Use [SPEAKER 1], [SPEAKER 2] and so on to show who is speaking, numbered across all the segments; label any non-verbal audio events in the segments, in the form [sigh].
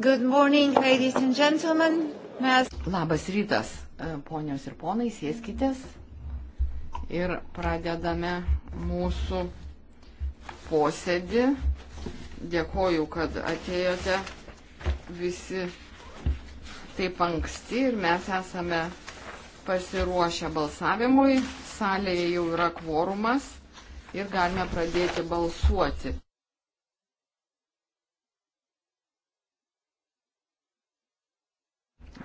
[SPEAKER 1] Good morning, ladies and gentlemen. Mes... Labas rytas, e, ponios ir ponai, sėskitės. Ir pradedame mūsų posėdį. Dėkoju, kad atėjote visi taip anksti ir mes esame pasiruošę balsavimui. Salėje jau yra kvorumas ir galime pradėti balsuoti.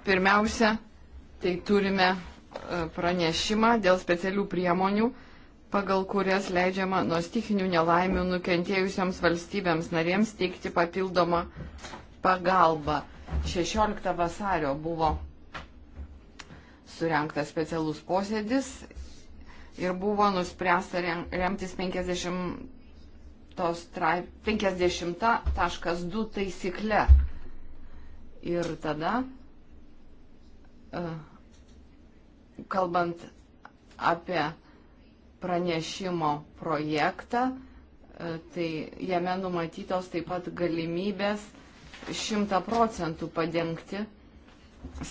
[SPEAKER 1] Pirmiausia, tai turime e, pranešimą dėl specialių priemonių, pagal kurias leidžiama nuo stikinių nelaimių nukentėjusiems valstybėms narėms teikti papildomą pagalbą. 16 vasario buvo surinktas specialus posėdis ir buvo nuspręsta remtis 50.2 50 taisykle. Ir tada E, kalbant apie pranešimo projektą, e, tai jame numatytos taip pat galimybės šimta procentų padengti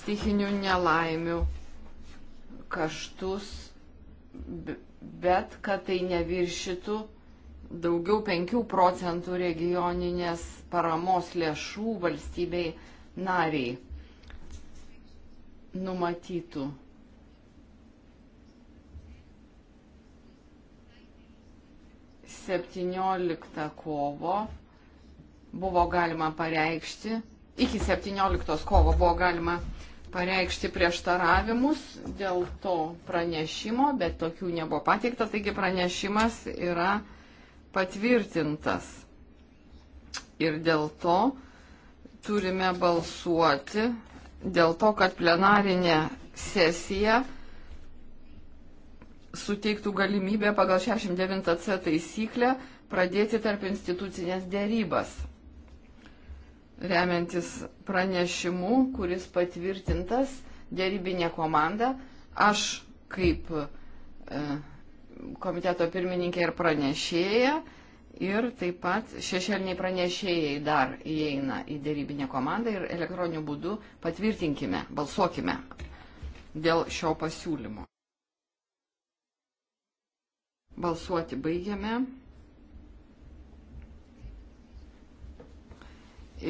[SPEAKER 1] stichinių nelaimių kaštus, bet kad tai neviršytų daugiau 5 procentų regioninės paramos lėšų valstybei nariai numatytų. Septynioliktą kovo buvo galima pareikšti, iki 17 kovo buvo galima pareikšti prieštaravimus dėl to pranešimo, bet tokių nebuvo pateikta, taigi pranešimas yra patvirtintas. Ir dėl to turime balsuoti dėl to, kad plenarinė sesija suteiktų galimybę pagal 69C taisyklę pradėti tarp institucinės dėrybas. Remiantis pranešimu, kuris patvirtintas dėrybinė komanda, aš kaip e, komiteto pirmininkė ir pranešėja, ir taip pat šešėliniai pranešėjai dar įeina į dėrybinę komandą ir elektroniniu būdu patvirtinkime, balsuokime dėl šio pasiūlymo. Balsuoti baigiame.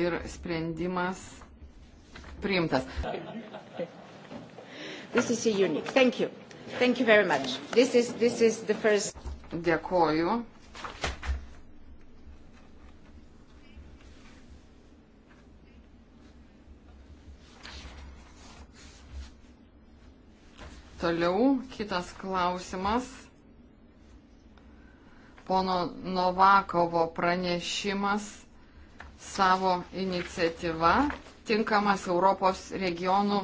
[SPEAKER 1] Ir sprendimas priimtas. This is unique. Thank you. Thank you very much. This is, this is the first. Dėkoju. Toliau kitas klausimas. Pono Novakovo pranešimas savo iniciatyva tinkamas Europos regionų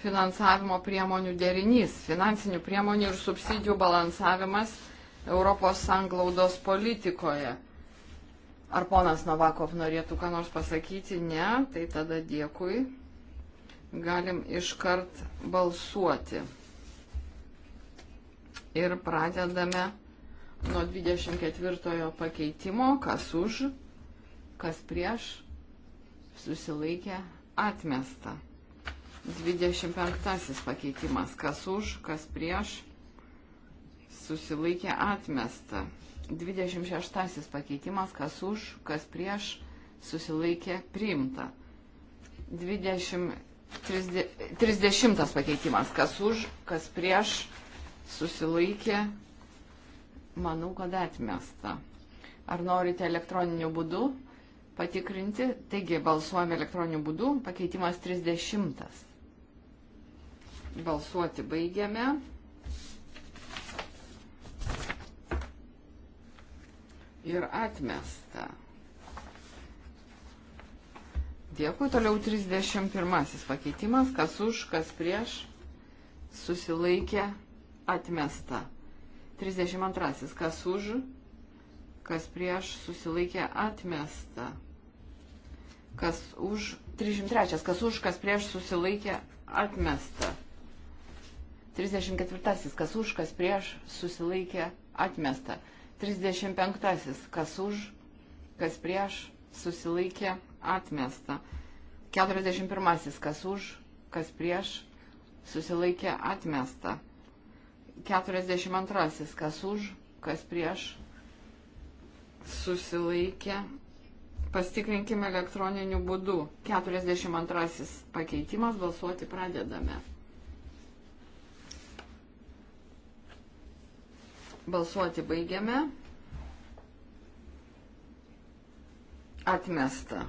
[SPEAKER 1] finansavimo priemonių derinys, finansinių priemonių ir subsidijų balansavimas Europos sanglaudos politikoje. Ar ponas Novakov norėtų ką nors pasakyti? Ne, tai tada dėkui. Galim iškart balsuoti ir pradedame nuo 24 pakeitimo, kas už, kas prieš, susilaikė, atmesta. 25 pakeitimas, kas už, kas prieš, susilaikė, atmesta. 26 pakeitimas, kas už, kas prieš, susilaikė, priimta. 20, 30, 30 pakeitimas, kas už, kas prieš, susilaikė, manau, kad atmesta. Ar norite elektroniniu būdu patikrinti? Taigi, balsuojame elektroniniu būdu, pakeitimas 30. Balsuoti baigiame. Ir atmesta. Dėkui, toliau 31 pakeitimas, kas už, kas prieš, susilaikė, atmesta. 32. Kas už, kas prieš susilaikė atmesta. Kas už, 303. Kas už, kas prieš susilaikė atmesta. 34. Kas už, kas prieš susilaikė atmesta. 35. Kas už, kas prieš susilaikė atmesta. 41. Kas už, kas prieš susilaikė atmesta. 42. Kas už, kas prieš, susilaikė. Pastikrinkime elektroniniu būdu. 42. Pakeitimas balsuoti pradedame. Balsuoti baigiame. Atmesta.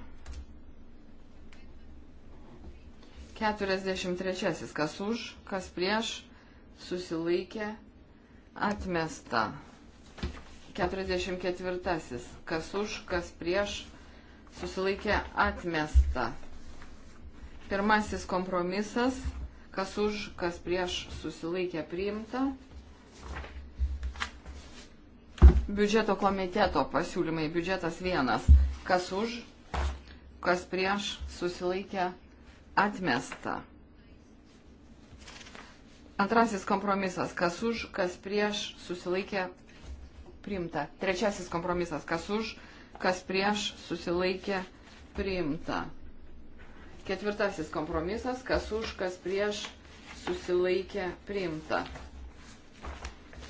[SPEAKER 1] 43. Kas už, kas prieš, susilaikė, atmesta. 44. Kas už, kas prieš, susilaikė, atmesta. Pirmasis kompromisas, kas už, kas prieš, susilaikė, priimta. Biudžeto komiteto pasiūlymai, biudžetas vienas, kas už, kas prieš, susilaikė, atmesta. Antrasis kompromisas, kas už, kas prieš, susilaikė, priimta. Trečiasis kompromisas, kas už, kas prieš, susilaikė, priimta. Ketvirtasis kompromisas, kas už, kas prieš, susilaikė, priimta.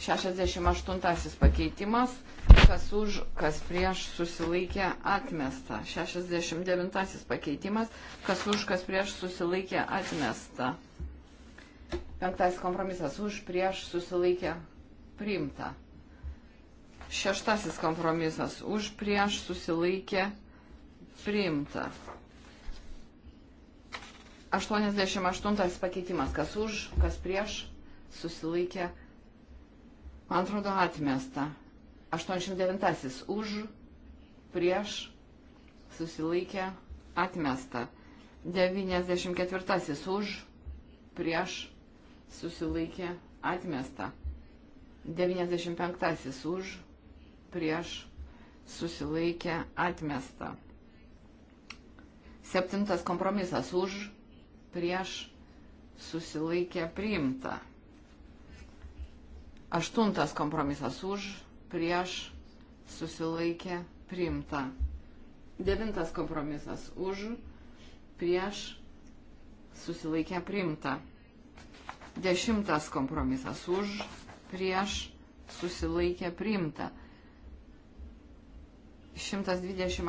[SPEAKER 1] 68 pakeitimas, kas už, kas prieš, susilaikė, atmesta. 69 pakeitimas, kas už, kas prieš, susilaikė, atmesta. Penktas kompromisas už, prieš, susilaikė, priimta. Šeštasis kompromisas už, prieš, susilaikė, priimta. 88 pakeitimas, kas už, kas prieš, susilaikė, man atrodo, atmesta. 89 už, prieš, susilaikė, atmesta. 94 už, prieš, susilaikė atmesta. 95 už, prieš susilaikė atmesta. Septintas kompromisas už, prieš susilaikė priimta. Aštuntas kompromisas už, prieš susilaikė priimta. Devintas kompromisas už, prieš susilaikė priimta. Dešimtas kompromisas už, prieš, susilaikė priimta. 128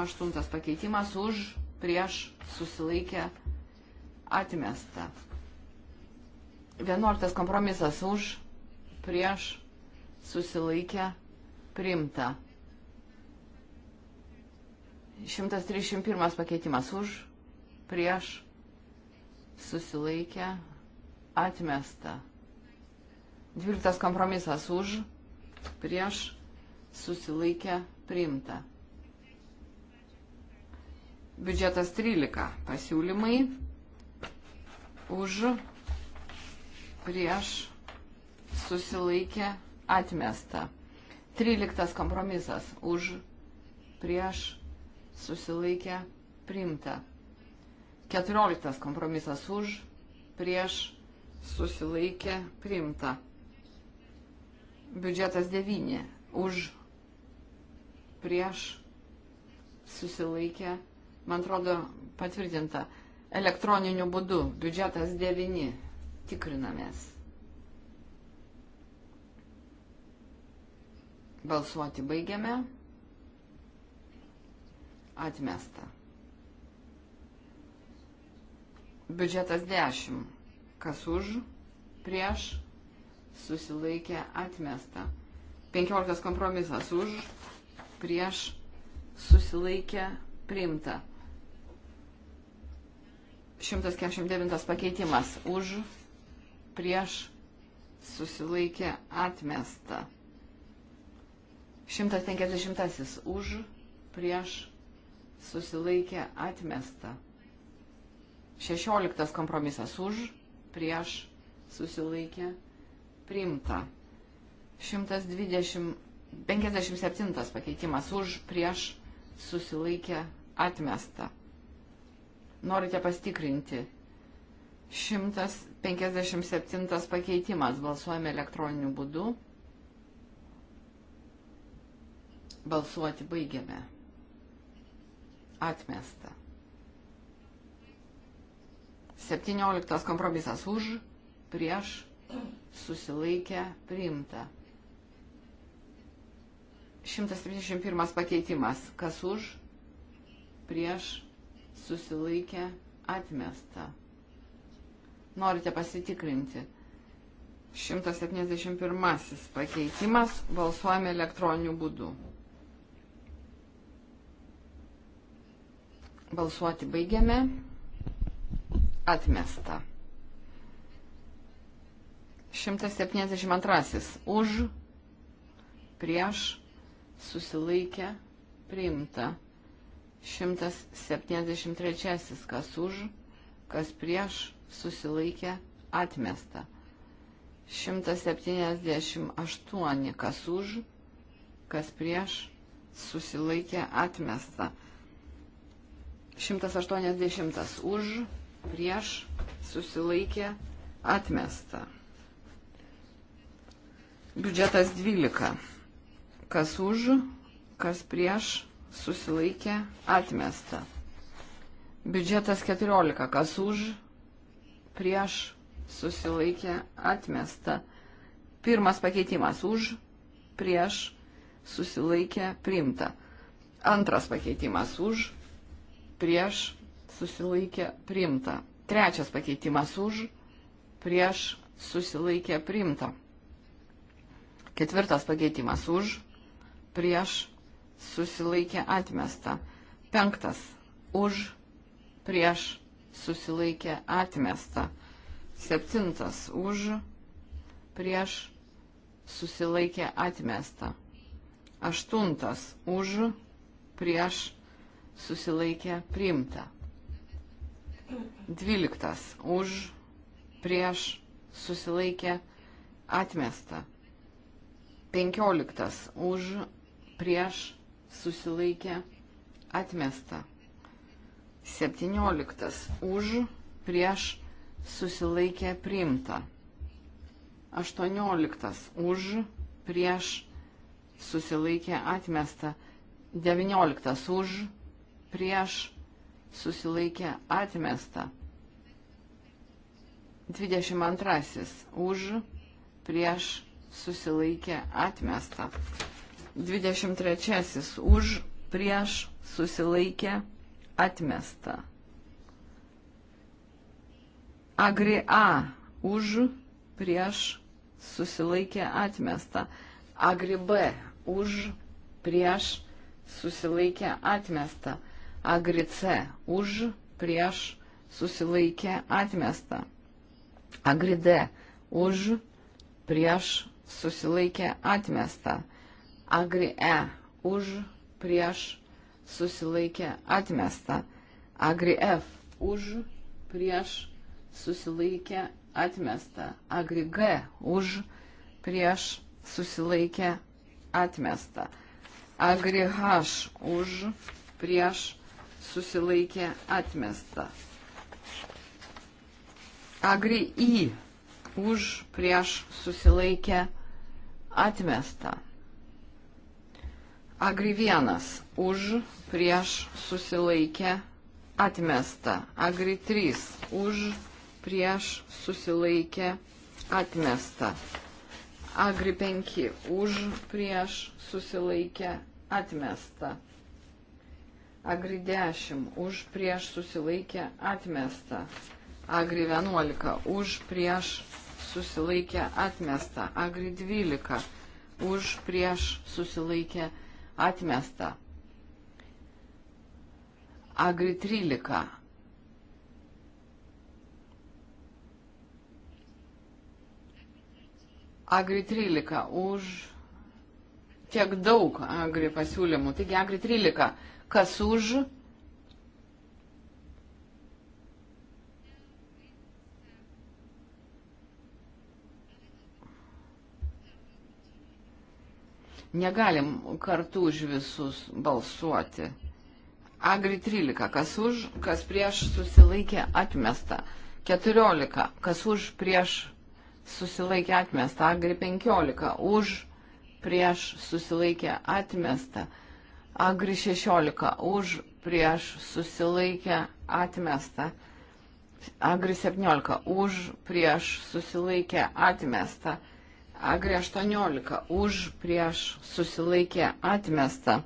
[SPEAKER 1] pakeitimas už, prieš, susilaikė atmesta. 11 kompromisas už, prieš, susilaikė priimta. 131 pakeitimas už, prieš, susilaikė atmesta. 12 kompromisas už, prieš, susilaikę, priimta. Biudžetas 13. Pasiūlymai už, prieš, susilaikę, atmesta. 13 kompromisas už, prieš, susilaikę, priimta. 14 kompromisas už, prieš, susilaikė priimta. Biudžetas 9 už prieš susilaikė, man atrodo, patvirtinta. Elektroniniu būdu biudžetas 9 tikrinamės. Balsuoti baigiame. Atmesta. Biudžetas 10 kas už, prieš, susilaikė atmesta. 15 kompromisas už, prieš, susilaikė priimta. 149 pakeitimas už, prieš, susilaikė atmesta. 150 už, prieš, susilaikė atmesta. 16 kompromisas už, prieš susilaikė priimta. 120, 57 pakeitimas už prieš susilaikė atmesta. Norite pastikrinti. 157 pakeitimas balsuojame elektroniniu būdu. Balsuoti baigiame. Atmesta. 17 kompromisas už, prieš, susilaikę, priimta. 131 pakeitimas, kas už, prieš, susilaikę, atmesta. Norite pasitikrinti. 171 pakeitimas, balsuojame elektroniniu būdu. Balsuoti baigiame atmesta. 172. Už, prieš, susilaikę, priimta. 173. Kas už, kas prieš, susilaikę, atmesta. 178. Kas už, kas prieš, susilaikė atmesta. 180 už, prieš, susilaikė, atmesta. Biudžetas 12. Kas už, kas prieš, susilaikė, atmesta. Biudžetas 14. Kas už, prieš, susilaikė, atmesta. Pirmas pakeitimas už, prieš, susilaikė, priimta. Antras pakeitimas už, prieš, susilaikė primta. Trečias pakeitimas už, prieš susilaikė primta. Ketvirtas pakeitimas už, prieš susilaikė atmesta. Penktas už, prieš susilaikė atmesta. Septintas už, prieš susilaikė atmesta. Aštuntas už, prieš susilaikė primta. 12. Už, prieš, susilaikė, atmesta. 15. Už, prieš, susilaikė, atmesta. 17. Už, prieš, susilaikė, priimta. 18. Už, prieš, susilaikė, atmesta. 19. Už, prieš, susilaikė atmesta. 22. Už, prieš, susilaikė atmesta. 23. Už, prieš, susilaikė atmesta. Agri A. Už, prieš, susilaikė atmesta. Agri B. Už, prieš, susilaikė atmesta. Agrice už, prieš, susilaikė, atmesta. Agride už, prieš, susilaikė, atmesta. Agri E už, prieš, susilaikė, atmesta. Agri F už, prieš, susilaikė, atmesta. Agri G už, prieš, susilaikė, atmesta. Agri H už, prieš, susilaikė, atmesta prieš susilaikė atmesta. Agri į už prieš susilaikė atmesta. Agri vienas už prieš susilaikė atmesta. Agri trys už prieš susilaikė atmesta. Agri penki už prieš susilaikė atmesta. Agri 10 už prieš susilaikė atmesta. Agri 11 už prieš susilaikė atmesta. Agri 12 už prieš susilaikė atmesta. Agri 13 Agri 13 už tiek daug agri pasiūlymų. Taigi agri 13 kas už. Negalim kartu už visus balsuoti. Agri 13, kas už, kas prieš susilaikė atmesta. 14, kas už prieš susilaikė atmesta. Agri 15, už prieš susilaikė atmesta. Agri 16 už prieš susilaikę atmestą. Agri 17 už prieš susilaikę atmestą. Agri 18 už prieš susilaikę atmestą.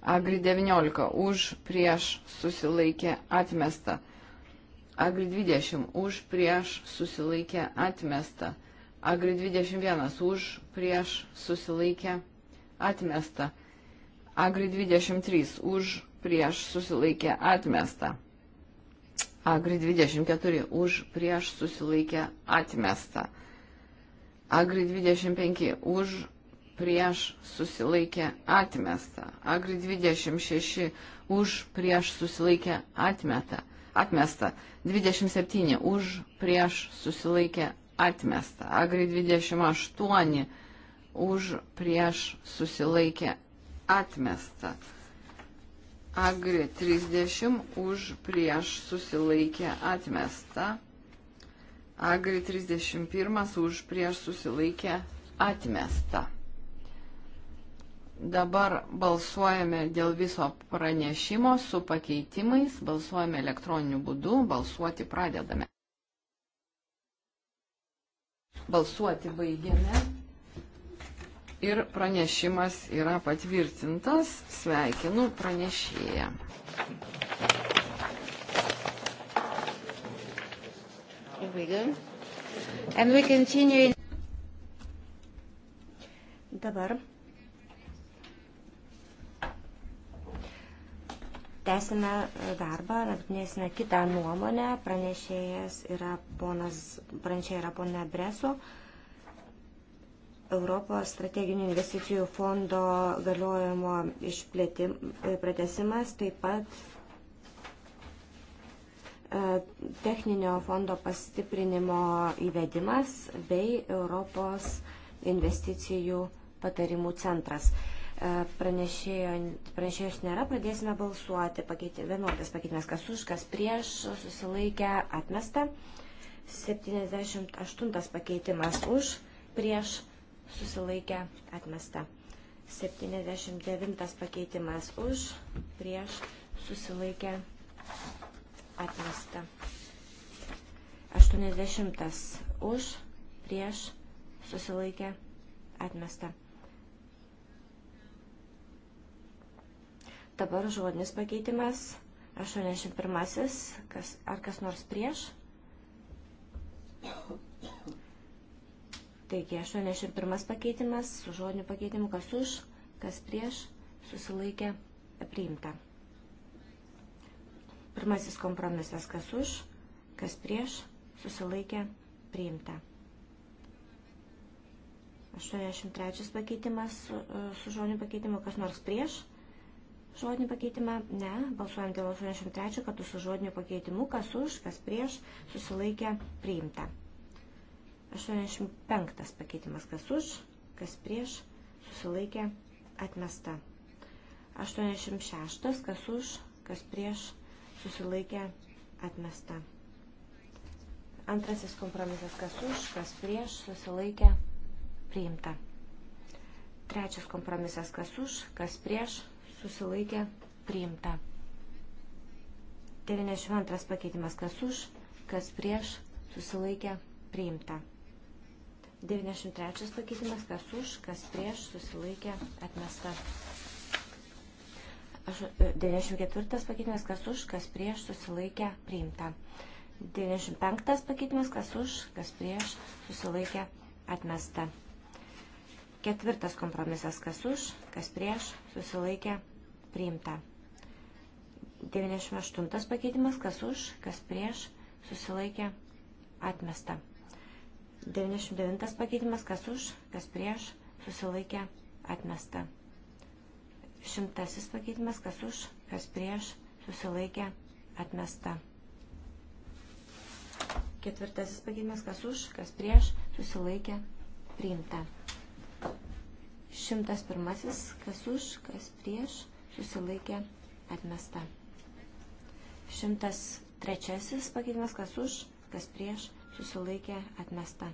[SPEAKER 1] Agri 19 už prieš susilaikė atmesta. Agri 20 už prieš susilaikė atmesta. Agri 21 už prieš susilaikė atmesta. Agri 23 už prieš susilaikė atmesta. Agri 24 už prieš susilaikė atmesta. Agri 25 už prieš susilaikė atmesta. Agri 26 už prieš susilaikė atmeta. Atmesta. 27 už prieš susilaikė atmesta. Agri 28 už prieš susilaikė atmesta. Agri 30 už prieš susilaikė atmesta. Agri 31 už prieš susilaikė atmesta. Dabar balsuojame dėl viso pranešimo su pakeitimais, balsuojame elektroniniu būdu, balsuoti pradedame. Balsuoti baigiame ir pranešimas yra patvirtintas. Sveikinu pranešėją.
[SPEAKER 2] Dabar tęsime darbą, nagrinėsime kitą nuomonę. Pranešėjas yra ponas, pranešėja yra ponė Breso. Europos strateginių investicijų fondo galiojimo pratesimas, taip pat e, techninio fondo pastiprinimo įvedimas bei Europos investicijų patarimų centras. E, pranešėjo, pranešėjos nėra, pradėsime balsuoti. Pakeitė, vienuolis pakeitimas, kas už, kas prieš, susilaikę, atmesta. 78 pakeitimas už, prieš, susilaikė atmesta. 79 pakeitimas už, prieš susilaikė atmesta. 80 už, prieš susilaikė atmesta. Dabar žodinis pakeitimas 81. Kas, ar kas nors prieš? Taigi 81 pakeitimas su žodiniu pakeitimu, kas už, kas prieš, susilaikė priimta. Pirmasis kompromisas, kas už, kas prieš, susilaikė priimta. 83 pakeitimas su žodiniu pakeitimu, kas nors prieš žodinį pakeitimą, ne, balsuojant dėl 83 kartu su žodiniu pakeitimu, kas už, kas prieš, susilaikė priimta. 85 pakeitimas kas už, kas prieš, susilaikė, atmesta. 86 kas už, kas prieš, susilaikė, atmesta. Antrasis kompromisas kas už, kas prieš, susilaikė, priimta. Trečias kompromisas kas už, kas prieš, susilaikė, priimta. 92 pakeitimas kas už, kas prieš, susilaikė, priimta priimta. 93 pakeitimas, kas už, kas prieš, susilaikė, atmesta. 94 e, pakeitimas, kas už, kas prieš, susilaikė, priimta. 95 pakeitimas, kas už, kas prieš, susilaikė, atmesta. Ketvirtas kompromisas, kas už, kas prieš, susilaikė, priimta. 98 pakeitimas, kas už, kas prieš, susilaikė, atmesta. 99 pakeitimas, kas už, kas prieš, susilaikė, atmesta. Šimtasis pakeitimas, kas už, kas prieš, susilaikė, atmesta. Ketvirtasis pakeitimas, kas už, kas prieš, susilaikė, priimta. Šimtas pirmasis, kas už, kas prieš, susilaikė, atmesta. Šimtas trečiasis pakeitimas, kas už, kas prieš, susilaikė atmesta.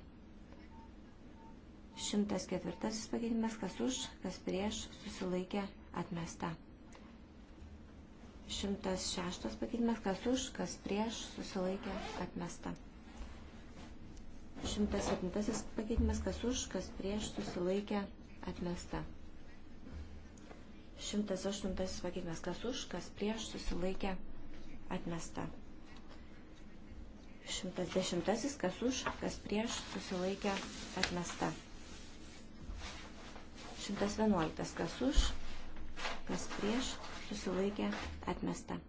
[SPEAKER 2] 104 pakeitimas, kas už, kas prieš, susilaikė atmesta. 106 pakeitimas, kas už, kas prieš, susilaikė atmesta. 107 pakeitimas, kas už, kas prieš, susilaikė atmesta. 108 pakeitimas, kas už, kas prieš, susilaikė atmesta. 110. Kas už, kas prieš, susilaikė atmesta. 111. Kas už, kas prieš, susilaikė atmesta.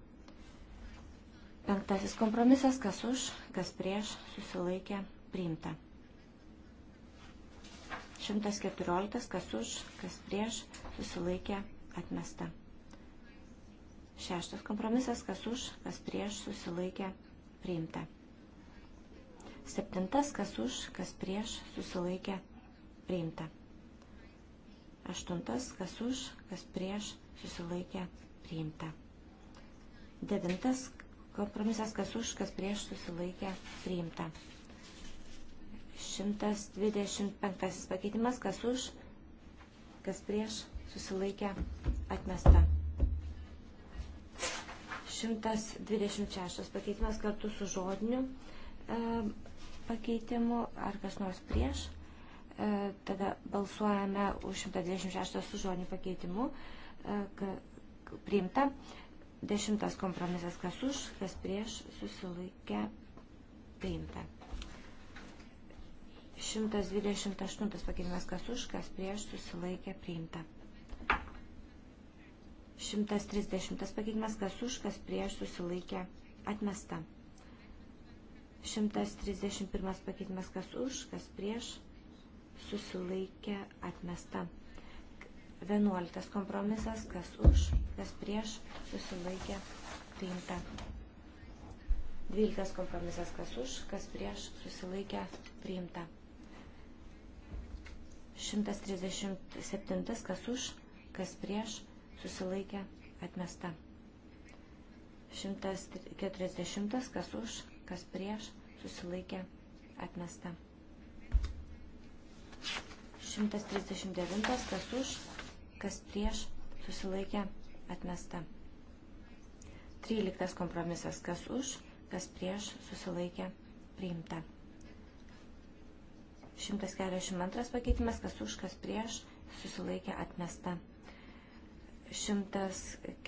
[SPEAKER 2] Penktasis kompromisas, kas už, kas prieš, susilaikė priimta. 114. Kas už, kas prieš, susilaikė atmesta. Šeštas kompromisas, kas už, kas prieš, susilaikė priimta. Septintas, kas už, kas prieš, susilaikė, priimta. Aštuntas, kas už, kas prieš, susilaikė, priimta. Devintas, kompromisas, kas už, kas prieš, susilaikė, priimta. 125 pakeitimas, kas už, kas prieš, susilaikė, atmesta. 126 pakeitimas kartu su žodiniu e, pakeitimų, ar kas nors prieš. E, tada balsuojame už 126 su žodiniu pakeitimu. E, priimta. Dešimtas kompromisas, kas už, kas prieš, susilaikę, priimta. 128 pakeitimas, kas už, kas prieš, susilaikę, priimta. 130 pakeitimas, kas už, kas prieš, susilaikę, atmesta. 131 pakeitimas kas už, kas prieš, susilaikė atmesta. 11 kompromisas kas už, kas prieš, susilaikė priimta. 12 kompromisas kas už, kas prieš, susilaikė priimta. 137 kas už, kas prieš, susilaikė atmesta. 140 kas už, kas prieš, susilaikė, atmesta. 139, kas už, kas prieš, susilaikė, atmesta. 13 kompromisas, kas už, kas prieš, susilaikė, priimta. 142 pakeitimas, kas už, kas prieš, susilaikė, atmesta. 145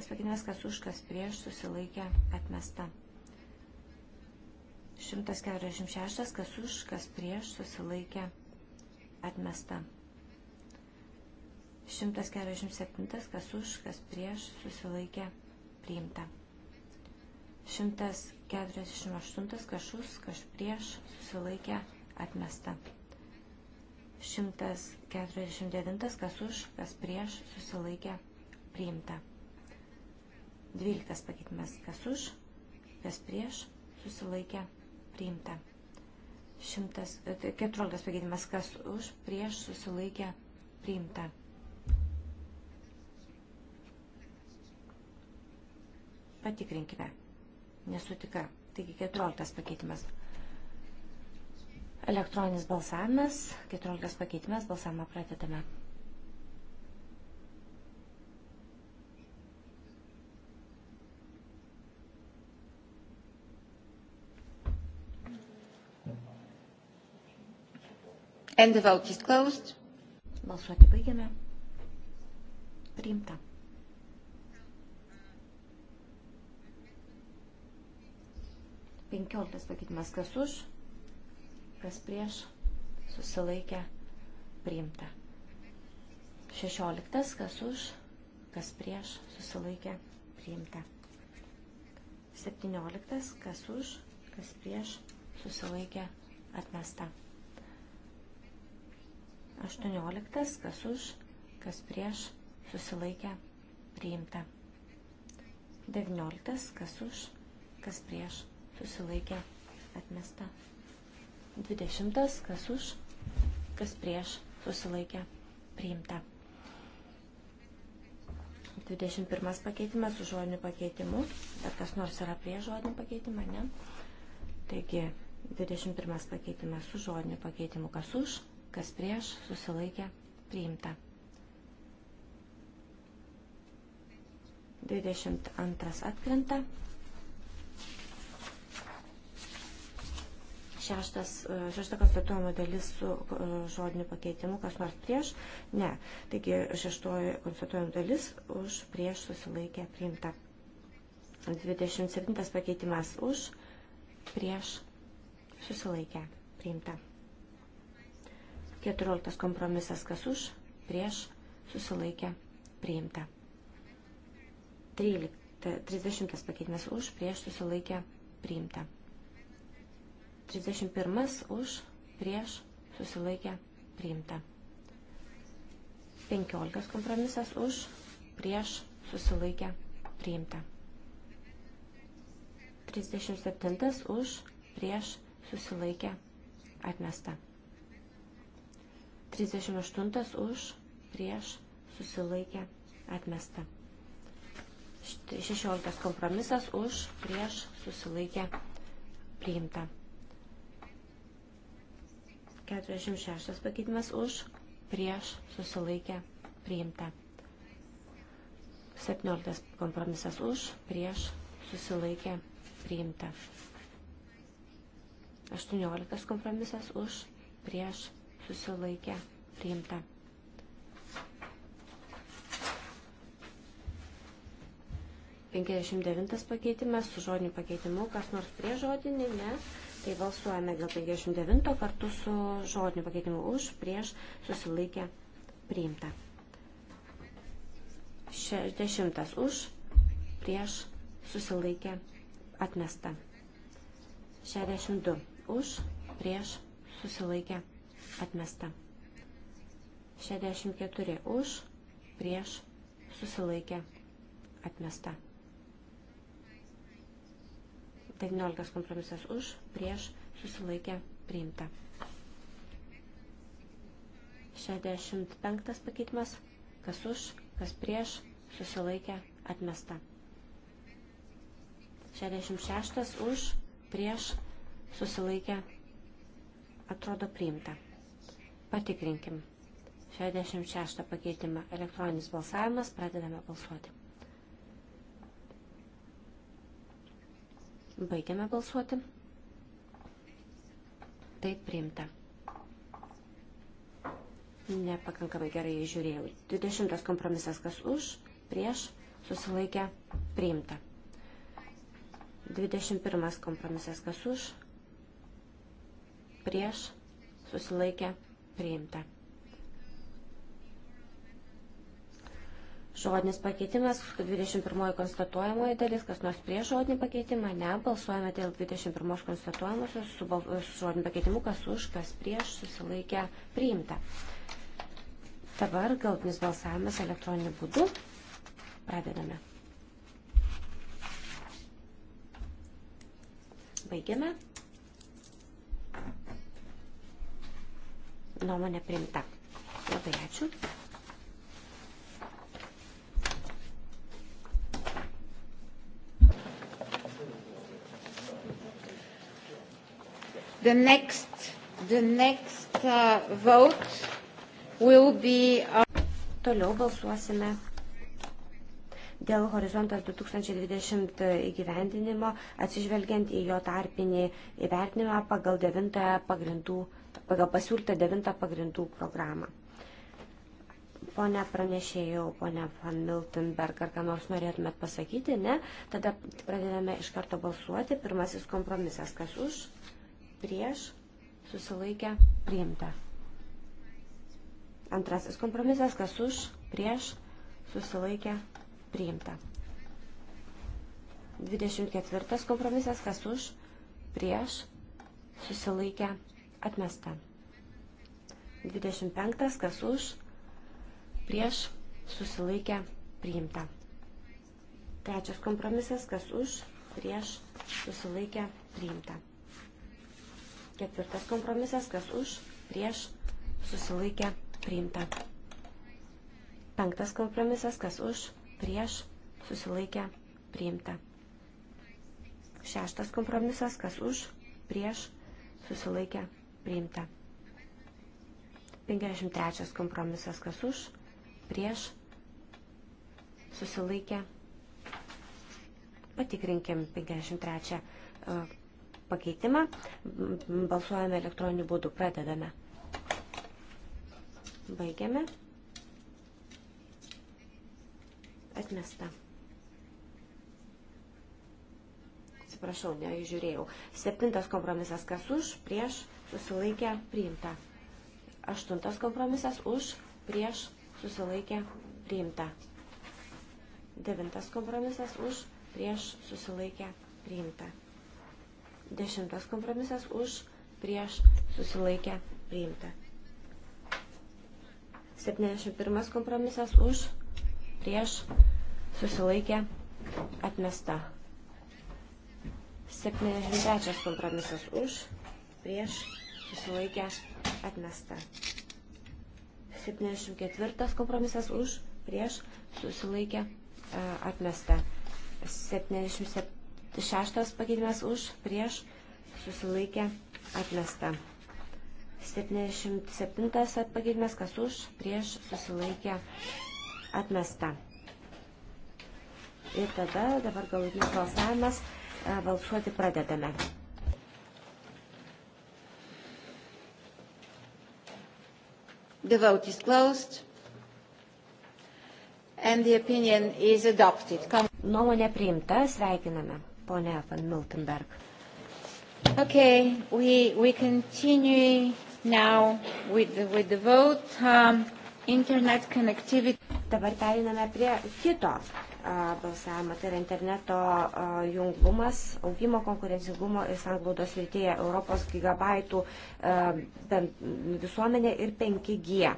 [SPEAKER 2] pakeitimas, kas už, kas prieš, susilaikė, atmesta. 146, kas už, kas prieš, susilaikė, atmesta. 147, kas už, kas prieš, susilaikė, priimta. 148, kas už, kas prieš, susilaikė, atmesta. 149, kas už, kas prieš, susilaikė, priimta. 12 pakeitimas, kas už, kas prieš, susilaikė, atmesta priimta. 114 e, tai pakeitimas, kas už, prieš, susilaikė, priimta. Patikrinkime. Nesu tikra. Taigi 14 pakeitimas. Elektroninis balsavimas, 14 pakeitimas, balsavimą pradedame. And the vote is closed. Balsuoti baigiame. Priimta. Penkioliktas pakeitimas kas už, kas prieš, susilaikė, priimta. Šešioliktas kas už, kas prieš, susilaikė, priimta. Septynioliktas kas už, kas prieš, susilaikė, atmesta. 18, kas už, kas prieš, susilaikė, priimta. 19, kas už, kas prieš, susilaikė, atmesta. 20, kas už, kas prieš, susilaikė, priimta. 21 pakeitimas su žodiniu pakeitimu. Ar kas nors yra prie žodinio pakeitimą, ne? Taigi, 21 pakeitimas su žodiniu pakeitimu. Kas už, kas prieš, susilaikė, priimta. 22 atkrenta. Šeštas, e, šešta konstatuojama dalis su e, žodiniu pakeitimu, kas nors prieš? Ne. Taigi šeštoji konstatuojama dalis už prieš susilaikė priimta. 27 pakeitimas už prieš susilaikė priimta. 14 kompromisas kas už, prieš, susilaikė, priimta. 13, 30 pakeitimas už, prieš, susilaikė, priimta. 31 už, prieš, susilaikė, priimta. 15 kompromisas už, prieš, susilaikė, priimta. 37 už, prieš, susilaikė, atmesta. 38 už, prieš, susilaikė, atmesta. 16 kompromisas už, prieš, susilaikė, priimta. 46 pakeitimas už, prieš, susilaikė, priimta. 17 kompromisas už, prieš, susilaikė, priimta. 18 kompromisas už, prieš, susilaikė priimta. Penkiasdešimt devintas pakeitimas su žodiniu pakeitimu, kas nors prie žodinį, ne, tai balsuojame dėl 59 kartu su žodiniu pakeitimu už, prieš, susilaikė priimta. 60 už, prieš, susilaikė atmesta. 62 už, prieš, susilaikė priimta atmesta. 64 už, prieš, susilaikė, atmesta. 19 kompromisas už, prieš, susilaikė, priimta. 65 pakeitimas, kas už, kas prieš, susilaikė, atmesta. 66 už, prieš, susilaikė, atrodo priimta. Patikrinkim. 66 pakeitimą elektroninis balsavimas, pradedame balsuoti. Baigiame balsuoti. Taip priimta. Nepakankamai gerai žiūrėjau. 20 kompromisas kas už, prieš, susilaikę, priimta. 21 kompromisas kas už, prieš, susilaikę, priimta priimta. Žodinis pakeitimas, 21 konstatuojamoji dalis, kas nors prieš žodinį pakeitimą, ne, balsuojame dėl 21 konstatuojamosios su, su žodiniu pakeitimu, kas už, kas prieš, susilaikę, priimta. Dabar galtinis balsavimas elektroniniu būdu. Pradedame. Baigiame. nuomonė priimta. Labai ačiū.
[SPEAKER 1] The next,
[SPEAKER 2] the next uh, vote will be. Uh... Toliau balsuosime dėl horizontas 2020 įgyvendinimo, atsižvelgiant į jo tarpinį įvertinimą pagal devintąją pagrindų pagal pasiūlytą devintą pagrindų programą. Pone pranešėjau, pone Van Miltenberg, ar ką nors norėtumėt pasakyti? Ne. Tada pradedame iš karto balsuoti. Pirmasis kompromisas. Kas už? Prieš? Susilaikę? Priimta. Antrasis kompromisas. Kas už? Prieš? Susilaikę? Priimta. 24 kompromisas. Kas už? Prieš? Susilaikę? Priimta atmesta. 25. Kas už, prieš, susilaikę, priimta. Trečias kompromisas. Kas už, prieš, susilaikę, priimta. Ketvirtas kompromisas. Kas už, prieš, susilaikę, priimta. Penktas kompromisas. Kas už, prieš, susilaikę, priimta. Šeštas kompromisas. Kas už, prieš, susilaikę, priimta priimta. 53 kompromisas kas už, prieš, susilaikė. Patikrinkim 53 e, pakeitimą. Balsuojame elektroniniu būdu, pradedame. Baigiame. Atmesta. Atsiprašau, nežiūrėjau. Septintas kompromisas kas už, prieš, susilaikė susilaikė priimta. Aštuntas kompromisas už, prieš, susilaikė priimta. Devintas kompromisas už, prieš, susilaikė priimta. Dešimtas kompromisas už, prieš, susilaikė priimta. 71 kompromisas už, prieš, susilaikė atmesta. 73 kompromisas už, prieš susilaikę atmesta. 74 kompromisas už prieš susilaikę e, atmesta. 76 pakeitimas už prieš susilaikę atmesta. 77 pakeitimas kas už prieš susilaikę atmesta. Ir tada dabar galutinis balsavimas e, balsuoti pradedame. The vote is closed. And the opinion is adopted. Come. Nuomonė priimta, sveikiname, ponia Van Miltenberg. Okay, we, we continue now with the, with the vote. Um, internet connectivity. Dabar periname prie kito balsavimą. Tai yra interneto junglumas, augimo konkurencingumo ir sanglaudos rytėje Europos gigabaitų visuomenė ir 5G.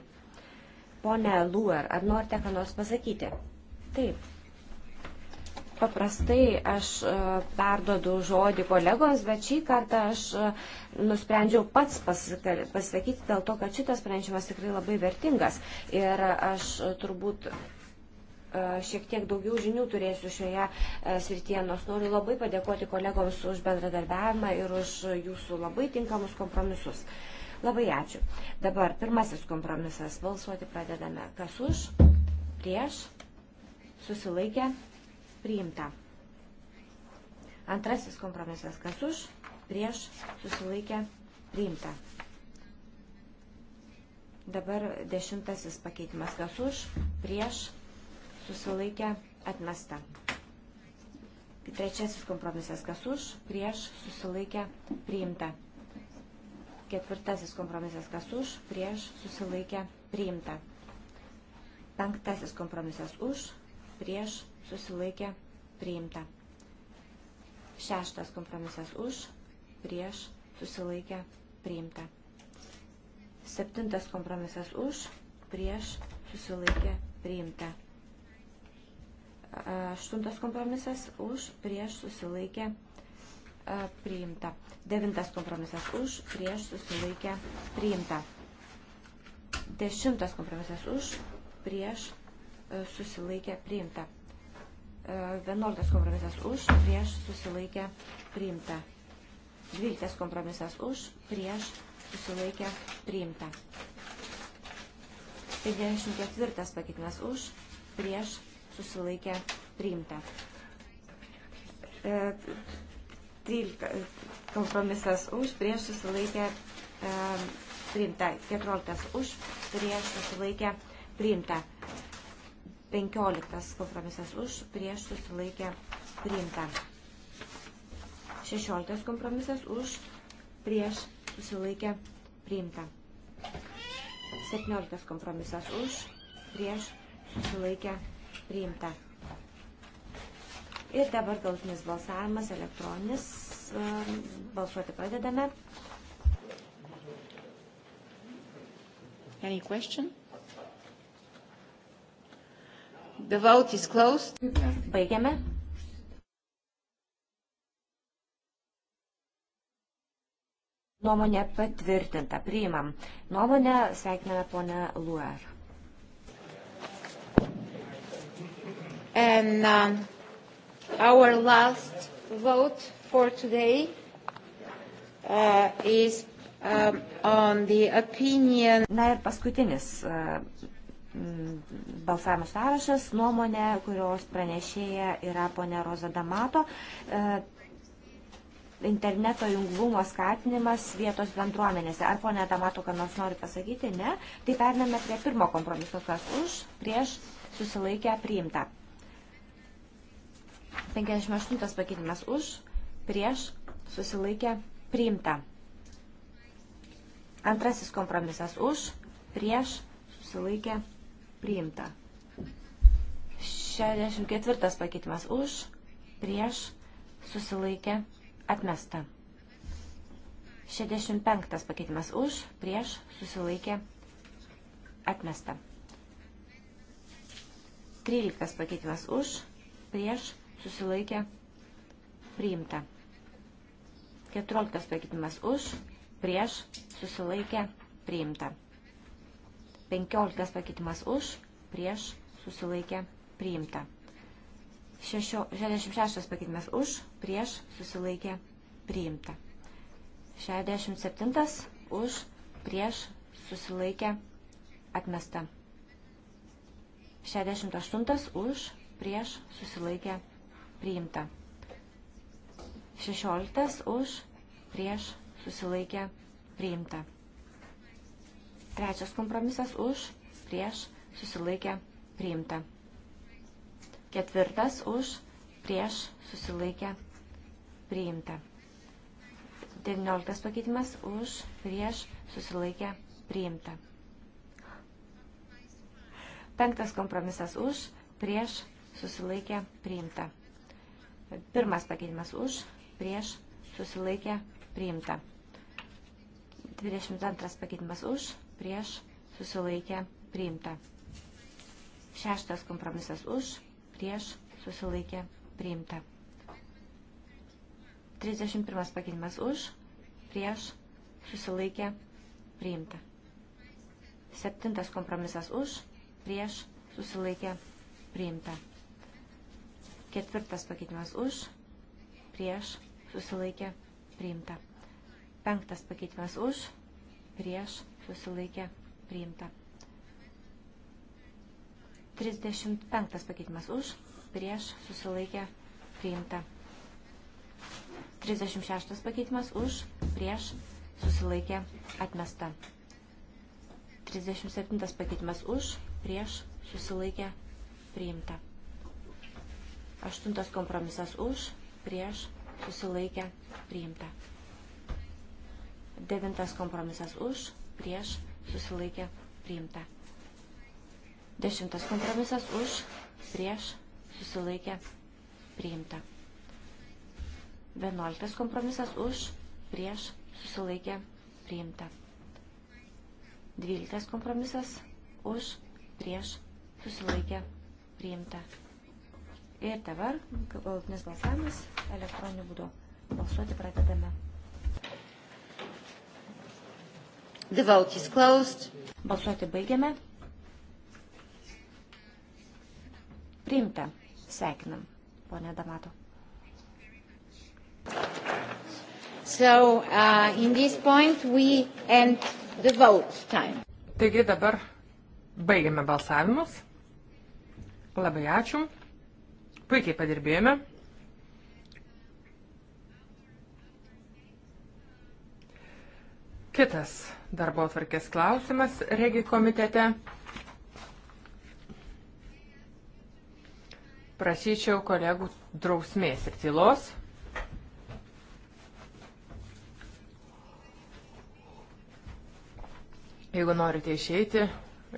[SPEAKER 2] Pone Luer, ar norite ką nors pasakyti? Taip. Paprastai aš perdodu žodį kolegoms, bet šį kartą aš nusprendžiau pats pasakyti dėl to, kad šitas pranešimas tikrai labai vertingas. Ir aš turbūt E, šiek tiek daugiau žinių turėsiu šioje e, srityje, nors noriu labai padėkoti kolegoms už bendradarbiavimą ir už jūsų labai tinkamus kompromisus. Labai ačiū. Dabar pirmasis kompromisas. Balsuoti pradedame. Kas už? Prieš? Susilaikę? Priimta. Antrasis kompromisas. Kas už? Prieš? Susilaikę? Priimta. Dabar dešimtasis pakeitimas. Kas už? Prieš? Susilaikę? susilaikė atmesta. Tai trečiasis kompromisas, kas už, prieš, susilaikė, priimta. Ketvirtasis kompromisas, kas už, prieš, susilaikė, priimta. Penktasis kompromisas už, prieš, susilaikė, priimta. Šeštas kompromisas už, prieš, susilaikė, priimta. Septintas kompromisas už, prieš, susilaikė, priimta. Aštuntas kompromisas už, prieš susilaikė priimta. Devintas kompromisas už, prieš susilaikė priimta. Dešimtas kompromisas už, prieš susilaikė priimta. Vienuoliktas kompromisas už, prieš susilaikė priimta. Dvyliktas kompromisas už, prieš susilaikė priimta. 54 pakeitimas už, prieš susilaikė priimta. E, 13 e, kompromisas už, prieš susilaikė e, priimta. 14 už, prieš susilaikė priimta. 15 kompromisas už, prieš susilaikė priimta. 16 kompromisas už, prieš susilaikė priimta. 17 kompromisas už, prieš susilaikė priimta priimta. Ir dabar galtinis balsavimas, elektroninis, ehm, balsuoti pradedame. Any question? The vote is closed. Baigiame. Nuomonė patvirtinta. Priimam. Nuomonę sveikiname ponę Luer. And um, our last vote for today uh, is um, on the opinion. Na ir paskutinis uh, balsavimo sąrašas, nuomonė, kurios pranešėja yra ponė Roza Damato. Uh, interneto junglumo skatinimas vietos bendruomenėse. Ar ponė Damato, ką nors nori pasakyti? Ne. Tai pername prie pirmo kompromiso, kas už, prieš, susilaikę, priimta. 58 pakeitimas už, prieš, susilaikė, priimta. Antrasis kompromisas už, prieš, susilaikė, priimta. 64 pakeitimas už, prieš, susilaikė, atmesta. 65 pakeitimas už, prieš, susilaikė, atmesta. 13 pakeitimas už, prieš, susilaikė, priimta. 14 pakeitimas už, prieš, susilaikė, priimta. 15 pakeitimas už, prieš, susilaikė, priimta. 66 pakeitimas už, prieš, susilaikė, priimta. 67 už, prieš, susilaikė, atmesta. 68 už, prieš, susilaikė, priimta priimta. 16 už, prieš, susilaikė, priimta. Trečias kompromisas už, prieš, susilaikė, priimta. Ketvirtas už, prieš, susilaikė, priimta. 19 pakeitimas už, prieš, susilaikė, priimta. Penktas kompromisas už, prieš, susilaikė, priimta. Pirmas pakeitimas už, prieš, susilaikė, priimta. 22 pakeitimas už, prieš, susilaikė, priimta. Šeštas kompromisas už, prieš, susilaikė, priimta. 31 pakeitimas už, prieš, susilaikė, priimta. Septintas kompromisas už, prieš, susilaikė, priimta. Ketvirtas pakeitimas už, prieš, susilaikė, priimta. Penktas pakeitimas už, prieš, susilaikė, priimta. 35 pakeitimas už, prieš, susilaikė, priimta. 36 pakeitimas už, prieš, susilaikė, atmesta. 37 pakeitimas už, prieš, susilaikė, priimta. Aštuntas kompromisas už, prieš, susilaikę, priimta. Devintas kompromisas už, prieš, susilaikę, priimta. Dešimtas kompromisas už, prieš, susilaikę, priimta. Vienuoliktas kompromisas už, prieš, susilaikę, priimta. Dvyliktas kompromisas už, prieš, susilaikę, priimta. Ir dabar galutinis balsavimas elektroniniu būdu. Balsuoti pradedame. The vote is closed. Balsuoti baigiame. Priimta. Sveikinam, ponė Damato. So, uh, in this point we end the vote time.
[SPEAKER 3] Taigi dabar baigiame balsavimus. Labai ačiū. Puikiai padirbėjome. Kitas darbo atvarkės klausimas regi komitete. Prašyčiau kolegų drausmės ir tylos. Jeigu norite išeiti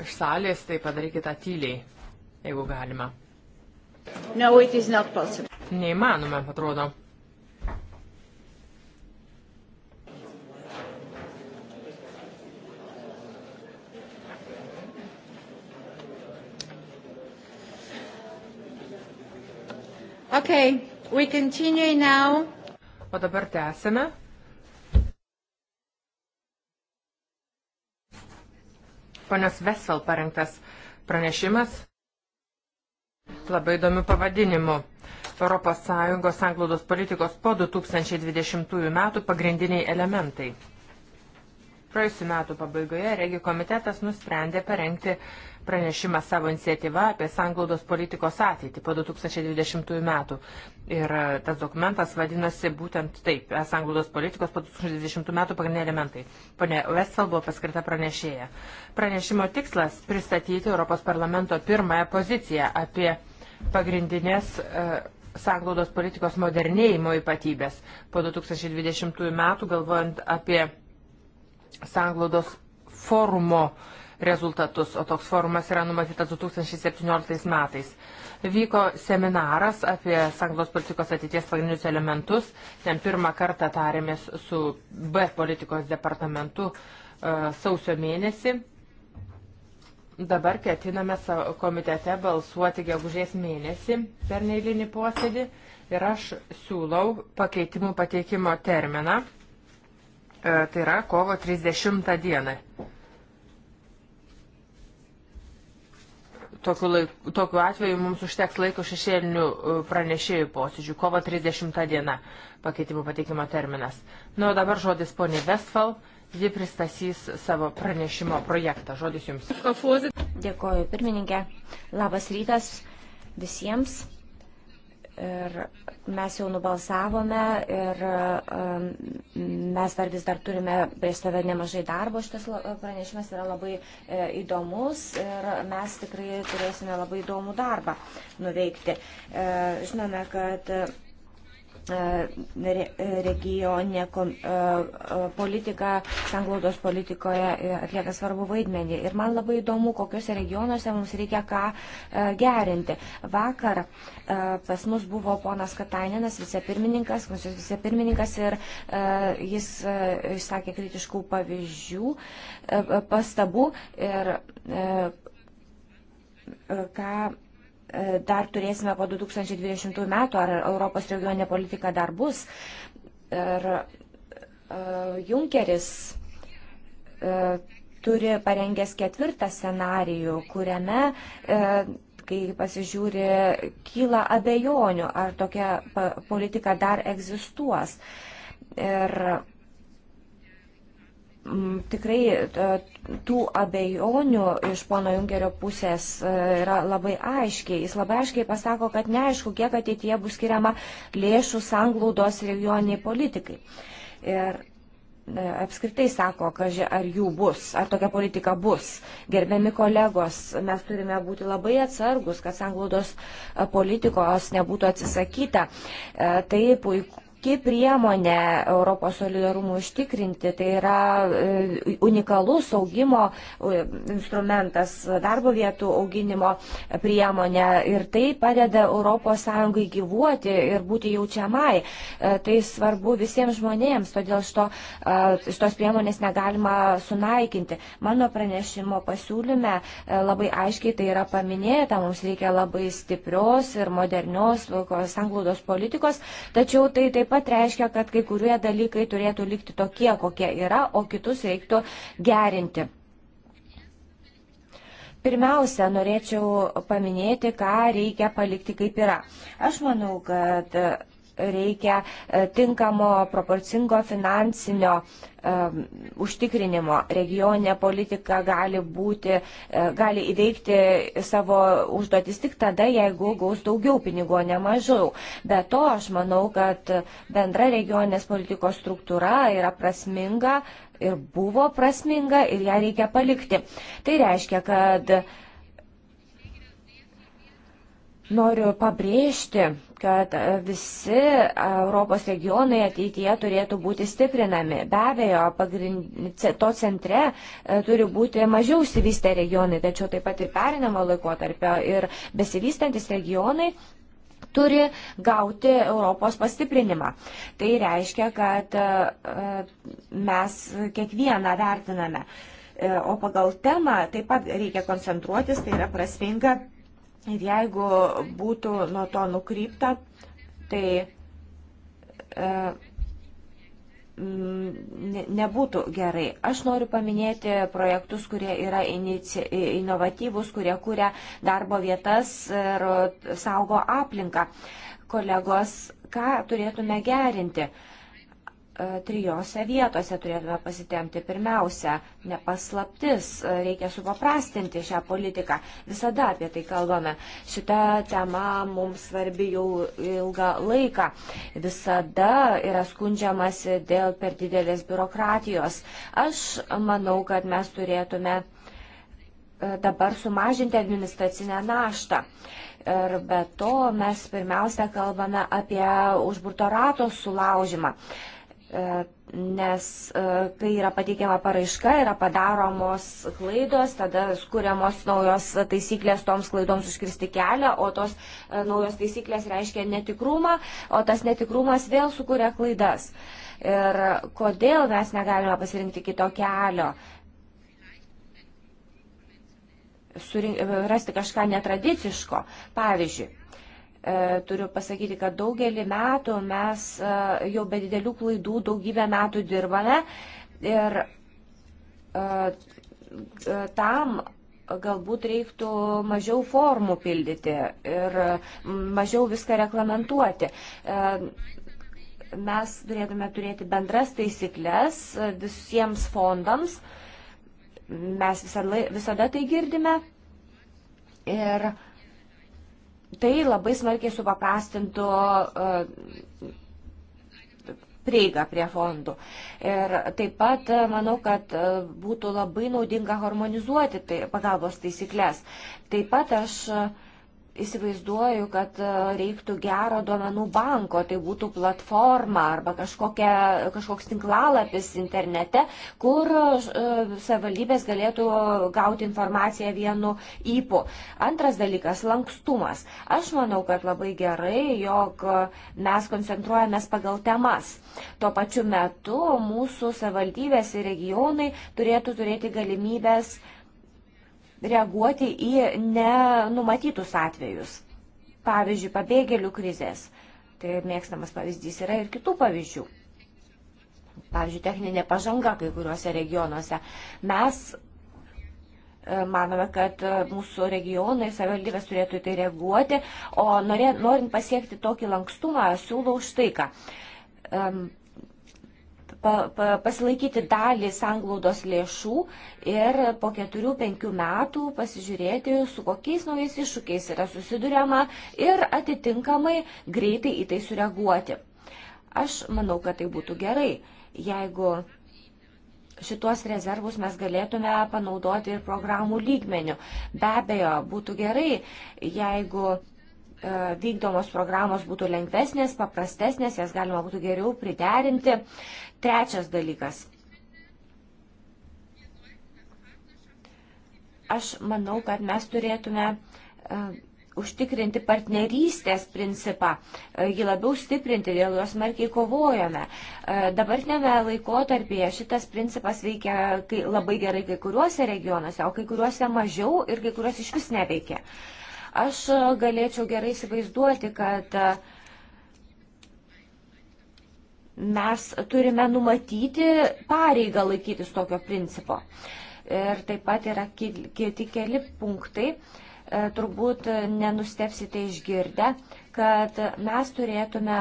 [SPEAKER 3] iš salės, tai padarykite tyliai, jeigu galima. No, it is not possible. Neįmanoma, atrodo. Okay, we continue now. O dabar tęsime. Ponios Vesel parengtas pranešimas. Labai įdomių pavadinimų. ES sanglaudos politikos po 2020 metų pagrindiniai elementai. Praėjusiu metu pabaigoje Regi komitetas nusprendė parengti pranešimą savo iniciatyvą apie sanglaudos politikos ateitį po 2020 metų. Ir e, tas dokumentas vadinasi būtent taip, e, sanglaudos politikos po 2020 metų pagrindiniai elementai. Pone Westfall buvo paskirta pranešėja. Pranešimo tikslas - pristatyti Europos parlamento pirmąją poziciją apie pagrindinės e, sanglaudos politikos modernėjimo ypatybės po 2020 metų, galvojant apie sanglaudos forumo uh, rezultatus, o toks forumas yra numatytas 2017 metais. Vyko seminaras apie sanglos politikos ateities pagrindinius elementus. Ten pirmą kartą tarėmės su B politikos departamentu e, sausio mėnesį. Dabar ketiname komitete balsuoti gegužės mėnesį per neįlinį posėdį ir aš siūlau pakeitimų pateikimo terminą, e, tai yra kovo 30 dieną. Tokiu, laik, tokiu atveju mums užteks laiko šešėlinių e, pranešėjų posėdžių. Kovo 30 diena pakeitimų pateikimo terminas. Na, nu, o dabar žodis poniai Vestfal. Ji pristatys savo pranešimo projektą. Žodis jums.
[SPEAKER 2] Dėkoju, pirmininkė. Labas rytas visiems. Ir mes jau nubalsavome ir um, mes dar vis dar turime prieš save nemažai darbo. Šitas uh, pranešimas yra labai e, įdomus ir mes tikrai turėsime labai įdomų darbą nuveikti. E, žinome, kad E, regioninė e, e, politika, sanglaudos politikoje atlieka svarbu vaidmenį. Ir man labai įdomu, kokiuose regionuose mums reikia ką gerinti. Vakar pas mus buvo ponas Katainenas, vicepirmininkas, komisijos vicepirmininkas ir jis išsakė kritiškų pavyzdžių, pastabų ir ką dar turėsime po 2020 metų, ar Europos regioninė politika dar bus. Ir e, Junkeris e, turi parengęs ketvirtą scenarijų, kuriame e, kai pasižiūri, kyla abejonių, ar tokia politika dar egzistuos. Ir Mm, tikrai e, tų abejonių iš pono Junkerio pusės e, yra labai aiškiai. Jis labai aiškiai pasako, kad neaišku, kiek ateityje bus skiriama lėšų sanglaudos regioniniai politikai. Ir e, apskritai sako, kad ar jų bus, ar tokia politika bus. Gerbiami kolegos, mes turime būti labai atsargus, kad sanglaudos politikos nebūtų atsisakyta. Tai puiku puikiai priemonė Europos solidarumų užtikrinti. Tai yra e, unikalus augimo e, instrumentas, darbo vietų auginimo priemonė ir tai padeda ES gyvuoti ir būti jaučiamai. E, tai svarbu visiems žmonėms, todėl šito, šitos priemonės negalima sunaikinti. Mano pranešimo pasiūlyme labai aiškiai tai yra paminėta, mums reikia labai stiprios ir modernios sanglaudos politikos, tačiau tai taip pat pat reiškia, kad kai kurie dalykai turėtų likti tokie, kokie yra, o kitus reiktų gerinti. Pirmiausia, norėčiau paminėti, ką reikia palikti kaip yra. Aš manau, kad reikia e, tinkamo, proporcingo finansinio um, užtikrinimo. Regioninė politika gali, būti, e, gali įveikti savo užduotis tik tada, jeigu gaus daugiau pinigų, ne mažiau. Be to, aš manau, kad bendra regioninės politikos struktūra yra prasminga ir buvo prasminga ir ją reikia palikti. Tai reiškia, kad Noriu pabrėžti, kad e, visi e, Europos regionai ateityje turėtų būti stiprinami. Be abejo, pagrind, to centre e, turi būti mažiau išsivystę regionai, tačiau taip pat ir perinamo laikotarpio ir besivystantis regionai turi gauti Europos pastiprinimą. Tai reiškia, kad mes kiekvieną vertiname. O pagal temą taip pat reikia koncentruotis, tai yra prasminga Ir jeigu būtų nuo to nukrypta, tai e, nebūtų gerai. Aš noriu paminėti projektus, kurie yra inici, inovatyvus, kurie kūrė darbo vietas ir saugo aplinką. Kolegos, ką turėtume gerinti? E, E, trijose vietose turėtume pasitemti. Pirmiausia, nepaslaptis, e, reikia supaprastinti šią politiką. Visada apie tai kalbame. Šita tema mums svarbi jau ilgą laiką. Visada yra skundžiamasi dėl per didelės biurokratijos. Aš manau, kad mes turėtume e, dabar sumažinti administracinę naštą. Ir be to mes pirmiausia kalbame apie užburto rato sulaužimą. Uh, E, nes e, kai yra pateikiama paraiška, yra padaromos klaidos, tada skūriamos naujos taisyklės toms klaidoms užkirsti kelią, o tos e, naujos taisyklės reiškia netikrumą, o tas netikrumas vėl sukuria klaidas. Ir kodėl mes negalime pasirinkti kito kelio? Surink, rasti kažką netradiciško. Pavyzdžiui, E, turiu pasakyti, kad daugelį metų mes e, jau be didelių klaidų daugybę metų dirbame ir e, tam galbūt reiktų mažiau formų pildyti ir mažiau viską reglamentuoti. Mes turėtume turėti bendras taisyklės visiems fondams. Mes visada, visada tai girdime. Ir uh, Tai labai smarkiai supaprastintų e, prieigą prie fondų. Ir taip pat e, manau, kad e, būtų labai naudinga harmonizuoti tai, pagalbos taisyklės. Taip pat aš uh, įsivaizduoju, kad e, reiktų gero duomenų banko, tai būtų platforma arba kažkokia, kažkoks tinklalapis internete, kur e, savivaldybės galėtų gauti informaciją vienu įpu. Antras dalykas - lankstumas. Aš manau, kad labai gerai, jog mes koncentruojamės pagal temas. Tuo pačiu metu mūsų savivaldybės ir regionai turėtų turėti galimybės reaguoti į nenumatytus atvejus. Pavyzdžiui, pabėgėlių krizės. Tai mėgstamas pavyzdys yra ir kitų pavyzdžių. Pavyzdžiui, techninė pažanga kai kuriuose regionuose. Mes e, manome, kad e, mūsų regionai, savivaldybės turėtų į tai reaguoti, o norint pasiekti tokį lankstumą, siūlau štai ką pa, pa, pasilaikyti dalį sanglaudos lėšų ir po keturių, penkių metų pasižiūrėti, su kokiais naujais iššūkiais yra susiduriama ir atitinkamai greitai į tai sureaguoti. Aš manau, kad tai būtų gerai, jeigu šitos rezervus mes galėtume panaudoti ir programų lygmenių. Be abejo, būtų gerai, jeigu E, vykdomos programos būtų lengvesnės, paprastesnės, jas galima būtų geriau priderinti. Trečias dalykas. Aš manau, kad mes turėtume e, užtikrinti partnerystės principą, e, jį labiau stiprinti, dėl jos smarkiai kovojame. Dabartinėme laikotarpyje šitas principas veikia labai gerai kai kuriuose regionuose, o kai kuriuose mažiau ir kai kuriuose iš vis neveikia. Aš e, galėčiau gerai įsivaizduoti, kad e, mes turime numatyti pareigą laikytis tokio principo. Ir taip pat yra kiti keli punktai, e, turbūt nenustepsite išgirdę, kad mes turėtume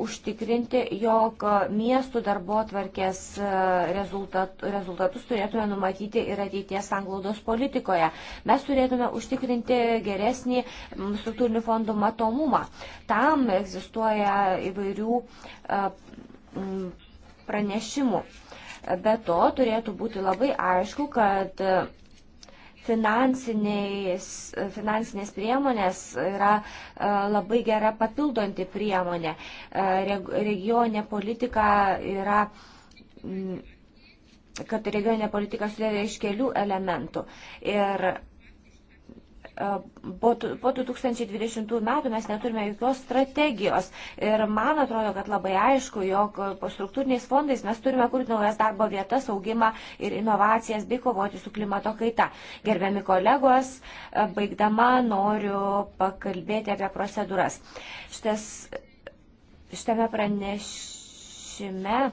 [SPEAKER 2] užtikrinti, jog miestų darbo tvarkės e, rezultat, rezultatus turėtume numatyti ir ateities sanglaudos politikoje. Mes turėtume užtikrinti geresnį struktūrinių fondų matomumą. Tam egzistuoja įvairių e, pranešimų. Be to turėtų būti labai aišku, kad finansinės priemonės yra e, labai gera papildanti priemonė. E, regioninė politika yra kad regioninė politika sudėdė iš kelių elementų. Ir E, po 2020 metų mes neturime jokios strategijos. Ir man atrodo, kad labai aišku, jog po struktūriniais fondais mes turime kurti naujas darbo vietas, augimą ir inovacijas bei kovoti su klimato kaita. Gerbiami kolegos, e, baigdama noriu pakalbėti apie procedūras. Šitas, šitame pranešime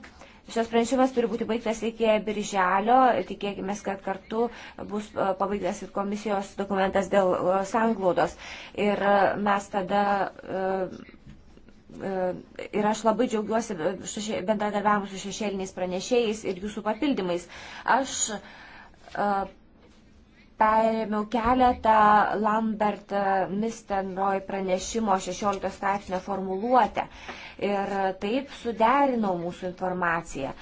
[SPEAKER 2] Šios pranešimas turi būti baigtas iki birželio. Tikėkime, kad kartu bus e, pabaigtas ir komisijos dokumentas dėl e, sanglaudos. Ir e, mes tada. Ir aš labai džiaugiuosi bendradarbiavimu su šešėliniais pranešėjais ir jūsų papildymais. Aš perėmiau keletą Lambert e, Mistenroy pranešimo 16 straipsnio formuluotę ir taip suderinau mūsų informaciją.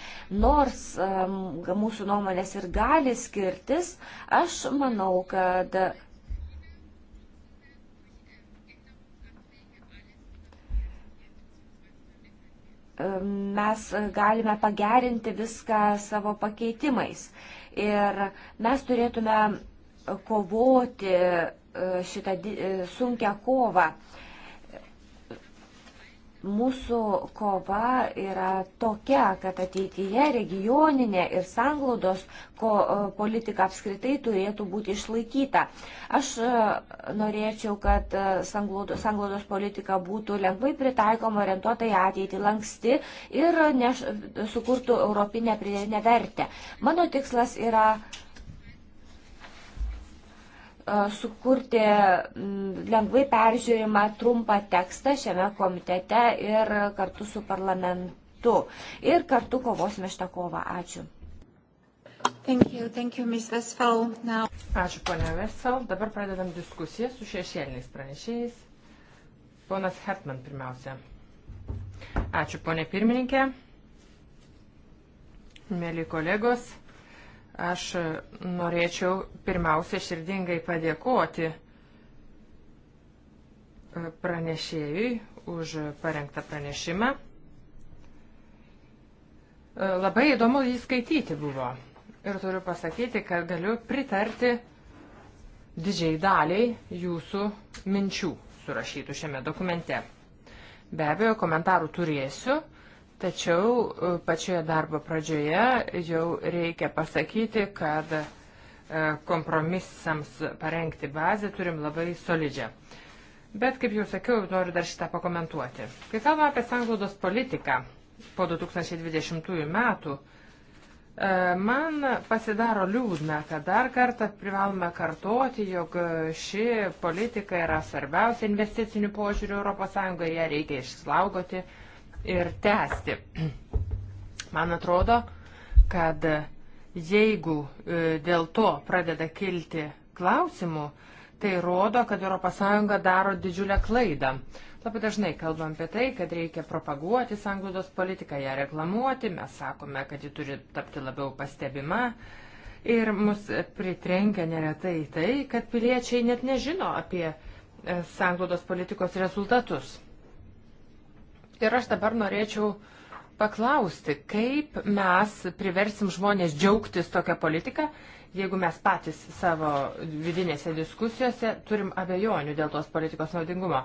[SPEAKER 2] Nors e, mūsų nuomonės ir gali skirtis, aš manau, kad e, mes galime pagerinti viską savo pakeitimais. Ir mes turėtume kovoti e, šitą e, sunkę kovą. Mūsų kova yra tokia, kad ateityje regioninė ir sanglaudos e, politika apskritai turėtų būti išlaikyta. Aš norėčiau, kad sanglaudos politika būtų lengvai pritaikoma, orientuota į ateitį, lanksti ir neš, sukurtų europinę pridėtinę vertę. Mano tikslas yra uh, sukurti lengvai peržiūrimą trumpą tekstą šiame komitete ir kartu su parlamentu. Ir kartu kovosime šitą kovą. Ačiū. Thank you, thank you, Ms.
[SPEAKER 3] Westfall. Now... Ačiū, ponia Vesel. Dabar pradedam diskusiją su šešėliniais pranešėjais. Ponas Hertman pirmiausia. Ačiū, ponia pirmininkė. Mėly kolegos. Aš norėčiau pirmiausia širdingai padėkoti pranešėjui už parengtą pranešimą. Labai įdomu jį skaityti buvo. Ir turiu pasakyti, kad galiu pritarti didžiai daliai jūsų minčių surašytų šiame dokumente. Be abejo, komentarų turėsiu Tačiau e, pačioje darbo pradžioje jau reikia pasakyti, kad e, kompromisams parengti bazę turim labai solidžią. Bet, kaip jau sakiau, noriu dar šitą pakomentuoti. Kai kalbame apie sanglaudos politiką po 2020 metų, e, man pasidaro liūdna, kad dar kartą privalome kartoti, jog ši politika yra svarbiausia investicinių požiūrių ES, ją reikia išslaugoti ir tęsti. Man atrodo, kad jeigu e, dėl to pradeda kilti klausimų, tai rodo, kad ES daro didžiulę klaidą. Labai dažnai kalbam apie tai, kad reikia propaguoti sanglaudos politiką, ją reklamuoti, mes sakome, kad ji turi tapti labiau pastebima. Ir mus pritrenkia neretai tai, kad piliečiai net nežino apie e, sanglaudos politikos rezultatus. Ir aš dabar norėčiau paklausti, kaip mes priversim žmonės džiaugtis tokią politiką, jeigu mes patys savo vidinėse diskusijose turim abejonių dėl tos politikos naudingumo.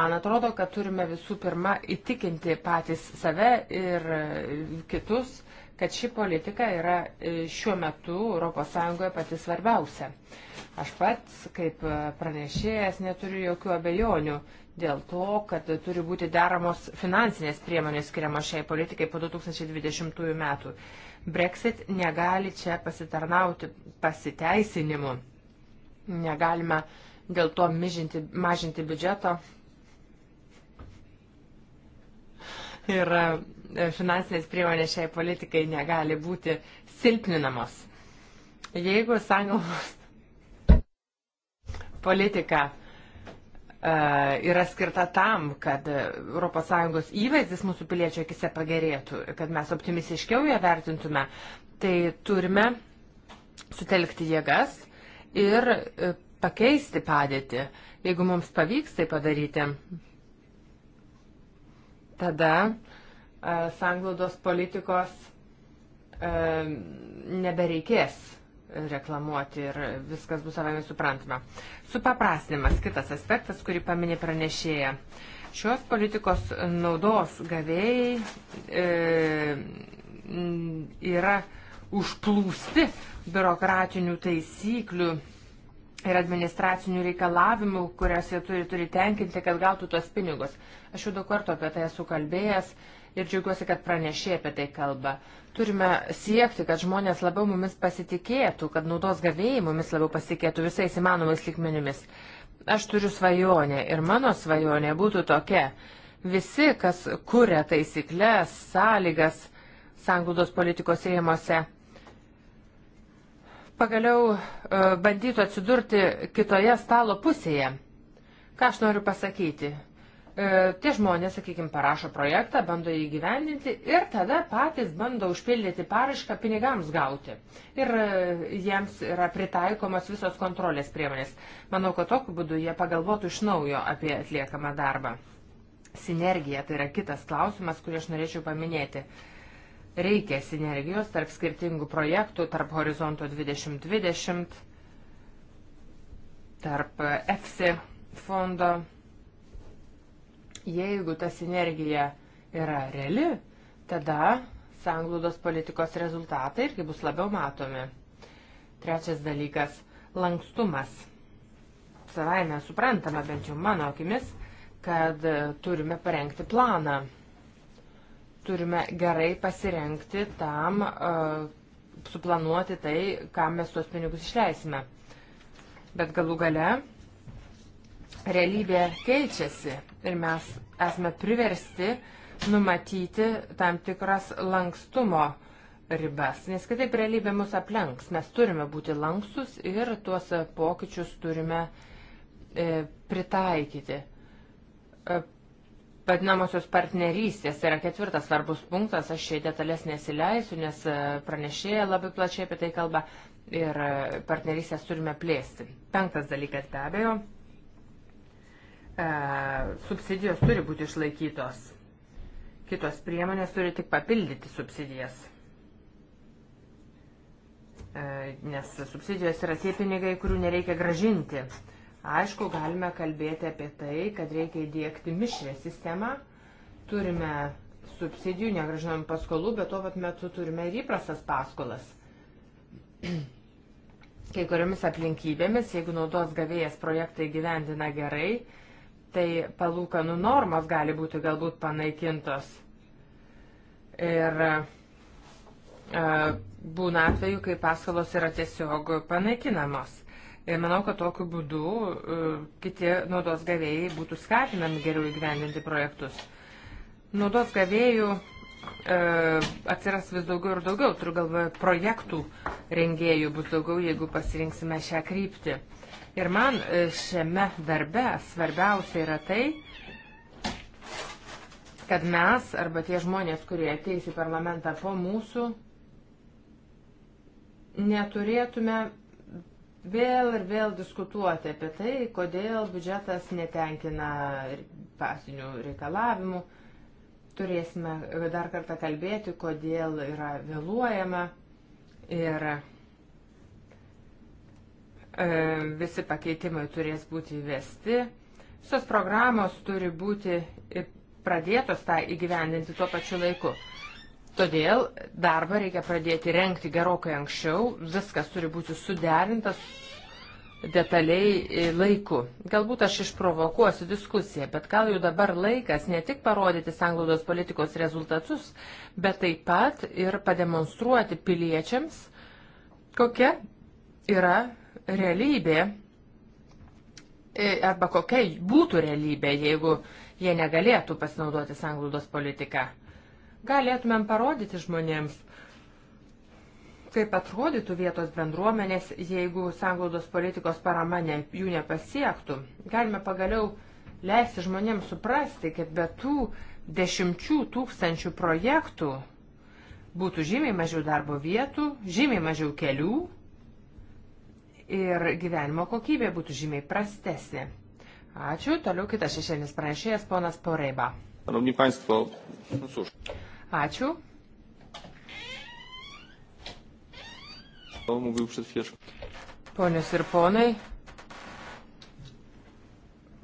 [SPEAKER 3] Man atrodo, kad turime visų pirma įtikinti patys save ir kitus, kad ši politika yra e, šiuo metu ES pati svarbiausia. Aš pats, kaip e, pranešėjas, neturiu jokių abejonių dėl to, kad turi būti deramos finansinės priemonės skiriamos šiai politikai po 2020 metų. Brexit negali čia pasitarnauti pasiteisinimu. Negalime dėl to mižinti, mažinti biudžeto. Ir e, finansinės priemonės šiai politikai negali būti silpninamos. Jeigu sąjungos politika uh, E, yra skirta tam, kad ES įvaizdis mūsų piliečio akise pagerėtų, kad mes optimistiškiau ją vertintume, tai turime sutelkti jėgas ir e, pakeisti padėtį. Jeigu mums pavyks tai padaryti, tada e, sanglaudos politikos nebereikės reklamuoti ir viskas bus savame suprantama. Supaprastinimas, kitas aspektas, kurį paminė pranešėja. Šios politikos naudos gavėjai e, yra užplūsti biurokratinių taisyklių ir administracinių reikalavimų, kurias jie turi, turi tenkinti, kad gautų tuos pinigus. Aš jau daug kartų apie tai esu kalbėjęs. E, ir džiaugiuosi, kad pranešė apie tai kalba. Turime siekti, kad žmonės labiau mumis pasitikėtų, kad naudos gavėjai mumis labiau pasitikėtų visais įmanomais likmenimis. Aš turiu svajonę ir mano svajonė būtų tokia. Visi, kas kuria taisyklės, sąlygas sanglaudos politikos rėmose, pagaliau e, bandytų atsidurti kitoje stalo pusėje. Ką aš noriu pasakyti? E, tie žmonės, sakykime, parašo projektą, bando jį gyveninti ir tada patys bando užpildyti parašką pinigams gauti. Ir e, jiems yra pritaikomas visos kontrolės priemonės. Manau, kad tokiu būdu jie pagalvotų iš naujo apie atliekamą darbą. Sinergija tai yra kitas klausimas, kurį aš norėčiau paminėti. Reikia sinergijos tarp skirtingų projektų, tarp Horizonto 2020, tarp EFSI fondo Jeigu ta sinergija yra reali, tada sanglūdos politikos rezultatai irgi bus labiau matomi. Trečias dalykas - lankstumas. Savaime suprantama, bent jau mano akimis, kad turime parengti planą. Turime gerai pasirengti tam, e, suplanuoti tai, kam mes tuos pinigus išleisime. Bet galų gale realybė keičiasi ir mes esame priversti numatyti tam tikras lankstumo ribas, nes kitaip realybė mus aplenks. Mes turime būti lankstus ir tuos pokyčius turime e, pritaikyti. E, Vadinamosios partnerystės yra ketvirtas svarbus punktas, aš šiai detalės nesileisiu, nes e, pranešėja labai plačiai apie tai kalba ir e, partnerystės turime plėsti. Penktas dalykas be abejo E, subsidijos turi būti išlaikytos. Kitos priemonės turi tik papildyti subsidijas. E, nes subsidijos yra tie pinigai, kurių nereikia gražinti. Aišku, galime kalbėti apie tai, kad reikia įdėkti mišrę sistemą. Turime subsidijų, negražinam paskolų, bet tuo pat metu turime ir įprastas paskolas. Kai kuriomis aplinkybėmis, jeigu naudos gavėjas projektai gyvendina gerai, tai palūkanų normos gali būti galbūt panaikintos. Ir e, būna atveju, kai paskolos yra tiesiog panaikinamos. Ir manau, kad tokiu būdu e, kiti naudos gavėjai būtų skatinami geriau įgyvendinti projektus. Naudos gavėjų e, atsiras vis daugiau ir daugiau, turiu galvoje, projektų rengėjų bus daugiau, jeigu pasirinksime šią kryptį. Ir man e, šiame darbe svarbiausia yra tai, kad mes arba tie žmonės, kurie ateis į parlamentą po mūsų, neturėtume vėl ir vėl diskutuoti apie tai, kodėl biudžetas netenkina pasinių reikalavimų. Turėsime dar kartą kalbėti, kodėl yra vėluojama. Ir E, visi pakeitimai turės būti įvesti. Visos programos turi būti pradėtos tą įgyvendinti tuo pačiu laiku. Todėl darbą reikia pradėti renkti gerokai anksčiau, viskas turi būti suderintas detaliai laiku. Galbūt aš išprovokuosiu diskusiją, bet gal jau dabar laikas ne tik parodyti sanglaudos politikos rezultatus, bet taip pat ir pademonstruoti piliečiams, kokia yra realybė e, arba kokia būtų realybė, jeigu jie negalėtų pasinaudoti sanglaudos politiką. Galėtumėm parodyti žmonėms, kaip atrodytų vietos bendruomenės, jeigu sanglaudos politikos parama ne, jų nepasiektų. Galime pagaliau leisti žmonėms suprasti, kad be tų dešimčių tūkstančių projektų būtų žymiai mažiau darbo vietų, žymiai mažiau kelių ir gyvenimo kokybė būtų žymiai prastesnė. Ačiū. Toliau kitas šešėlis pranešėjas, ponas Poreiba. Ačiū. Ponios ir ponai,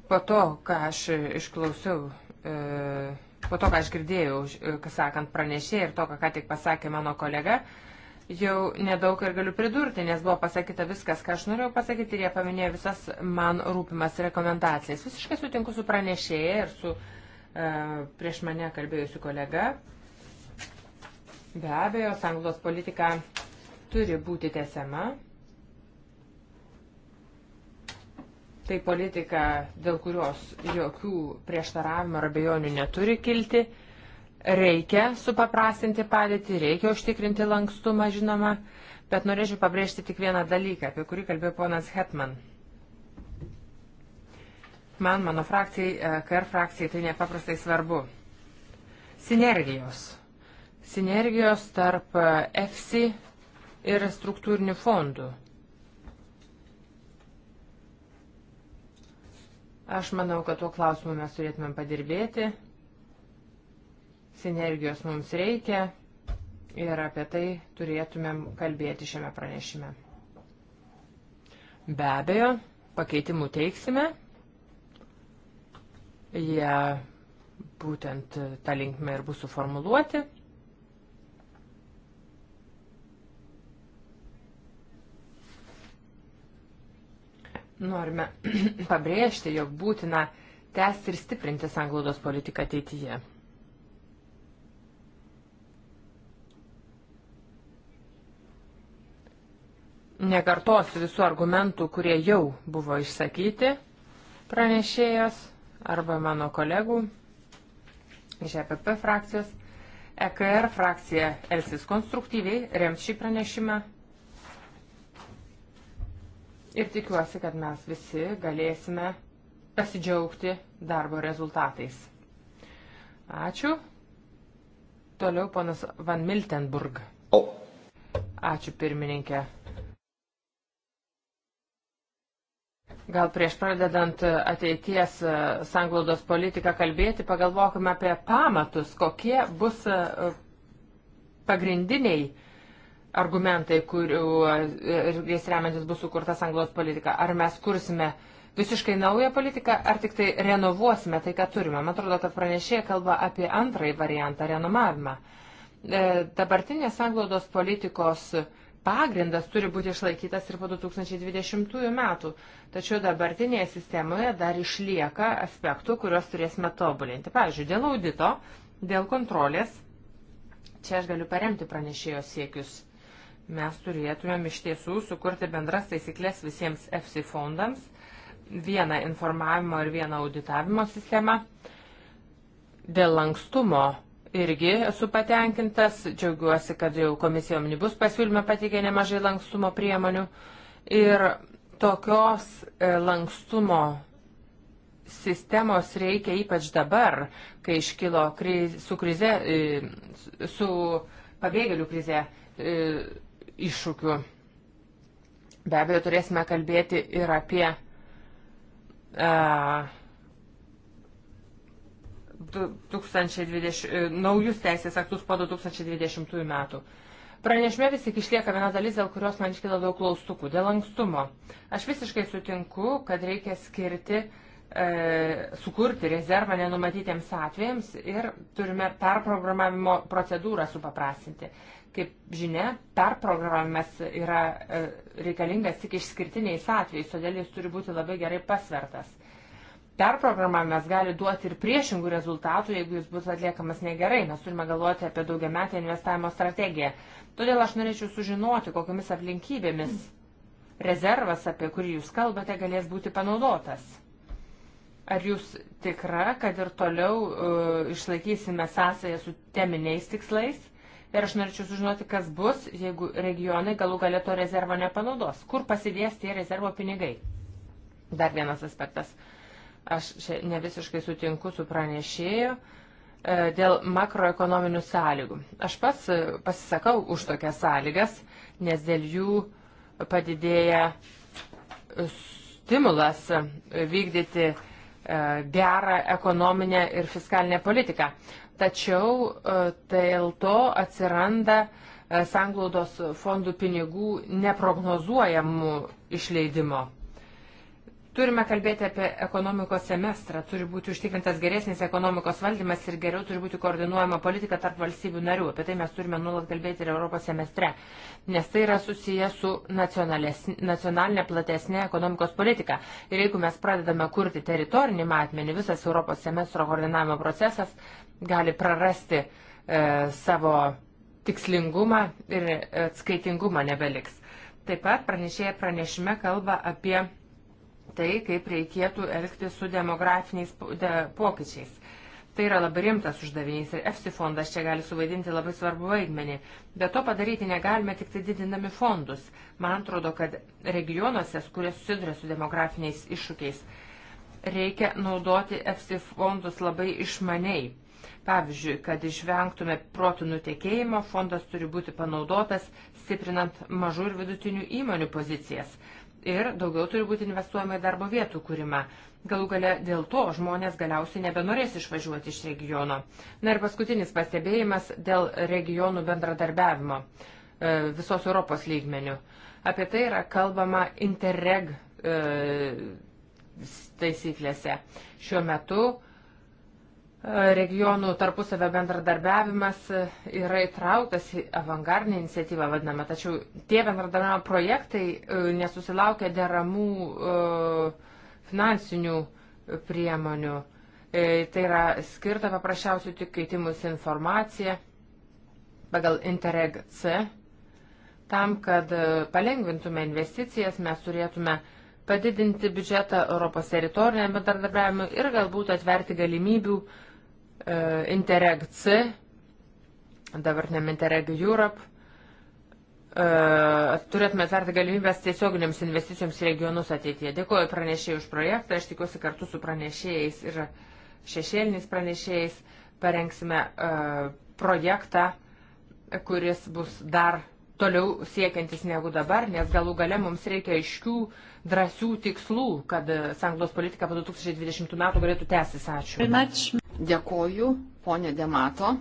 [SPEAKER 3] po to, ką aš išklausiau, e, po to, ką aš girdėjau, kas e, sakant, pranešė ir to, ką ką tik pasakė mano kolega, jau nedaug ir galiu pridurti, nes buvo pasakyta viskas, ką aš norėjau pasakyti ir jie paminėjo visas man rūpimas rekomendacijas. Visiškai sutinku su pranešėja ir su e, prieš mane kalbėjusiu kolega. Be abejo, sanglos politika turi būti tesiama. Tai politika, dėl kurios jokių prieštaravimų ar abejonių neturi kilti. Reikia supaprastinti padėtį, reikia užtikrinti lankstumą, žinoma, bet norėčiau pabrėžti tik vieną dalyką, apie kurį kalbėjo ponas Hetman. Man, mano frakcijai, e, KR frakcijai tai nepaprastai svarbu. Sinergijos. Sinergijos tarp EFSI ir struktūrinių fondų. Aš manau, kad tuo klausimu mes turėtumėm padirbėti. Sinergijos mums reikia ir apie tai turėtumėm kalbėti šiame pranešime. Be abejo, pakeitimų teiksime. Jie būtent tą linkmę ir bus suformuluoti. Norime [clears throat] pabrėžti, jog būtina tęsti ir stiprinti sanglaudos politiką ateityje. Nekartosiu visų argumentų, kurie jau buvo išsakyti pranešėjos arba mano kolegų iš EPP frakcijos. EKR frakcija elsis konstruktyviai, rems šį pranešimą. Ir tikiuosi, kad mes visi galėsime pasidžiaugti darbo rezultatais. Ačiū. Toliau ponas Van Miltenburg. O. Ačiū pirmininkė. Gal prieš pradedant e, ateities e, sanglaudos politiką kalbėti, pagalvokime apie pamatus, kokie bus e, pagrindiniai argumentai, kuriais remiantis bus sukurta sanglaudos politika. Ar mes kursime visiškai naują politiką, ar tik tai renovuosime tai, ką turime. Man atrodo, kad pranešėja kalba apie antrąjį variantą - renomavimą. Dabartinės sanglaudos politikos pagrindas turi būti išlaikytas ir po 2020 metų. Tačiau dabartinėje sistemoje dar išlieka aspektų, kuriuos turėsime tobulinti. Pavyzdžiui, dėl audito, dėl kontrolės. Čia aš galiu paremti pranešėjo siekius. Mes turėtumėm iš tiesų sukurti bendras taisyklės visiems FC fondams, vieną informavimo ir vieną auditavimo sistemą. Dėl lankstumo irgi esu patenkintas. Džiaugiuosi, kad jau komisija omnibus pasiūlyme pateikė nemažai lankstumo priemonių. Ir tokios e, lankstumo sistemos reikia ypač dabar, kai iškilo kriz, su, krize, e, su pabėgėlių krize e, iššūkių. Be abejo, turėsime kalbėti ir apie uh, 2020, e, naujus teisės aktus po 2020 metų. Pranešime vis tik išlieka viena dalis, dėl kurios man iškyla daug klaustukų, dėl ankstumo. Aš visiškai sutinku, kad reikia skirti, e, sukurti rezervą nenumatytiems atvejams ir turime perprogramavimo procedūrą supaprastinti. Kaip žinia, perprogramavimas yra e, reikalingas tik išskirtiniais atvejais, todėl jis turi būti labai gerai pasvertas perprogramavimas gali duoti ir priešingų rezultatų, jeigu jis bus atliekamas negerai. Mes turime galvoti apie daugiametę investavimo strategiją. Todėl aš norėčiau sužinoti, kokiamis aplinkybėmis rezervas, apie kurį jūs kalbate, galės būti panaudotas. Ar jūs tikra, kad ir toliau uh, išlaikysime sąsąją su teminiais tikslais? Ir aš norėčiau sužinoti, kas bus, jeigu regionai galų galėto rezervo nepanaudos. Kur pasidės tie rezervo pinigai? Dar vienas aspektas. Aš ne visiškai sutinku su pranešėju e, dėl makroekonominių sąlygų. Aš pats e, pasisakau už tokias sąlygas, nes dėl jų padidėja e, stimulas vykdyti gerą ekonominę ir fiskalinę politiką. Tačiau dėl to atsiranda sanglaudos fondų pinigų neprognozuojamų išleidimo. Turime kalbėti apie ekonomikos semestrą. Turi būti užtikrintas geresnis ekonomikos valdymas ir geriau turi būti koordinuojama politika tarp valstybių narių. Apie tai mes turime nuolat kalbėti ir Europos semestre, nes tai yra susiję su nacionalinė platesnė ekonomikos politika. Ir jeigu mes pradedame kurti teritorinį matmenį, visas Europos semestro koordinavimo procesas gali prarasti e, savo tikslingumą ir e, atskaitingumą nebeliks. Taip pat pranešėja pranešime kalba apie tai, kaip reikėtų elgti su demografiniais pokyčiais. Tai yra labai rimtas uždavinys ir EFSI fondas čia gali suvaidinti labai svarbu vaidmenį. Bet to padaryti negalime tik tai didindami fondus. Man atrodo, kad regionuose, kurie susiduria su demografiniais iššūkiais, reikia naudoti EFSI fondus labai išmaniai. Pavyzdžiui, kad išvengtume protų nutekėjimo, fondas turi būti panaudotas stiprinant mažų ir vidutinių įmonių pozicijas ir daugiau turi būti investuojama į darbo vietų kūrimą. Galų gale dėl to žmonės galiausiai nebenorės išvažiuoti iš regiono. Na ir paskutinis pastebėjimas dėl regionų bendradarbiavimo e, visos Europos lygmenių. Apie tai yra kalbama Interreg e, taisyklėse. Šiuo metu regionų tarpusavio bendradarbiavimas e, yra įtrauktas į avangardinę iniciatyvą vadinamą, tačiau tie bendradarbiavimo projektai e, nesusilaukia deramų e, finansinių priemonių. Tai yra skirta paprasčiausių tik keitimus informaciją pagal Interreg C. Tam, kad palengvintume investicijas, mes turėtume padidinti biudžetą Europos teritoriniam bendradarbiavimui ir galbūt atverti galimybių uh, Interreg C, dabartiniam Interreg Europe, e, turėtume atverti galimybės tiesioginėms investicijoms į regionus ateityje. Dėkuoju pranešėjai už projektą, aš tikiuosi kartu su pranešėjais ir šešėliniais pranešėjais parengsime e, projektą, kuris bus dar toliau siekiantis negu dabar, nes galų gale mums reikia aiškių, drąsių tikslų, kad e, sanglos politika po 2020 metų galėtų tęsis. Ačiū.
[SPEAKER 1] Dėkoju, ponė Demato.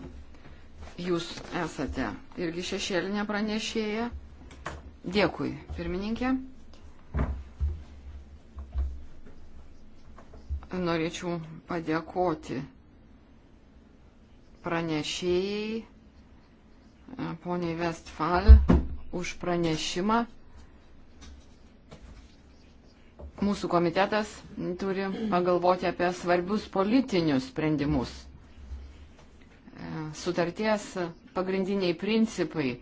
[SPEAKER 1] Jūs esate irgi šešėlinė pranešėja. Dėkui, pirmininkė. Norėčiau padėkoti pranešėjai poniai Westfal už pranešimą. Mūsų komitetas turi pagalvoti apie svarbius politinius sprendimus. E, sutarties pagrindiniai principai,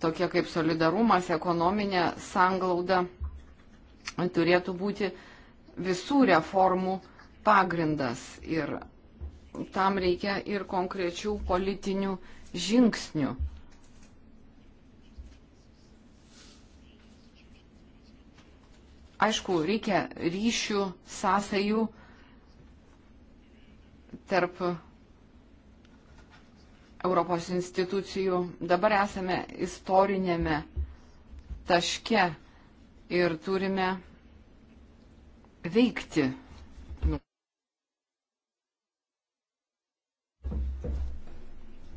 [SPEAKER 1] tokie kaip solidarumas, ekonominė sanglauda, turėtų būti visų reformų pagrindas. Ir tam reikia ir konkrečių politinių sprendimų žingsnių. Aišku, reikia ryšių, sąsajų tarp Europos institucijų. Dabar esame istorinėme taške ir turime veikti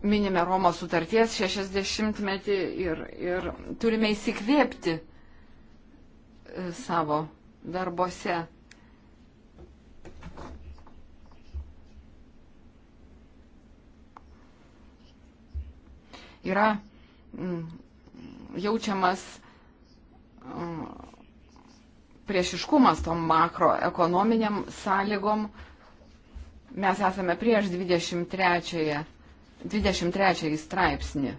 [SPEAKER 1] minime Romos sutarties 60-metį ir, ir turime įsikvėpti e, savo darbose. Yra jaučiamas priešiškumas tom makroekonominiam sąlygom. Mes esame prieš 23 23 straipsnį.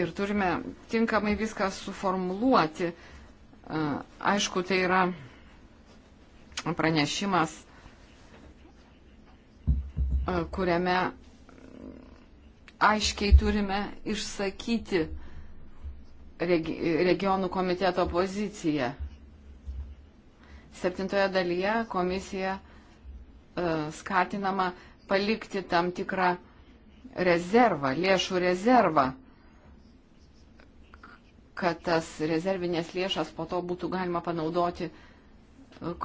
[SPEAKER 1] Ir turime tinkamai viską suformuluoti. Aišku, tai yra pranešimas, kuriame aiškiai turime išsakyti regionų komiteto poziciją. Septintoje dalyje komisija E, skatinama palikti tam tikrą rezervą, lėšų rezervą, kad tas rezervinės lėšas po to būtų galima panaudoti e,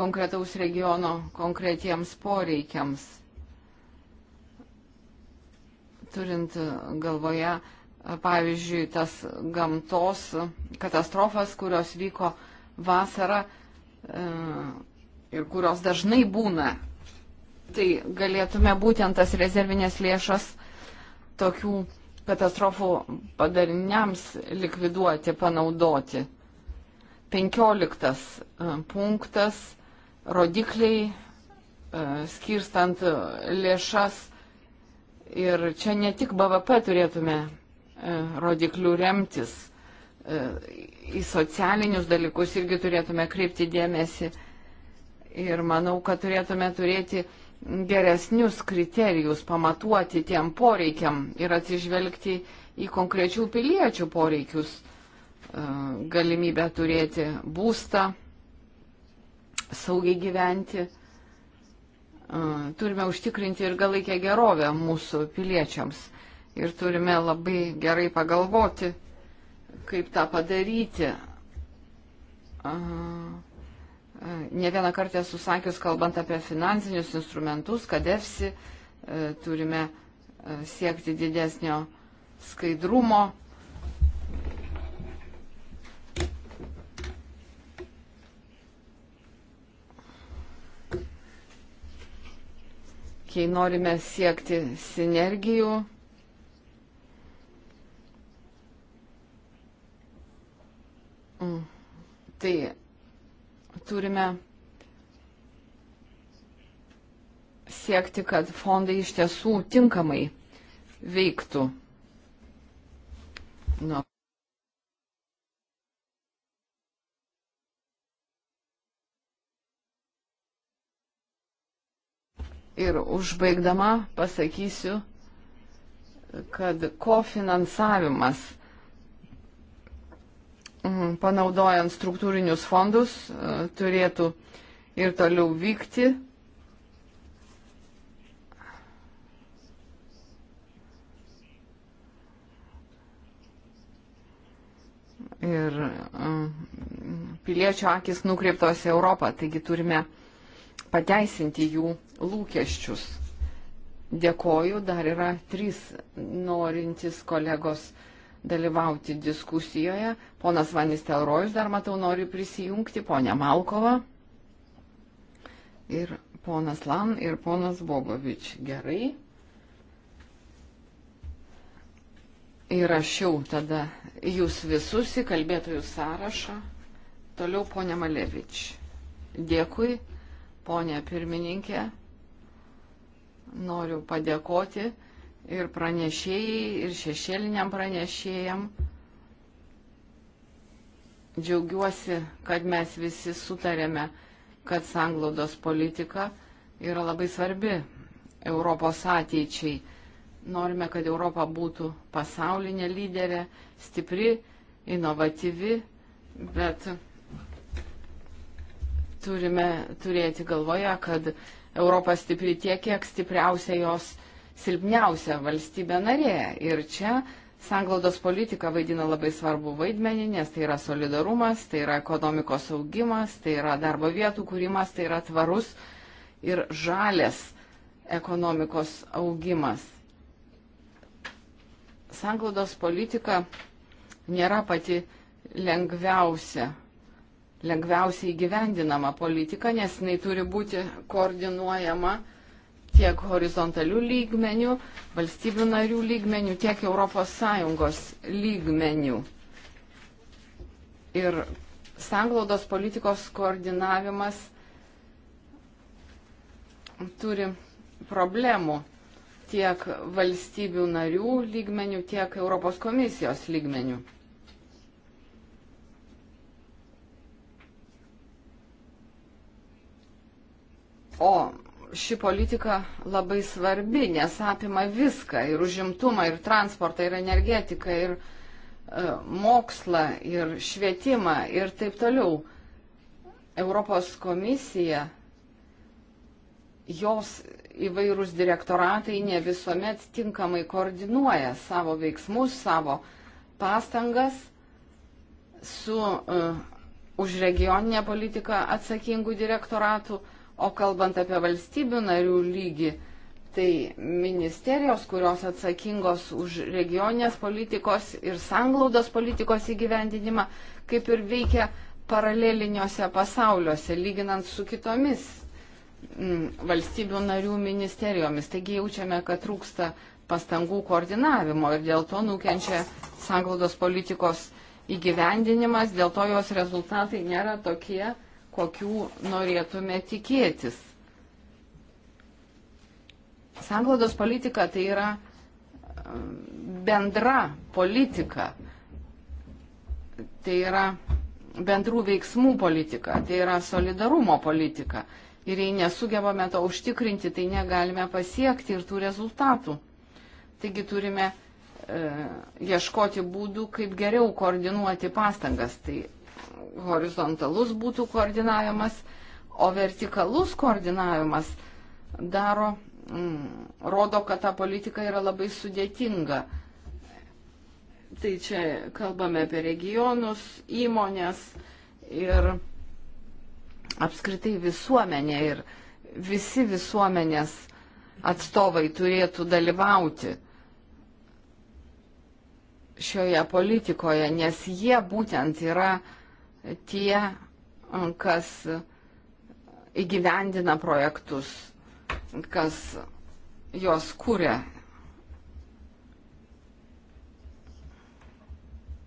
[SPEAKER 1] konkretaus regiono konkretiems poreikiams. Turint galvoje, e, pavyzdžiui, tas gamtos katastrofas, kurios vyko vasarą ir kurios dažnai būna tai galėtume būtent tas rezervinės lėšas tokių katastrofų padariniams likviduoti, panaudoti. 15 e, punktas - rodikliai, e, skirstant lėšas. Ir čia ne tik BVP turėtume e, rodiklių remtis, į socialinius dalykus irgi turėtume kreipti dėmesį. Ir manau, kad turėtume turėti uh, geresnius kriterijus pamatuoti tiem poreikiam ir atsižvelgti į konkrečių piliečių poreikius, e, galimybę turėti būstą, saugiai gyventi. E, turime užtikrinti ir galaikę gerovę mūsų piliečiams ir turime labai gerai pagalvoti, kaip tą padaryti. Aha e, ne vieną kartą esu sakius, kalbant apie finansinius instrumentus, kad EFSI e, turime e, siekti didesnio skaidrumo. Kai norime siekti sinergijų, mm, tai turime siekti, kad fondai iš tiesų tinkamai veiktų. Nu. Ir užbaigdama pasakysiu, kad kofinansavimas Mhm. panaudojant struktūrinius fondus e, turėtų ir toliau vykti. Ir e, piliečių akis nukreiptos į Europą, taigi turime pateisinti jų lūkesčius. Dėkoju, dar yra trys norintys kolegos dalyvauti diskusijoje. Ponas Vanis Telrojus dar matau nori prisijungti, ponia Malkova ir ponas Lan ir ponas Bogovič. Gerai. Įrašiau tada jūs visus į kalbėtojų sąrašą. Toliau ponia Malevič. Dėkui, ponia pirmininkė. Noriu padėkoti ir pranešėjai, ir šešėliniam pranešėjam. Džiaugiuosi, kad mes visi sutarėme, kad sanglaudos politika yra labai svarbi Europos ateičiai. Norime, kad Europa būtų pasaulinė lyderė, stipri, inovatyvi, bet turime turėti galvoje, kad Europa stipri tiek, kiek stipriausia jos yra silpniausia valstybė narė. Ir čia sanglaudos politika vaidina labai svarbu vaidmenį, nes tai yra solidarumas, tai yra ekonomikos augimas, tai yra darbo vietų kūrimas, tai yra tvarus ir žalės ekonomikos augimas. Sanglaudos politika nėra pati lengviausia lengviausiai įgyvendinama politika, nes jinai turi būti koordinuojama uh, tiek horizontalių lygmenių, valstybių narių lygmenių, tiek ES lygmenių. Ir sanglaudos politikos koordinavimas turi problemų tiek valstybių narių lygmenių, tiek Europos komisijos lygmenių. O ši politika labai svarbi, nes apima viską ir užimtumą, ir transportą, ir energetiką, ir e, mokslą, ir švietimą, ir taip toliau. Europos komisija, jos įvairūs direktoratai ne visuomet tinkamai koordinuoja savo veiksmus, savo pastangas su uh, už regioninę politiką atsakingų direktoratų uh, O kalbant apie valstybių narių lygį, tai ministerijos, kurios atsakingos už regioninės politikos ir sanglaudos politikos įgyvendinimą, kaip ir veikia paraleliniuose pasauliuose, lyginant su kitomis mm, valstybių narių ministerijomis. Taigi jaučiame, kad trūksta pastangų koordinavimo ir dėl to nukenčia sanglaudos politikos įgyvendinimas, dėl to jos rezultatai nėra tokie, kokių norėtume tikėtis. Sanglaudos politika tai yra um, bendra politika. Tai yra bendrų veiksmų politika, tai yra solidarumo politika. Ir jei nesugebame to užtikrinti, tai negalime pasiekti ir tų rezultatų. Taigi turime e, ieškoti būdų, kaip geriau koordinuoti pastangas. Tai horizontalus būtų koordinavimas, o vertikalus koordinavimas daro, mm, rodo, kad ta politika yra labai sudėtinga. Tai čia kalbame apie regionus, įmonės ir apskritai visuomenė ir visi visuomenės atstovai turėtų dalyvauti šioje politikoje, nes jie būtent yra uh, tie, kas įgyvendina projektus, kas juos kūrė.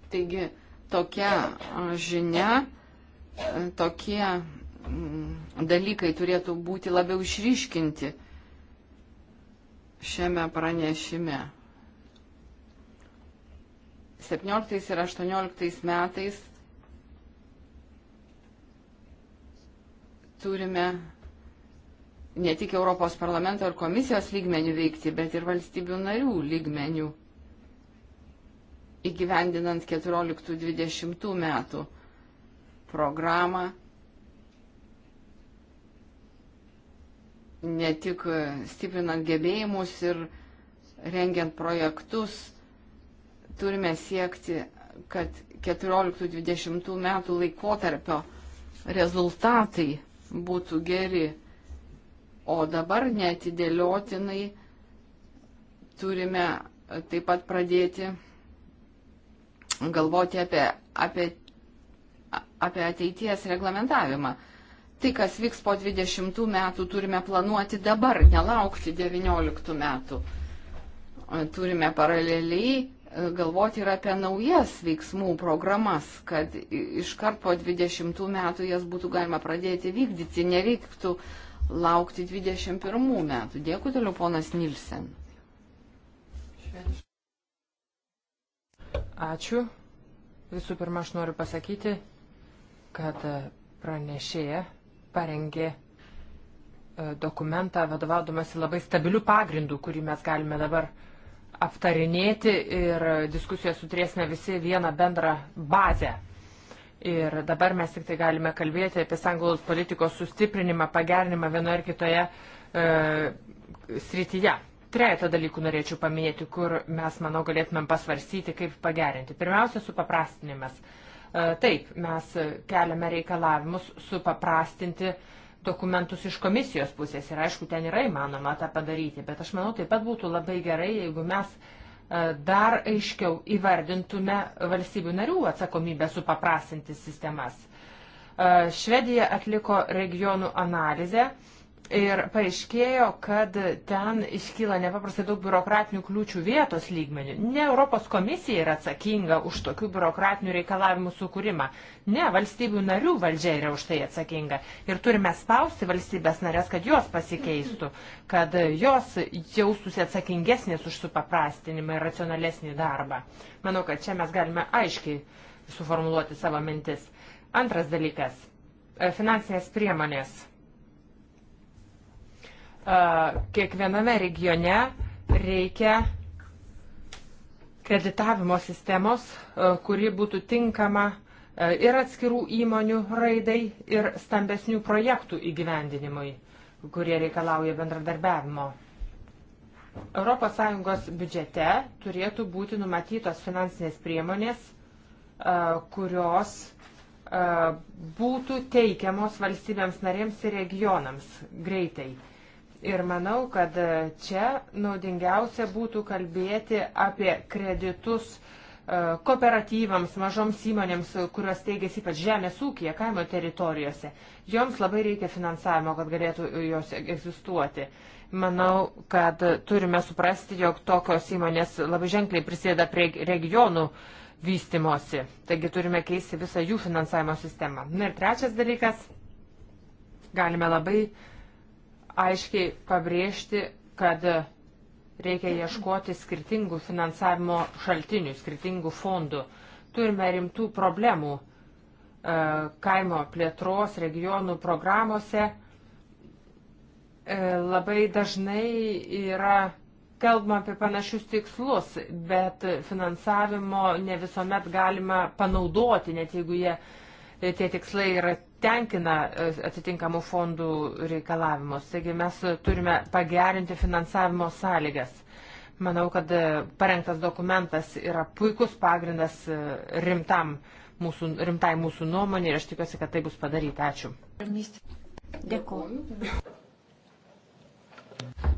[SPEAKER 1] Taigi tokia žinia, tokie mm, dalykai turėtų būti labiau išryškinti šiame pranešime. 17 ir 18 metais turime ne tik Europos parlamento ir komisijos lygmenių veikti, bet ir valstybių narių lygmenių įgyvendinant 14-20 metų programą ne tik stiprinant gebėjimus ir rengiant projektus, turime siekti, kad 14-20 metų laikotarpio rezultatai būtų geri. O dabar netidėliotinai turime taip pat pradėti galvoti apie, apie, apie ateities reglamentavimą. Tai, kas vyks po 20 metų, turime planuoti dabar, nelaukti 19 metų. Turime paraleliai galvoti ir apie naujas veiksmų programas, kad iškart po 20 metų jas būtų galima pradėti vykdyti, nereiktų laukti 21 metų. Dėkui toliau, ponas Nilsen.
[SPEAKER 3] Ačiū. Visų pirma, aš noriu pasakyti, kad e, pranešėja parengė e, dokumentą vadovaudamasi labai stabilių pagrindų, kurį mes galime dabar uh, aptarinėti ir diskusijos suturėsime visi vieną bendrą bazę. Ir dabar mes tik tai galime kalbėti apie sanglaudos politikos sustiprinimą, pagerinimą vienoje ar kitoje e, srityje. Trejata dalykų norėčiau paminėti, kur mes, manau, galėtumėm pasvarstyti, kaip pagerinti. Pirmiausia, supaprastinimas. E, taip, mes keliame reikalavimus supaprastinti e, dokumentus iš komisijos pusės ir aišku, ten yra įmanoma tą padaryti, bet aš manau, taip pat būtų labai gerai, jeigu mes e, dar aiškiau įvardintume valstybių narių atsakomybę supaprastinti sistemas. E, Švedija atliko regionų analizę Ir paaiškėjo, kad ten iškyla nepaprastai daug biurokratinių kliūčių vietos lygmenių. Ne Europos komisija yra atsakinga už tokių biurokratinių reikalavimų sukūrimą. Ne, valstybių narių valdžia yra už tai atsakinga. Ir turime spausti valstybės narės, kad jos pasikeistų, kad jos jaustųsi atsakingesnės už supaprastinimą ir racionalesnį darbą. Manau, kad čia mes galime aiškiai suformuluoti savo mintis. Antras dalykas - finansinės priemonės kiekviename regione reikia kreditavimo sistemos, kuri būtų tinkama ir atskirų įmonių raidai, ir stambesnių projektų įgyvendinimui, kurie reikalauja bendradarbiavimo. ES biudžete turėtų būti numatytos finansinės priemonės, kurios būtų teikiamos valstybėms narėms ir regionams greitai Ir manau, kad čia naudingiausia būtų kalbėti apie kreditus e, kooperatyvams, mažoms įmonėms, kurios teigiasi ypač žemės ūkija, kaimo teritorijose. Joms labai reikia finansavimo, kad galėtų jos egzistuoti. Manau, kad turime suprasti, jog tokios įmonės labai ženkliai prisėda prie regionų vystimosi. Taigi turime keisti visą jų finansavimo sistemą. Na ir trečias dalykas. Galime labai uh, aiškiai pabrėžti, kad reikia ieškoti skirtingų finansavimo šaltinių, skirtingų fondų. Turime rimtų problemų e, kaimo plėtros regionų programuose. E, labai dažnai yra kalbama apie panašius tikslus, bet finansavimo ne visuomet galima panaudoti, net jeigu jie, tie tikslai yra tenkina e, atitinkamų fondų reikalavimus. Taigi mes turime pagerinti finansavimo sąlygas. Manau, kad e, parengtas dokumentas yra puikus pagrindas e, rimtam mūsų, rimtai mūsų nuomonė ir aš tikiuosi, kad tai bus padaryta. Ačiū. Dėkuoju.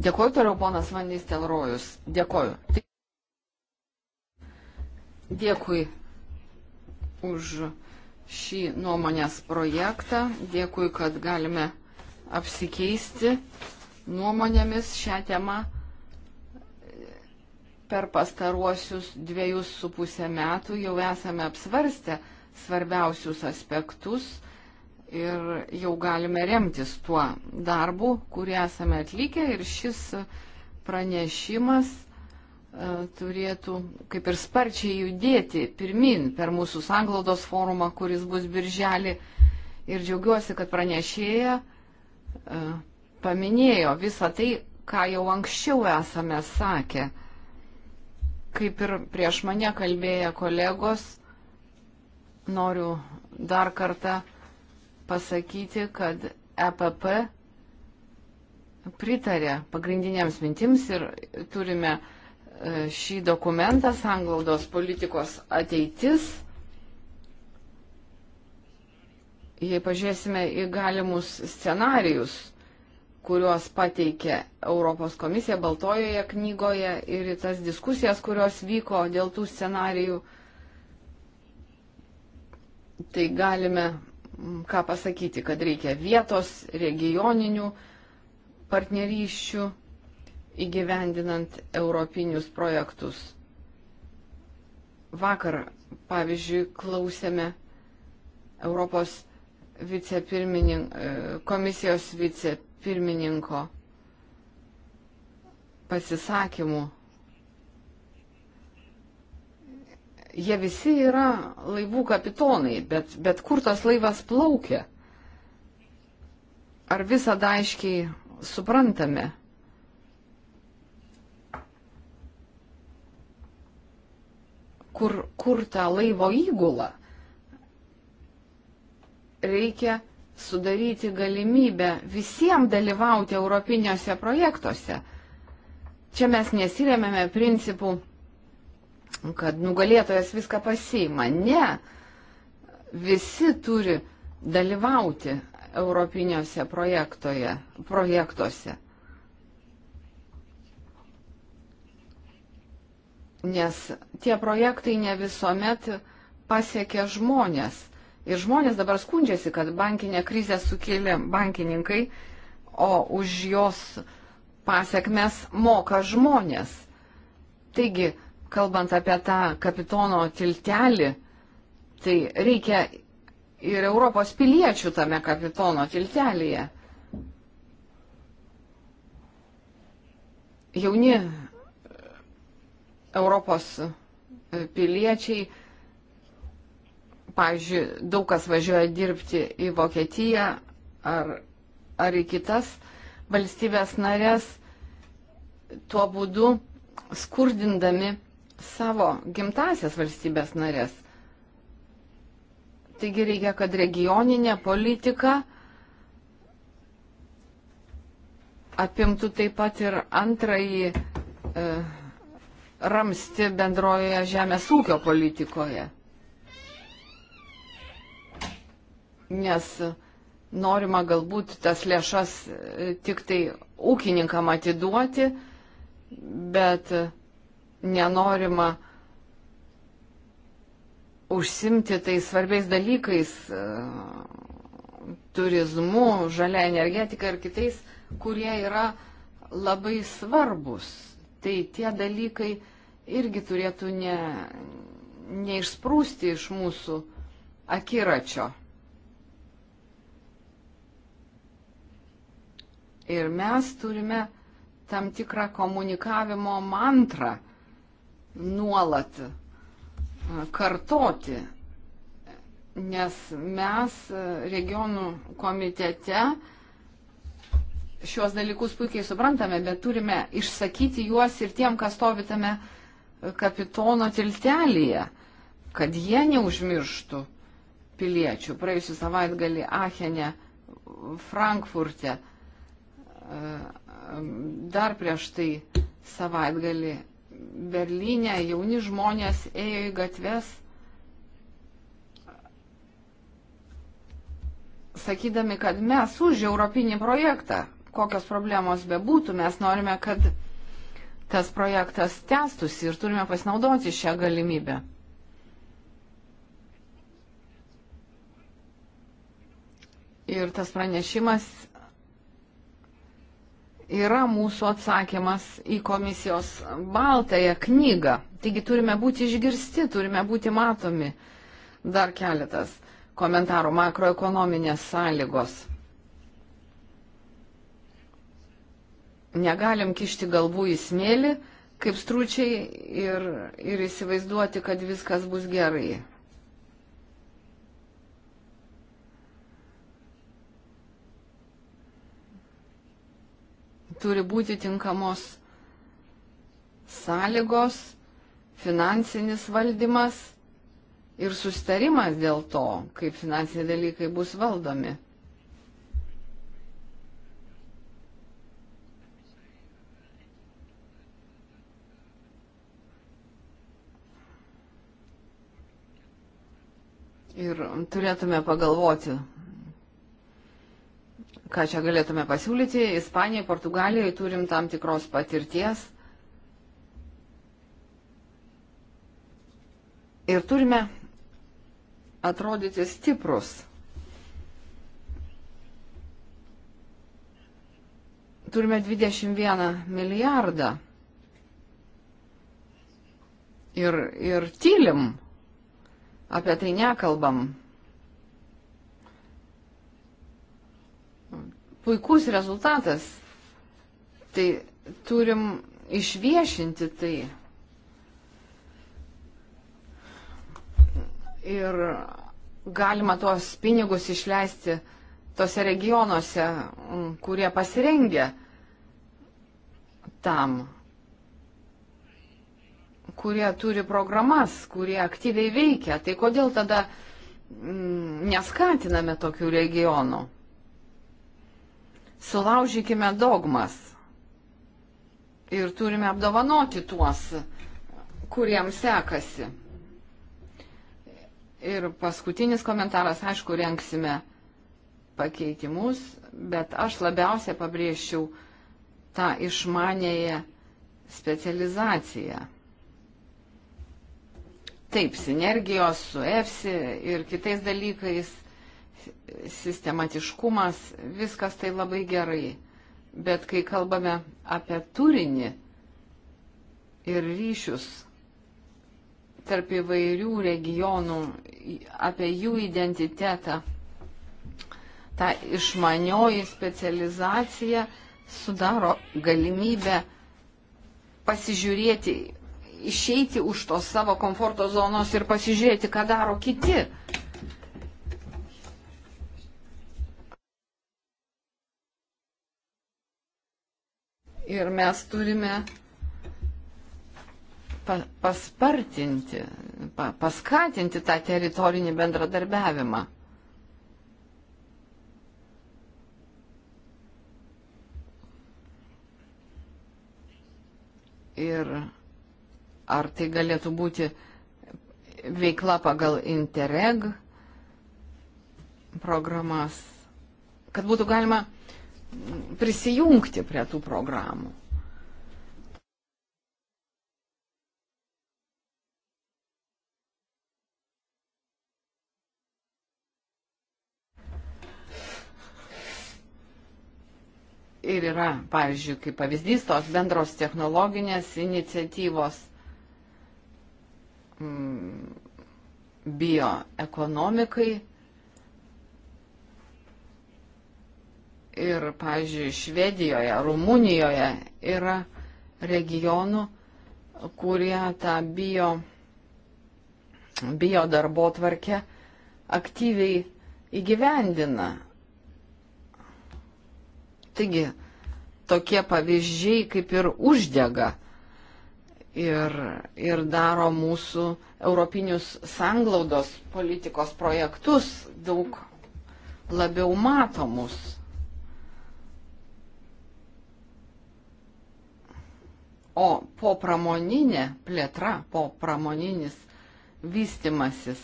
[SPEAKER 3] Dėkuoju toliau, ponas Vandys Telrojus.
[SPEAKER 1] Dėkuoju. Dėkui už šį nuomonės projektą. Dėkui, kad galime apsikeisti nuomonėmis šią temą per pastaruosius dviejus su pusę metų jau esame apsvarstę svarbiausius aspektus ir jau galime remtis tuo darbu, kurį esame atlikę ir šis pranešimas E, turėtų kaip ir sparčiai judėti pirmin per mūsų sanglaudos forumą, kuris bus birželį. Ir džiaugiuosi, kad pranešėja e, paminėjo visą tai, ką jau anksčiau esame sakę. Kaip ir prieš mane kalbėję kolegos, noriu dar kartą pasakyti, kad EPP pritarė pagrindiniams mintims ir turime uh, E, šį dokumentą Sanglaudos politikos ateitis. Jei pažiūrėsime į galimus scenarius, kuriuos pateikė Europos komisija Baltojoje knygoje ir į tas diskusijas, kurios vyko dėl tų scenarijų, tai galime ką pasakyti, kad reikia vietos, regioninių partnerysčių įgyvendinant europinius projektus. Vakar, pavyzdžiui, klausėme Europos vicepirmininko, e, komisijos vicepirmininko pasisakymų. Jie visi yra laivų kapitonai, bet, bet kur tas laivas plaukia? Ar visada aiškiai suprantame? kur, kur tą laivo įgulą. Reikia sudaryti galimybę visiems dalyvauti europiniuose projektuose. Čia mes nesiremėme principų, kad nugalėtojas viską pasiima. Ne, visi turi dalyvauti europiniuose projektuose. nes tie projektai ne visuomet pasiekia žmonės. Ir žmonės dabar skundžiasi, kad bankinė krizė sukėlė bankininkai, o už jos pasiekmes moka žmonės. Taigi, kalbant apie tą kapitono tiltelį, tai reikia ir Europos piliečių tame kapitono tiltelėje. Jauni Europos piliečiai, pavyzdžiui, daug kas važiuoja dirbti į Vokietiją ar, ar į kitas valstybės narės, tuo būdu skurdindami savo gimtasias valstybės narės. Taigi reikia, kad regioninė politika apimtų taip pat ir antrąjį e, ramsti bendrojoje žemės ūkio politikoje. Nes norima galbūt tas lėšas e, tik tai ūkininkam atiduoti, bet nenorima užsimti tai svarbiais dalykais e, turizmu, žalia energetika ir kitais, kurie yra labai svarbus. Tai tie dalykai irgi turėtų ne, neišsprūsti iš mūsų akiračio. Ir mes turime tam tikrą komunikavimo mantrą nuolat e, kartoti, nes mes e, regionų komitete šiuos dalykus puikiai suprantame, bet turime išsakyti juos ir tiem, kas stovi tame uh, kapitono tiltelėje, kad jie neužmirštų piliečių. Praėjusią savaitgalį Achenė, Frankfurte, e, dar prieš tai savaitgalį Berlyne jauni žmonės ėjo į gatves, sakydami, kad mes už europinį projektą, kokios problemos bebūtų, mes norime, kad tas projektas tęstusi ir turime pasinaudoti šią galimybę. Ir tas pranešimas yra mūsų atsakymas į komisijos baltąją knygą. Taigi turime būti išgirsti, turime būti matomi. Dar keletas komentarų makroekonominės sąlygos. negalim kišti galvų į smėlį, kaip stručiai, ir, ir įsivaizduoti, kad viskas bus gerai. Turi būti tinkamos sąlygos, finansinis valdymas ir sustarimas dėl to, kaip finansiniai dalykai bus valdomi. Ir turėtume pagalvoti, ką čia galėtume pasiūlyti. Ispanijai, Portugalijai turim tam tikros patirties. Ir turime atrodyti stiprus. Turime 21 milijardą. Ir, ir tylim Apie tai nekalbam. Puikus rezultatas. Tai turim išviešinti tai. Ir galima tuos pinigus išleisti tose regionuose, kurie pasirengia tam kurie turi programas, kurie aktyviai veikia. Tai kodėl tada mm, neskatiname tokių regionų? Sulaužykime dogmas ir turime apdovanoti tuos, kuriems sekasi. Ir paskutinis komentaras, aišku, renksime pakeitimus, bet aš labiausia pabrėžčiau tą išmanėję specializaciją. Taip, sinergijos su EFSI ir kitais dalykais, sistematiškumas, viskas tai labai gerai. Bet kai kalbame apie turinį ir ryšius tarp įvairių regionų, apie jų identitetą, ta išmanioji specializacija sudaro galimybę pasižiūrėti išeiti už tos savo komforto zonos ir pasižiūrėti, ką daro kiti. Ir mes turime paspartinti, paskatinti tą teritorinį bendradarbiavimą. Ir ar tai galėtų būti veikla pagal Interreg programas, kad būtų galima prisijungti prie tų programų. ir yra, pavyzdžiui, kaip pavyzdys tos bendros technologinės iniciatyvos Mm, bioekonomikai. Ir, pavyzdžiui, Švedijoje, Rumunijoje yra regionų, kurie tą bio, bio darbo tvarkę aktyviai įgyvendina. Taigi, tokie pavyzdžiai kaip ir uždega uh, ir, ir daro mūsų europinius sanglaudos politikos projektus daug labiau matomus. O po pramoninė plėtra, po pramoninis vystimasis,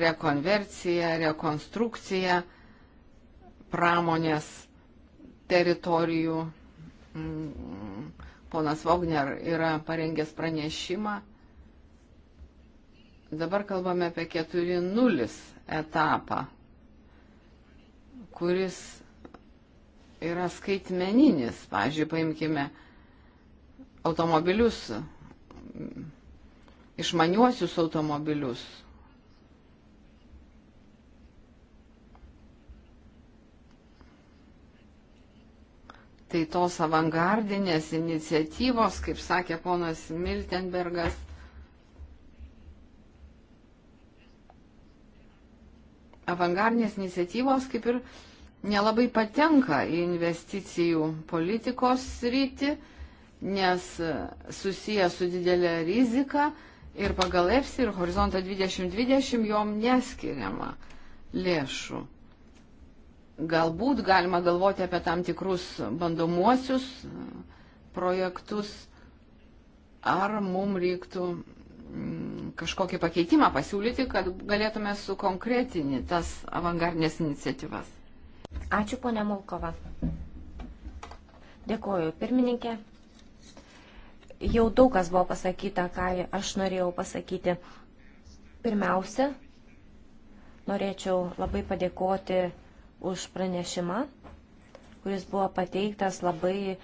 [SPEAKER 1] rekonversija, rekonstrukcija pramonės teritorijų. Mm, ponas Vogner yra parengęs pranešimą. Dabar kalbame apie 4.0 etapą, kuris yra skaitmeninis. Pavyzdžiui, paimkime automobilius, išmaniuosius automobilius, Tai tos avangardinės iniciatyvos, kaip sakė ponas Miltenbergas, avangardinės iniciatyvos kaip ir nelabai patenka į investicijų politikos sritį, nes susiję su didelė rizika ir pagal EFSI ir Horizontą 2020 jom neskiriama lėšų. Galbūt galima galvoti apie tam tikrus bandomuosius e, projektus, ar mums reiktų mm, kažkokį pakeitimą pasiūlyti, kad galėtume sukonkretinį tas avangardinės iniciatyvas.
[SPEAKER 2] Ačiū, ponia Mulkova. Dėkuoju, pirmininkė. Jau daug kas buvo pasakyta, ką aš norėjau pasakyti. Pirmiausia, norėčiau labai padėkoti už pranešimą, kuris buvo pateiktas labai e,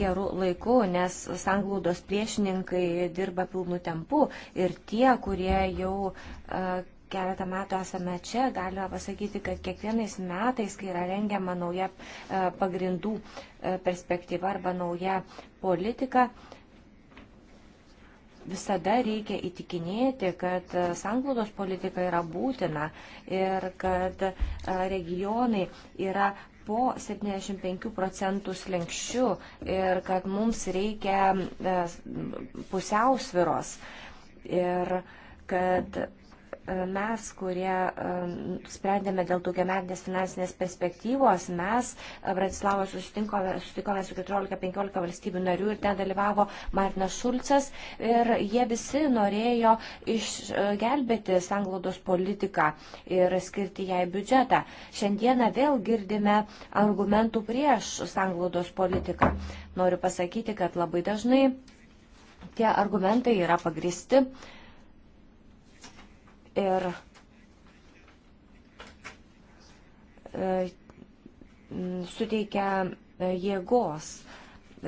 [SPEAKER 2] gerų laikų, nes sanglaudos priešininkai dirba pilnu tempu ir tie, kurie jau e, keletą metų esame čia, galime pasakyti, kad kiekvienais metais, kai yra rengiama nauja e, pagrindų perspektyva arba nauja politika, visada reikia įtikinėti, kad e, sanglaudos politika yra būtina ir kad e, regionai yra po 75 procentų slengščių ir kad mums reikia e, pusiausviros ir kad mes, kurie sprendėme dėl daugiametinės finansinės perspektyvos, mes e, Bratislavoje susitikome su 14-15 valstybių narių ir ten dalyvavo Martinas Šulcas ir jie visi norėjo išgelbėti e, sanglaudos politiką ir skirti jai biudžetą. Šiandieną vėl girdime argumentų prieš sanglaudos politiką. Noriu pasakyti, kad labai dažnai tie argumentai yra pagristi Ir e, suteikia e, jėgos,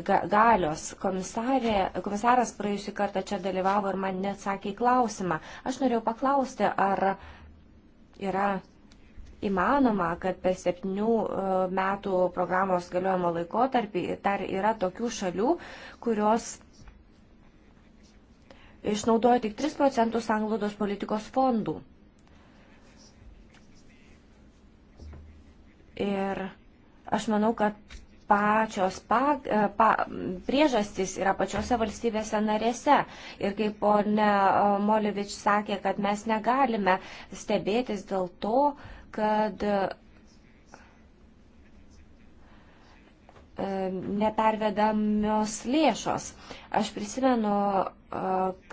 [SPEAKER 2] galios. Komisarė, komisaras praėjusį kartą čia dalyvavo ir man neatsakė į klausimą. Aš norėjau paklausti, ar yra įmanoma, kad per septynių e, metų programos galiojimo laikotarpį dar yra tokių šalių, kurios išnaudoja tik 3 procentus anglodos politikos fondų. Ir aš manau, kad pačios pa, e, pa, priežastys yra pačiose valstybėse narėse. Ir kaip ponė e, Molevič sakė, kad mes negalime stebėtis dėl to, kad E, nepervedamios lėšos. Aš prisimenu, e,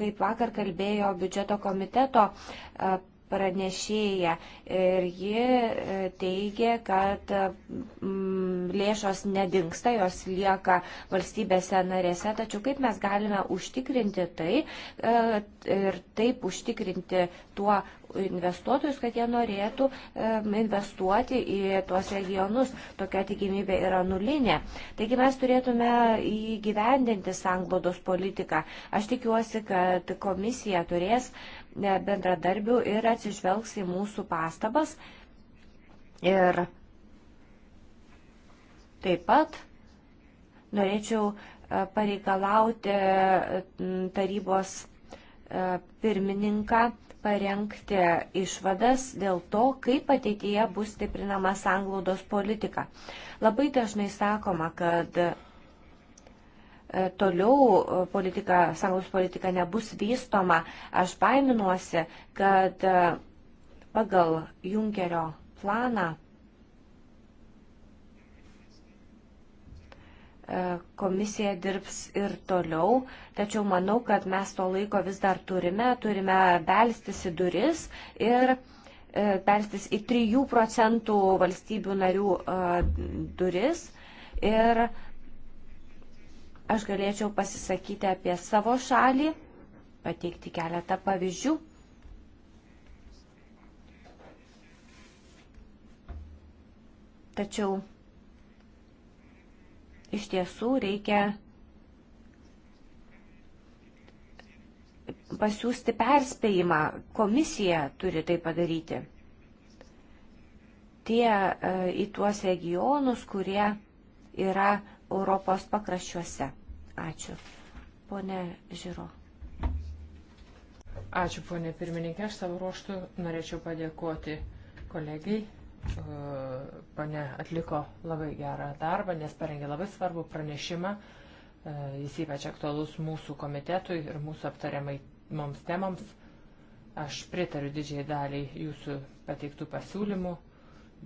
[SPEAKER 2] kaip vakar kalbėjo biudžeto komiteto e, pranešėja ir ji teigia, kad mm, lėšos nedingsta, jos lieka valstybėse narėse, tačiau kaip mes galime užtikrinti tai ir taip užtikrinti tuo investuotojus, kad jie norėtų investuoti į tuos regionus. Tokia tikimybė yra nulinė. Taigi mes turėtume įgyvendinti sanglodos politiką. Aš tikiuosi, kad komisija turės e, bendradarbių ir atsižvelgs į mūsų pastabas. Ir taip pat norėčiau e, pareikalauti tarybos e, pirmininką parengti išvadas dėl to, kaip ateityje bus stiprinama sanglaudos politika. Labai dažnai sakoma, kad e, toliau e, politika, sanglaudos politika nebus vystoma. Aš baiminuosi, kad e, pagal Junkerio planą E, komisija dirbs ir toliau, tačiau manau, kad mes to laiko vis dar turime, turime belstis į duris ir e, belstis į 3 procentų valstybių narių e, duris. Ir aš galėčiau pasisakyti apie savo šalį, pateikti keletą pavyzdžių. Tačiau iš tiesų reikia pasiūsti perspėjimą, komisija turi tai padaryti. Tie e, į tuos regionus, kurie yra Europos pakraščiuose. Ačiū. Pone Žiro. Ačiū, ponė pirmininkė.
[SPEAKER 3] Aš savo ruoštų norėčiau padėkoti kolegai Pane atliko labai gerą darbą, nes parengė labai svarbų pranešimą. Jis ypač aktualus mūsų komitetui ir mūsų aptariamai mums temams. Aš pritariu didžiai daliai jūsų pateiktų pasiūlymų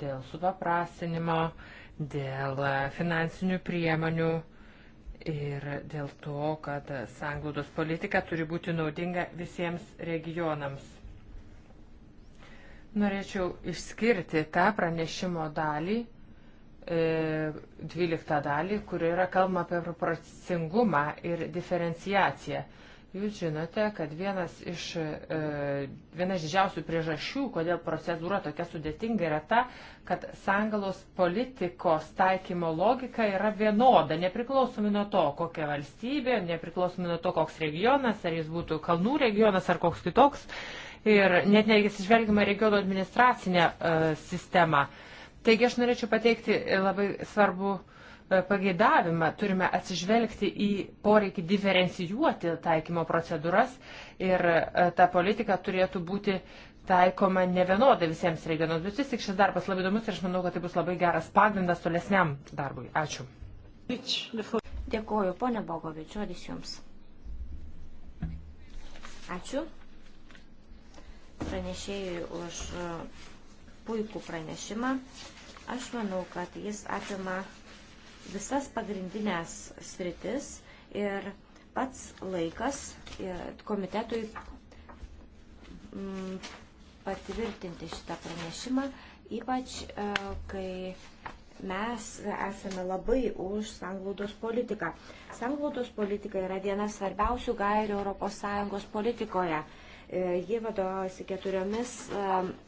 [SPEAKER 3] dėl supaprastinimo, dėl e, finansinių priemonių ir dėl to, kad sanglaudos politika turi būti naudinga visiems regionams. Norėčiau išskirti tą pranešimo dalį, 12 e, dalį, kur yra kalbama apie proporcingumą ir diferenciaciją. Jūs žinote, kad vienas iš, e, vienas didžiausių priežasčių, kodėl procedūra tokia sudėtinga, yra ta, kad sangalos politikos taikymo logika yra vienoda, nepriklausomai nuo to, kokia valstybė, nepriklausomai nuo to, koks regionas, ar jis būtų kalnų regionas ar koks kitoks. Uh, ir net negi atsižvelgiama regiono administracinę e, sistemą. Taigi aš norėčiau pateikti e, labai svarbu e, pageidavimą. Turime atsižvelgti į poreikį diferencijuoti taikymo procedūras ir ta politika turėtų būti taikoma ne vienodai visiems regionams, bet vis tik šis darbas labai įdomus ir aš manau, kad tai bus labai geras pagrindas tolesniam darbui. Ačiū.
[SPEAKER 2] Dėkuoju, ponė Bogovič, žodis Jums. Ačiū pranešėjui už e, puikų pranešimą. Aš manau, kad jis apima visas pagrindinės sritis ir pats laikas e, komitetui mm, patvirtinti šitą pranešimą, ypač e, kai mes esame labai už sanglaudos politiką. Sanglaudos politika yra viena svarbiausių gairių ES politikoje. E, ji vadovaujasi keturiomis e,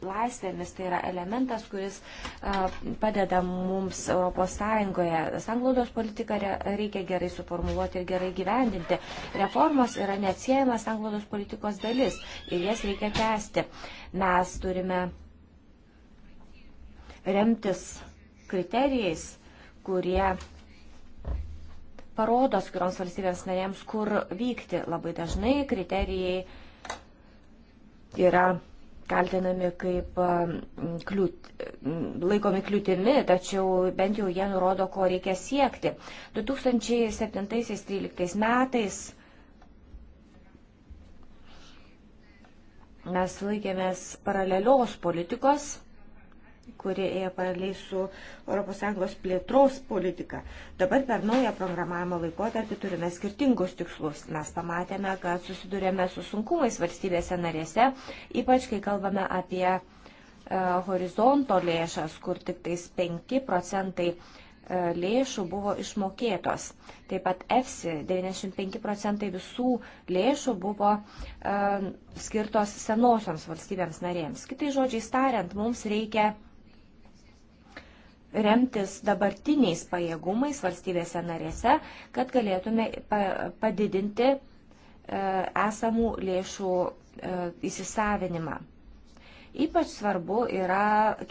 [SPEAKER 2] laisvėmis, tai yra elementas, kuris e, padeda mums ES. Sanglaudos politiką reikia gerai suformuoluoti ir gerai gyvendinti. Reformos yra neatsiejama sanglaudos politikos dalis ir jas reikia tęsti. Mes turime remtis kriterijais, kurie parodo skirioms valstybėms narėms, kur vykti. Labai dažnai kriterijai yra kaltinami kaip um, kliūt, mm, laikomi kliūtimi, tačiau bent jau jie nurodo, ko reikia siekti. 2007-2013 metais mes laikėmės paralelios politikos kuri ėjo paraliai su ES plėtros politika. Dabar per naują programavimo laikotarpį turime skirtingus tikslus. Mes pamatėme, kad susidurėme su sunkumais valstybėse narėse, ypač kai kalbame apie e, horizonto lėšas, kur tik tais 5 procentai e, lėšų buvo išmokėtos. Taip pat EFSI 95 procentai visų lėšų buvo e, skirtos senosioms valstybėms narėms. Kitai žodžiai tariant, mums reikia e, remtis dabartiniais pajėgumais valstybėse narėse, kad galėtume padidinti e, esamų lėšų e, įsisavinimą. Ypač svarbu yra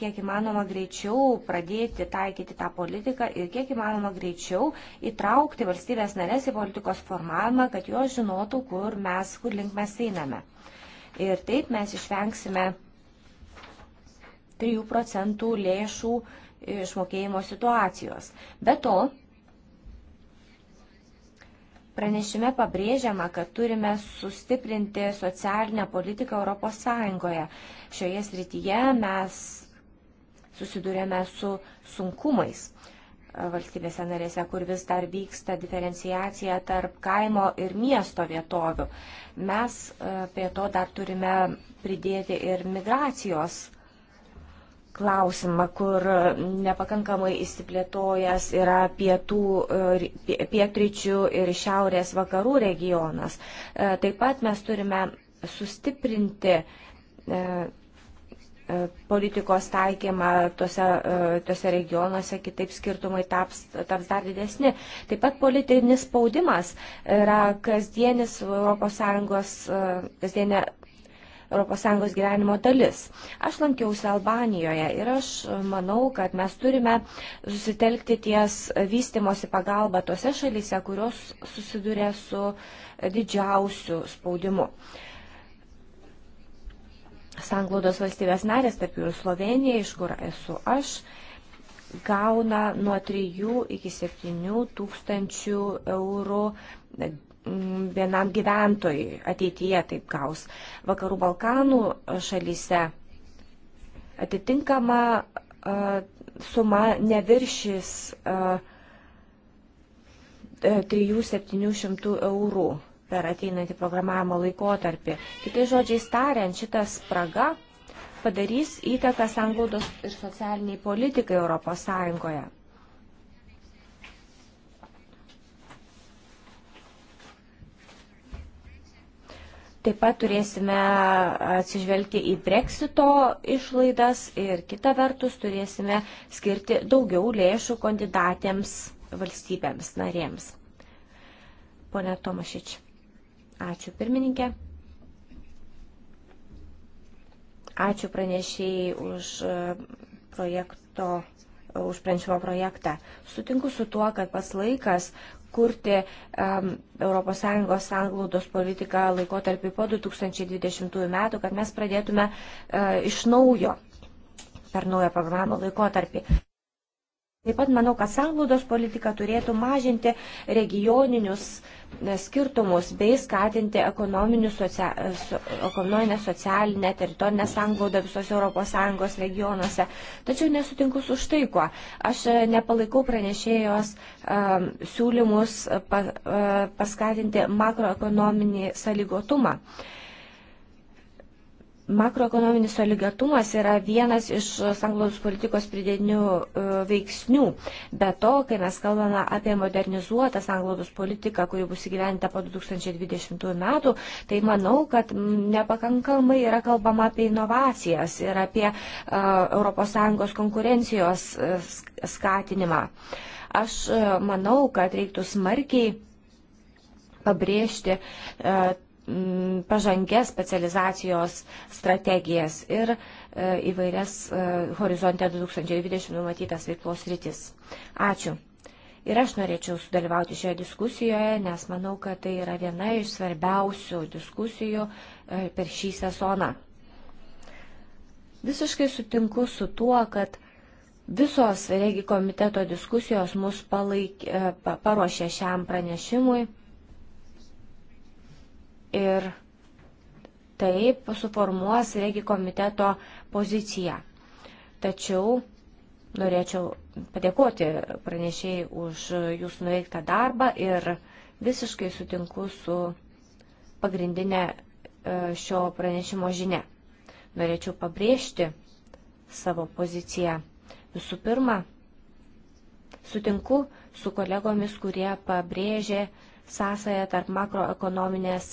[SPEAKER 2] kiek įmanoma greičiau pradėti taikyti tą politiką ir kiek įmanoma greičiau įtraukti valstybės narės į politikos formavimą, kad jos žinotų, kur mes, kur link mes einame. Ir taip mes išvengsime 3 procentų lėšų uh, išmokėjimo situacijos. Be to, Pranešime pabrėžiama, kad turime sustiprinti socialinę politiką ES. Šioje srityje mes susidurėme su sunkumais valstybėse narėse, kur vis dar vyksta diferenciacija tarp kaimo ir miesto vietovių. Mes e, prie to dar turime pridėti ir migracijos klausimą, kur nepakankamai įsiplėtojęs yra pietų, e, pietryčių ir šiaurės vakarų regionas. E, taip pat mes turime sustiprinti e, politikos taikymą tose, tose regionuose, kitaip skirtumai taps, taps dar didesni. Taip pat politinis spaudimas yra kasdienis ES, kasdienė ES gyvenimo dalis. Aš lankiausi Albanijoje ir aš e, manau, kad mes turime susitelkti ties vystimosi pagalba tose šalyse, kurios susiduria su e, didžiausiu spaudimu. Sanglaudos valstybės narės, tarp jų ir Slovenija, iš kur esu aš, gauna nuo 3 iki 7 tūkstančių eurų vienam gyventojui ateityje taip gaus. Vakarų Balkanų šalyse atitinkama suma neviršys 3-700 e, eurų per ateinantį programavimo laikotarpį. Kitai žodžiai tariant, šitas spraga padarys įtaką sanglaudos ir socialiniai politikai Europos Sąjungoje. Taip pat turėsime atsižvelgti į breksito išlaidas ir kita vertus turėsime skirti daugiau lėšų kandidatėms valstybėms narėms. Pone Tomašič, ačiū pirmininkė. Ačiū pranešėjai už e, projekto už pranešimo projektą. Sutinku su tuo, kad pas laikas, kurti um, ES sanglaudos politiką laikotarpį po 2020 metų, kad mes pradėtume uh, iš naujo per naują programą laikotarpį. Taip pat manau, kad sanglaudos politika turėtų mažinti regioninius e, skirtumus bei skatinti socia ekonominę, socialinę, teritorinę sanglaudą visos ES regionuose. Tačiau nesutinku su štai kuo. Aš e, nepalaikau pranešėjos um, siūlymus pa, uh, paskatinti makroekonominį sąlygotumą. Uh, Makroekonominis solidatumas yra vienas iš sanglaudos politikos pridėtinių e, veiksnių. Be to, kai mes kalbame apie modernizuotą sanglaudos politiką, kuri bus įgyventa po 2020 metų, tai manau, kad nepakankamai yra kalbama apie inovacijas ir apie ES konkurencijos e, skatinimą. Aš e, manau, kad reiktų smarkiai pabrėžti Mm, pažangę specializacijos strategijas ir e, įvairias e, horizonte 2020 numatytas veiklos rytis. Ačiū. Ir aš norėčiau sudalyvauti šioje diskusijoje, nes manau, kad tai yra viena iš svarbiausių diskusijų e, per šį sezoną. Visiškai sutinku su tuo, kad visos regi komiteto diskusijos mus palaik, paruošė šiam pranešimui ir taip suformuos regi komiteto poziciją. Tačiau norėčiau padėkoti pranešėjai už jūsų nuveiktą darbą ir visiškai sutinku su pagrindinė e, šio pranešimo žinia. Norėčiau pabrėžti savo poziciją. Visų pirma, sutinku su kolegomis, kurie pabrėžė sąsąją tarp makroekonominės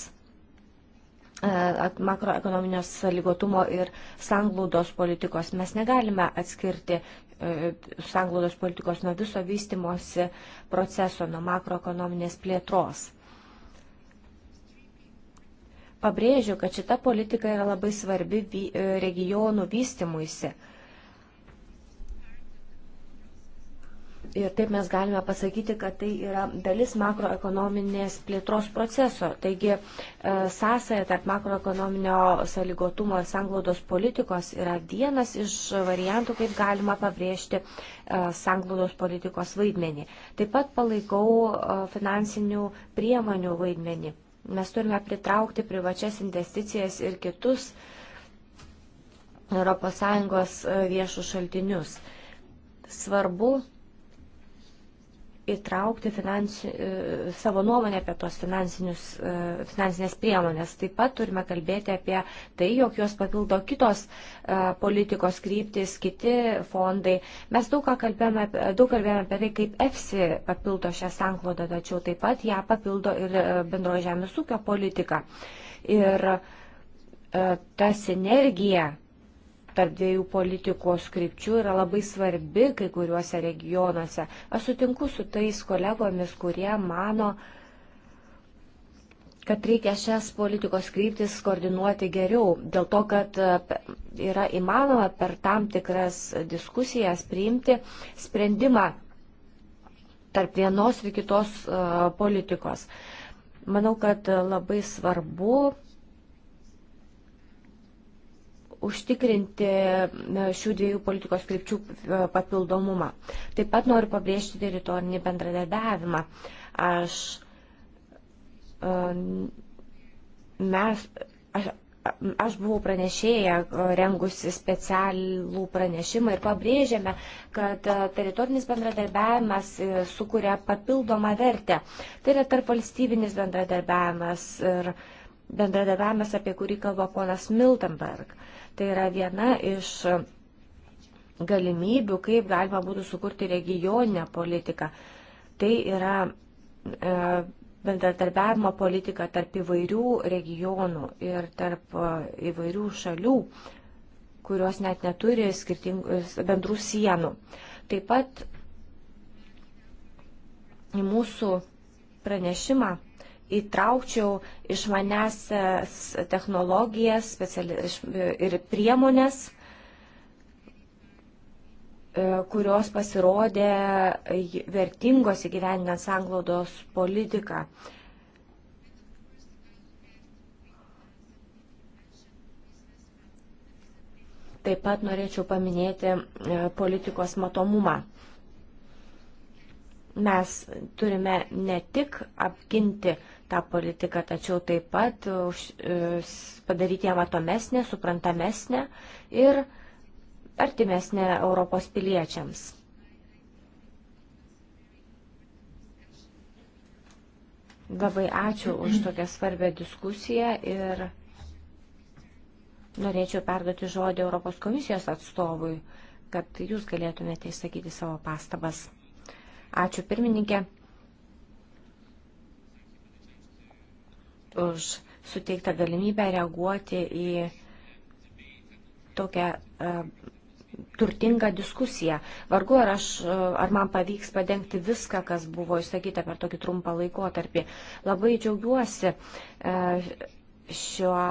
[SPEAKER 2] E, makroekonominio sąlygotumo ir sanglaudos politikos. Mes negalime atskirti e, sanglaudos politikos nuo viso vystimosi proceso, nuo makroekonominės plėtros. Pabrėžiu, kad šita politika yra labai svarbi e, regionų vystimuisi. Ir taip mes galime pasakyti, kad tai yra dalis makroekonominės plėtros proceso. Taigi e, sąsaja tarp makroekonominio sąlygotumo ir sanglaudos politikos yra vienas iš variantų, kaip galima pabrėžti e, sanglaudos politikos vaidmenį. Taip pat palaikau e, finansinių priemonių vaidmenį. Mes turime pritraukti privačias investicijas ir kitus ES viešus šaltinius. Svarbu įtraukti finansi, e, savo nuomonę apie tos e, finansinės priemonės. Taip pat turime kalbėti apie tai, jog juos papildo kitos e, politikos kryptis, kiti fondai. Mes daug kalbėjome, daug kalbėjome apie tai, kaip EFSI papildo šią sanklodą, tačiau taip pat ją papildo ir bendroji žemės ūkio politika. Ir ta sinergija tarp dviejų politikos krypčių yra labai svarbi kai kuriuose regionuose. Aš sutinku su tais kolegomis, kurie mano, kad reikia šias politikos kryptis koordinuoti geriau, dėl to, kad e, yra įmanoma per tam tikras diskusijas priimti sprendimą tarp vienos ir kitos e, politikos. Manau, kad e, labai svarbu užtikrinti šių dviejų politikos krypčių e, papildomumą. Taip pat noriu pabrėžti teritorinį bendradarbiavimą. Aš, e, mes, aš, aš buvau pranešėja, e, rengusi specialų pranešimą ir pabrėžėme, kad teritorinis bendradarbiavimas sukuria papildomą vertę. Tai yra tarp valstybinis bendradarbiavimas ir bendradarbiavimas, apie kurį kalba ponas Miltenberg. Uh, Tai yra viena iš galimybių, kaip galima būtų sukurti regioninę politiką. Tai yra e, bendradarbiavimo politika tarp įvairių regionų ir tarp e, įvairių šalių, kurios net neturi e, bendrų sienų. Taip pat į mūsų pranešimą įtraukčiau išmanesias e, technologijas speciali, ir priemonės, e, kurios pasirodė vertingos įgyvendinant sanglaudos politiką. Taip pat norėčiau paminėti e, politikos matomumą. Mes turime ne tik apginti uh, tą politiką, tačiau taip pat e, e, padaryti ją matomesnę, suprantamesnę ir artimesnę Europos piliečiams. Labai ačiū už tokią svarbę diskusiją ir norėčiau perduoti žodį Europos komisijos atstovui, kad jūs galėtumėte išsakyti savo pastabas. Ačiū pirmininkė. už suteiktą galimybę reaguoti į tokią e, turtinga diskusija. Vargu ar, aš, e, ar man pavyks padengti viską, kas buvo išsakyta per tokį trumpą laikotarpį. Labai džiaugiuosi e, šiuo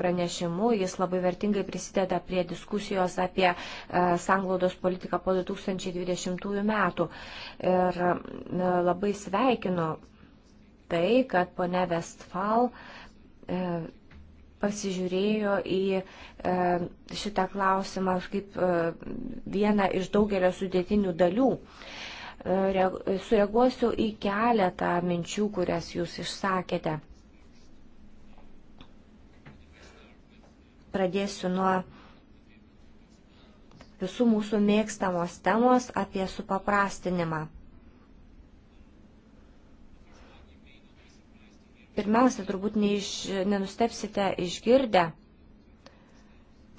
[SPEAKER 2] pranešimu. Jis labai vertingai prisideda prie diskusijos apie sanglaudos politiką po 2020 metų. Ir labai sveikinu tai, kad ponia Westfal e, pasižiūrėjo į e, šitą klausimą kaip e, vieną iš daugelio sudėtinių dalių. E, sureaguosiu į keletą minčių, kurias jūs išsakėte. Pradėsiu nuo visų mūsų mėgstamos temos apie supaprastinimą. Pirmiausia, turbūt neiš, nenustepsite išgirdę,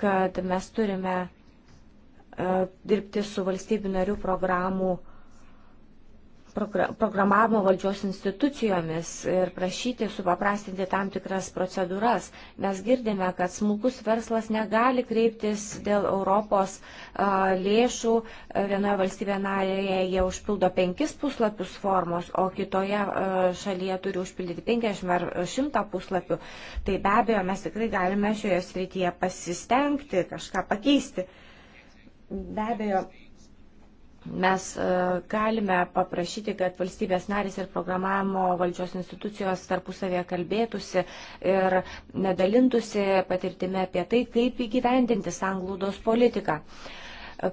[SPEAKER 2] kad mes turime uh, dirbti su valstybių narių programų uh, programavimo valdžios institucijomis ir prašyti supaprastinti tam tikras procedūras. Mes girdime, kad smulkus verslas negali kreiptis dėl Europos lėšų. Vienoje valstybėje narėje jie užpildo penkis puslapius formos, o kitoje šalyje turi užpildyti 50 ar 100 puslapių. Tai be abejo, mes tikrai galime šioje srityje pasistengti, kažką pakeisti. Be abejo, Mes e, galime paprašyti, kad valstybės narys ir programavimo valdžios institucijos tarpusavėje kalbėtųsi ir nedalintųsi patirtime apie tai, kaip įgyvendinti sanglūdos politiką.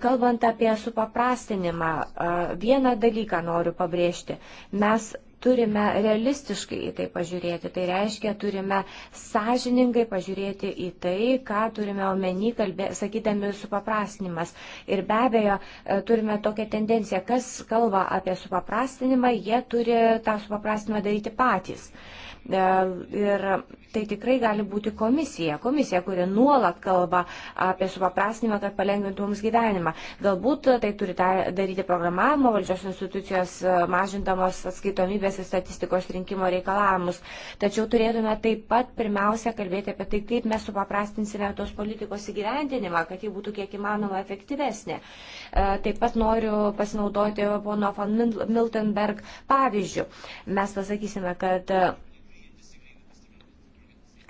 [SPEAKER 2] Kalbant apie supaprastinimą, e, vieną dalyką noriu pabrėžti. Mes turime realistiškai į tai pažiūrėti. Tai reiškia, turime sąžiningai pažiūrėti į tai, ką turime omeny, kalbė, sakydami supaprastinimas. Ir be abejo, e, turime tokią tendenciją, kas kalba apie supaprastinimą, jie turi tą supaprastinimą daryti patys. E, ir tai tikrai gali būti komisija. Komisija, kuri nuolat kalba apie supaprastinimą, kad palengvintų mums gyvenimą. Galbūt e, tai turi daryti programavimo valdžios institucijos, e, mažindamos atskaitomybės ir statistikos rinkimo reikalavimus. Tačiau turėtume taip pat pirmiausia kalbėti apie tai, kaip mes supaprastinsime tos politikos įgyvendinimą, kad ji būtų kiek įmanoma efektyvesnė. E, taip pat noriu pasinaudoti pono von Miltenberg pavyzdžių. Mes pasakysime, kad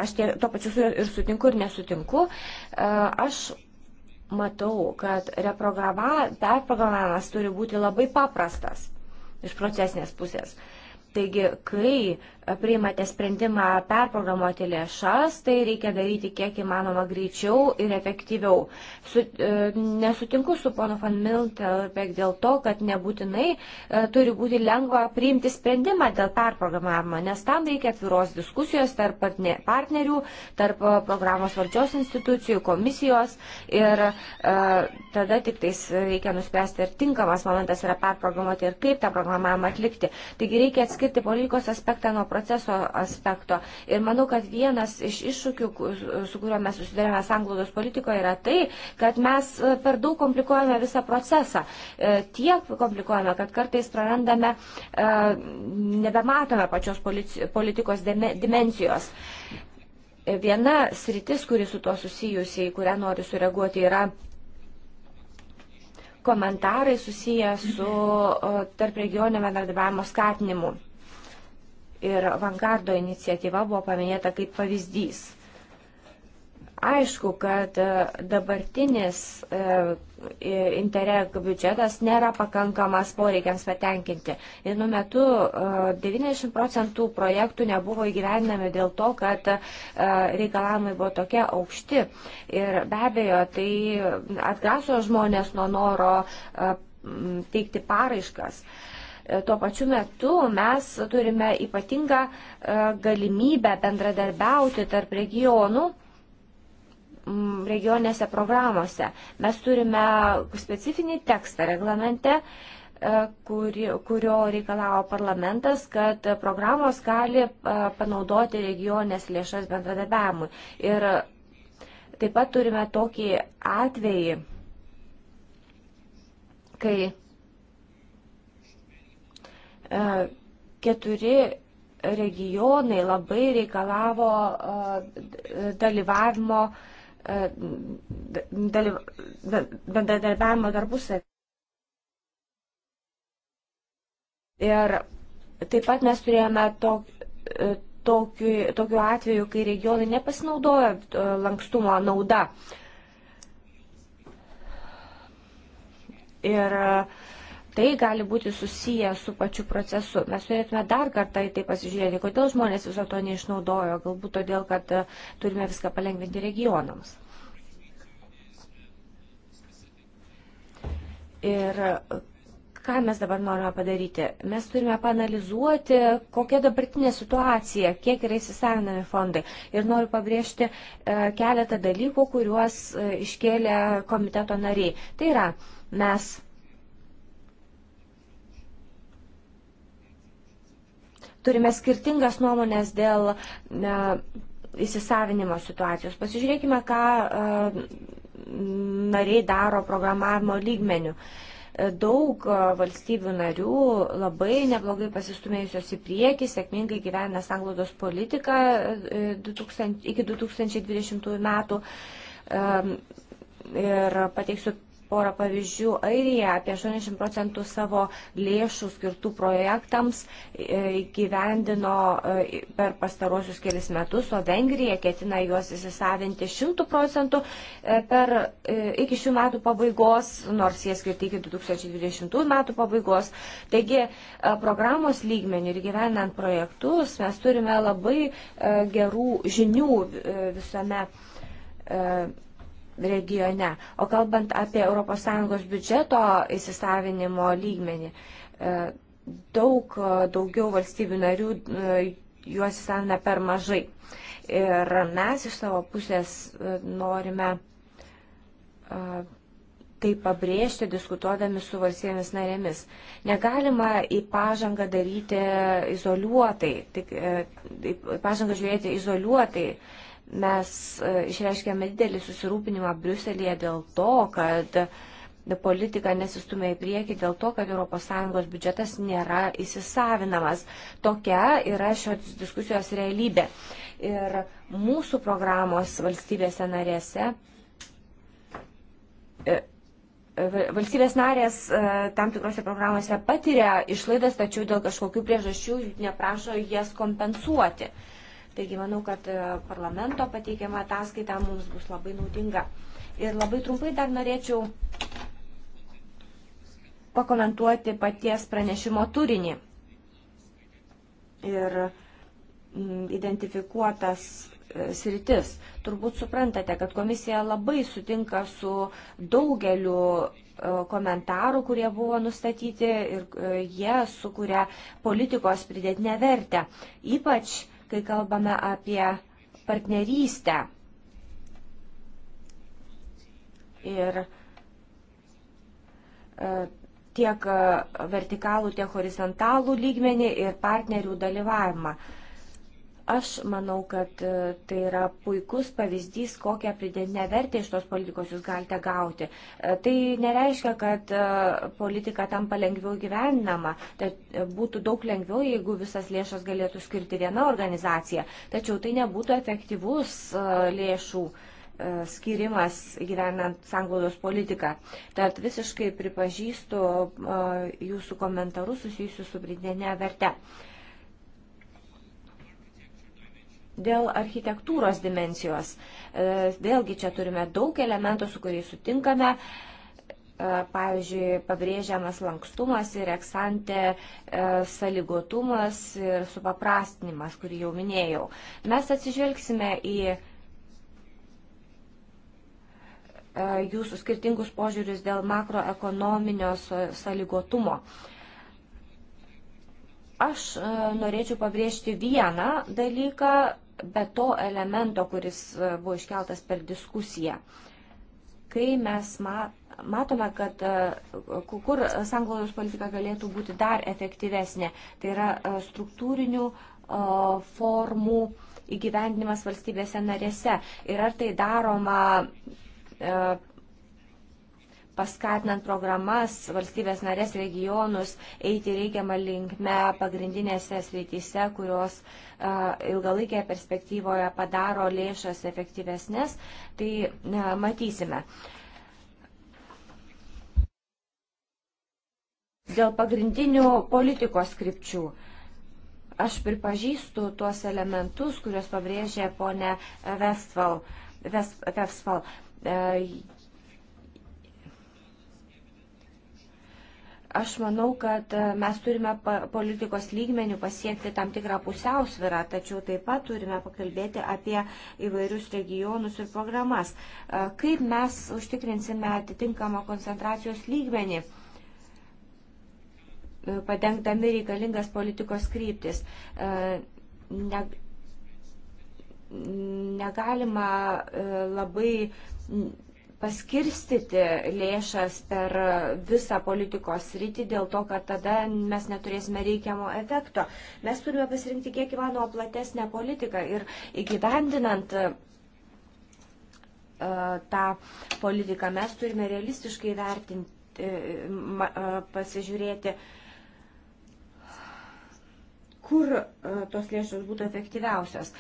[SPEAKER 2] aš tie, tuo pačiu su, ir sutinku, ir nesutinku. E, aš matau, kad perprogramavimas turi būti labai paprastas iš procesinės pusės. Taigi, kai priimate sprendimą perprogramuoti lėšas, tai reikia daryti kiek įmanoma greičiau ir efektyviau. Su, e, nesutinku su ponu van Miltelbek dėl to, kad nebūtinai e, turi būti lengva priimti sprendimą dėl perprogramavimo, nes tam reikia atviros diskusijos tarp partnerių, tarp e, programos valdžios institucijų, komisijos ir e, tada tik tais reikia nuspręsti, ar tinkamas momentas yra perprogramuoti ir kaip tą programavimą atlikti. Taigi reikia atskirti politikos aspektą nuo proceso aspekto. Ir manau, kad vienas iš iššūkių, su kuriuo mes susidarėme sanglaudos politikoje, yra tai, kad mes e, per daug komplikuojame visą procesą. E, tiek komplikuojame, kad kartais prarandame, e, nebematome pačios politikos dimensijos. Viena sritis, kuri su tuo susijusiai, kurią noriu sureaguoti, yra komentarai susiję su tarp regioninio bendradarbiavimo skatinimu ir Vangardo iniciatyva buvo paminėta kaip pavyzdys. Aišku, kad e, dabartinis e, Interreg biudžetas nėra pakankamas poreikiams patenkinti. Vienu metu 90 e, procentų projektų nebuvo įgyvendinami dėl to, kad reikalavimai buvo tokie aukšti. Ir be abejo, tai atgraso žmonės nuo noro teikti paraiškas. Uh, E, tuo pačiu metu mes turime ypatingą e, galimybę bendradarbiauti tarp regionų regionėse programuose. Mes turime specifinį tekstą reglamente, e, kuri, kurio reikalavo parlamentas, kad programos gali panaudoti regionės lėšas bendradarbiavimui. Ir taip pat turime tokį atvejį, kai E, keturi regionai labai reikalavo e, dalyvavimo, e, bendradarbiavimo darbusavį. Ir taip pat mes turėjome tok, tokiu, tokiu atveju, kai regionai nepasinaudojo lankstumo nauda. Ir uh, tai gali būti susiję su pačiu procesu. Mes turėtume dar kartą į tai pasižiūrėti, kodėl žmonės viso to neišnaudojo, galbūt todėl, kad e, turime viską palengvinti regionams. Ir e, ką mes dabar norime padaryti? Mes turime panalizuoti, kokia dabartinė situacija, kiek yra įsisavinami fondai. Ir noriu pabrėžti e, keletą dalykų, kuriuos iškėlė komiteto nariai. Tai yra, mes turime skirtingas nuomonės dėl ne, įsisavinimo situacijos. Pasižiūrėkime, ką e, nariai daro programavimo lygmenių. E, daug e, valstybių narių labai neblogai pasistumėjusios į priekį, sėkmingai gyvena sanglaudos politiką 2000, e, iki 2020 metų. E, ir pateiksiu porą pavyzdžių. Airija apie 80 procentų savo lėšų skirtų projektams e, gyvendino e, per pastaruosius kelis metus, o Vengrija ketina juos įsisavinti 100 procentų e, per, iki šių metų pabaigos, nors jie skirti iki 2020 metų pabaigos. Taigi programos lygmenį ir gyvenant projektus mes turime labai gerų žinių visame regione. O kalbant apie ES biudžeto įsisavinimo lygmenį, e, daug daugiau valstybių narių e, juos įsavina per mažai. Ir mes iš savo pusės e, norime tai pabrėžti, diskutuodami su valstybėmis narėmis. Negalima į pažangą daryti izoliuotai, tik, į pažangą žiūrėti izoliuotai Mes e, išreiškėme didelį susirūpinimą Briuselėje dėl to, kad politika nesistumia į priekį dėl to, kad ES biudžetas nėra įsisavinamas. Tokia yra šios diskusijos realybė. Ir mūsų programos valstybėse narėse. E, e, valstybės narės tam tikrose programuose patiria išlaidas, tačiau dėl kažkokių priežasčių neprašo jas kompensuoti. Uh, Taigi manau, kad e, parlamento pateikiama ataskaita mums bus labai naudinga. Ir labai trumpai dar norėčiau pakomentuoti paties pranešimo turinį. Ir mm, identifikuotas e, sritis. Turbūt suprantate, kad komisija labai sutinka su daugeliu e, komentarų, kurie buvo nustatyti ir jie sukuria politikos pridėtinę vertę. Ypač kai kalbame apie partnerystę. Ir e, tiek vertikalų, tiek horizontalų lygmenį ir partnerių dalyvavimą. Aš manau, kad e, tai yra puikus pavyzdys, kokią pridėtinę vertę iš tos politikos jūs galite gauti. E, tai nereiškia, kad e, politika tampa lengviau gyvenama. Tai būtų daug lengviau, jeigu visas lėšas galėtų skirti viena organizacija. Tačiau tai nebūtų efektyvus lėšų skirimas gyvenant sanglaudos politiką. Tad visiškai pripažįstu jūsų komentarus susijusius su pridėtinė verte dėl architektūros dimensijos. E, vėlgi čia turime daug elementų, su kuriais sutinkame. E, pavyzdžiui, pabrėžiamas lankstumas ir eksante e, saligotumas ir supaprastinimas, kurį jau minėjau. Mes atsižvelgsime į jūsų skirtingus požiūrius dėl makroekonominio saligotumo. So, Aš e, norėčiau pabrėžti vieną dalyką, be to elemento, kuris e, buvo iškeltas per diskusiją. Kai mes matome, kad e, kur sanglaudos politika galėtų būti dar efektyvesnė, tai yra struktūrinių formų įgyvendinimas valstybėse narėse. Ir ar tai daroma paskatinant programas valstybės narės regionus eiti reikiamą linkme pagrindinėse srityse, kurios uh, ilgalaikėje perspektyvoje padaro lėšas efektyvesnės, tai uh, matysime. Dėl pagrindinių politikos skripčių. Aš pripažįstu tuos elementus, kuriuos pabrėžė ponė Vestval. Vest, Vestval e, Aš manau, kad e, mes turime politikos lygmenių pasiekti tam tikrą pusiausvirą, tačiau taip pat turime pakalbėti apie įvairius regionus ir programas. E, kaip mes užtikrinsime atitinkamą koncentracijos lygmenį? E, padengdami reikalingas politikos kryptis. Ne, negalima labai paskirstyti lėšas per visą politikos rytį dėl to, kad tada mes neturėsime reikiamo efekto. Mes turime pasirinkti kiek įmanoma platesnę politiką ir įgyvendinant e, tą politiką mes turime realistiškai vertinti, e, e, pasižiūrėti, kur e, tos lėšos būtų efektyviausios.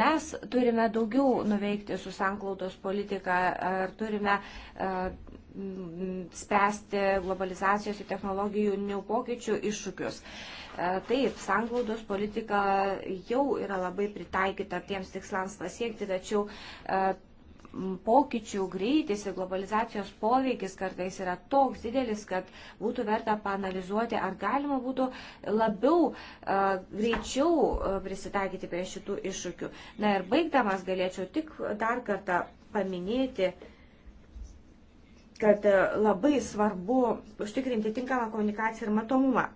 [SPEAKER 2] Mes turime daugiau nuveikti su sanklaudos politika, ar turime e, spręsti globalizacijos ir technologijų pokyčių iššūkius. E, taip, sanglaudos politika jau yra labai pritaikyta tiems tikslams pasiekti, tačiau pokyčių greitis ir globalizacijos poveikis kartais yra toks didelis, kad būtų verta panalizuoti, ar galima būtų labiau greičiau prisitaikyti prie šitų iššūkių. Na ir baigdamas galėčiau tik dar kartą paminėti kad labai svarbu užtikrinti tinkamą komunikaciją ir matomumą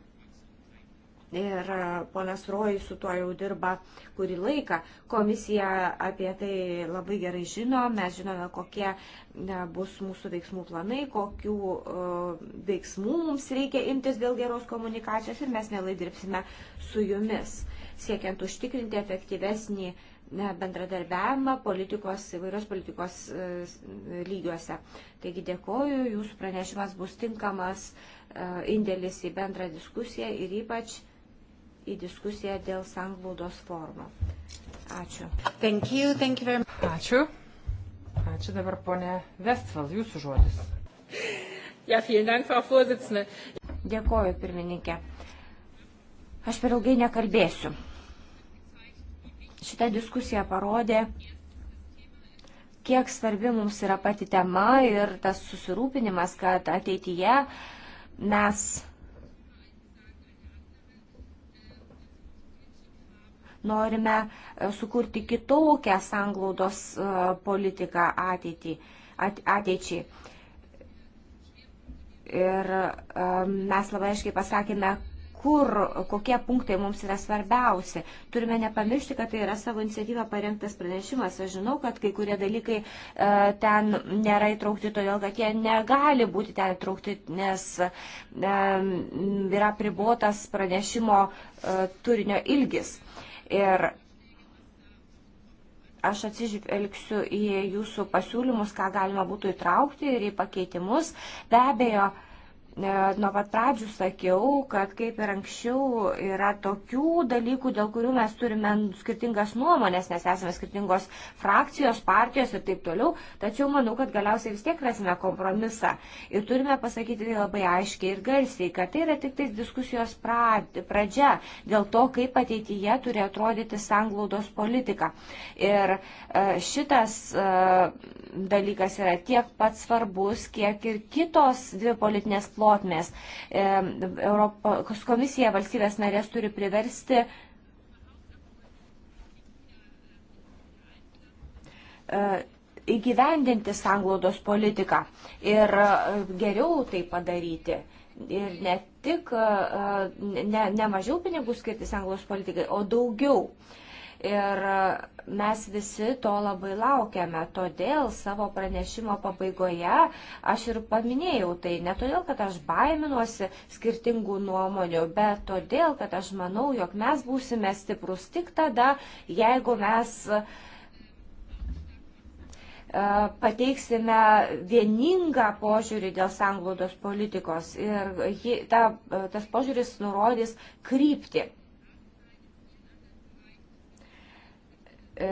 [SPEAKER 2] ir e, ponas Rojus su tuo jau dirba kurį laiką. Komisija apie tai labai gerai žino, mes žinome, kokie e, bus mūsų veiksmų planai, kokių e, veiksmų mums reikia imtis dėl geros komunikacijos ir mes mielai dirbsime su jumis, siekiant užtikrinti efektyvesnį bendradarbiavimą politikos, įvairios politikos lygiuose. Taigi dėkoju, jūsų pranešimas bus tinkamas indėlis į bendrą diskusiją ir ypač į diskusiją dėl sanglaudos formų. Ačiū.
[SPEAKER 3] Thank you, thank you very... Ačiū. Ačiū dabar ponė Vestval,
[SPEAKER 2] jūsų žodis.
[SPEAKER 3] Ja, dank, Dėkoju, pirmininkė.
[SPEAKER 2] Aš per ilgai nekalbėsiu. Šitą diskusiją parodė, kiek svarbi mums yra pati tema ir tas susirūpinimas, kad ateityje mes norime e, sukurti kitokią sanglaudos e, politiką ateitį, ateičiai. Ir e, mes labai aiškiai pasakėme, kur, kokie punktai mums yra svarbiausi. Turime nepamiršti, kad tai yra savo iniciatyva parengtas pranešimas. Aš žinau, kad kai kurie dalykai e, ten nėra įtraukti, todėl kad jie negali būti ten įtraukti, nes e, yra pribuotas pranešimo e, turinio ilgis. E, Ir aš atsižvelgsiu į jūsų pasiūlymus, ką galima būtų įtraukti ir į pakeitimus. Be abejo, nuo pat pradžių sakiau, kad kaip ir anksčiau yra tokių dalykų, dėl kurių mes turime skirtingas nuomonės, nes esame skirtingos frakcijos, partijos ir taip toliau, tačiau manau, kad galiausiai vis tiek rasime kompromisą. Ir turime pasakyti tai labai aiškiai ir garsiai, kad tai yra tik tais diskusijos pradžia dėl to, kaip ateityje turi atrodyti sanglaudos politika. Ir e, šitas e, dalykas yra tiek pat svarbus, kiek ir kitos dvi politinės plotos plotmės. E, Europos komisija valstybės narės turi priversti e, įgyvendinti sanglaudos politiką ir e, geriau tai padaryti. Ir ne tik, ne, ne mažiau pinigų skirti sanglaudos politikai, o daugiau. Uh, Ir e, mes visi to labai laukiame. Todėl savo pranešimo pabaigoje aš ir paminėjau tai ne todėl, kad aš baiminuosi skirtingų nuomonių, bet todėl, kad aš manau, jog mes būsime stiprus tik tada, jeigu mes e, pateiksime vieningą požiūrį dėl sanglaudos politikos ir ji, ta, e, tas požiūris nurodys krypti. E,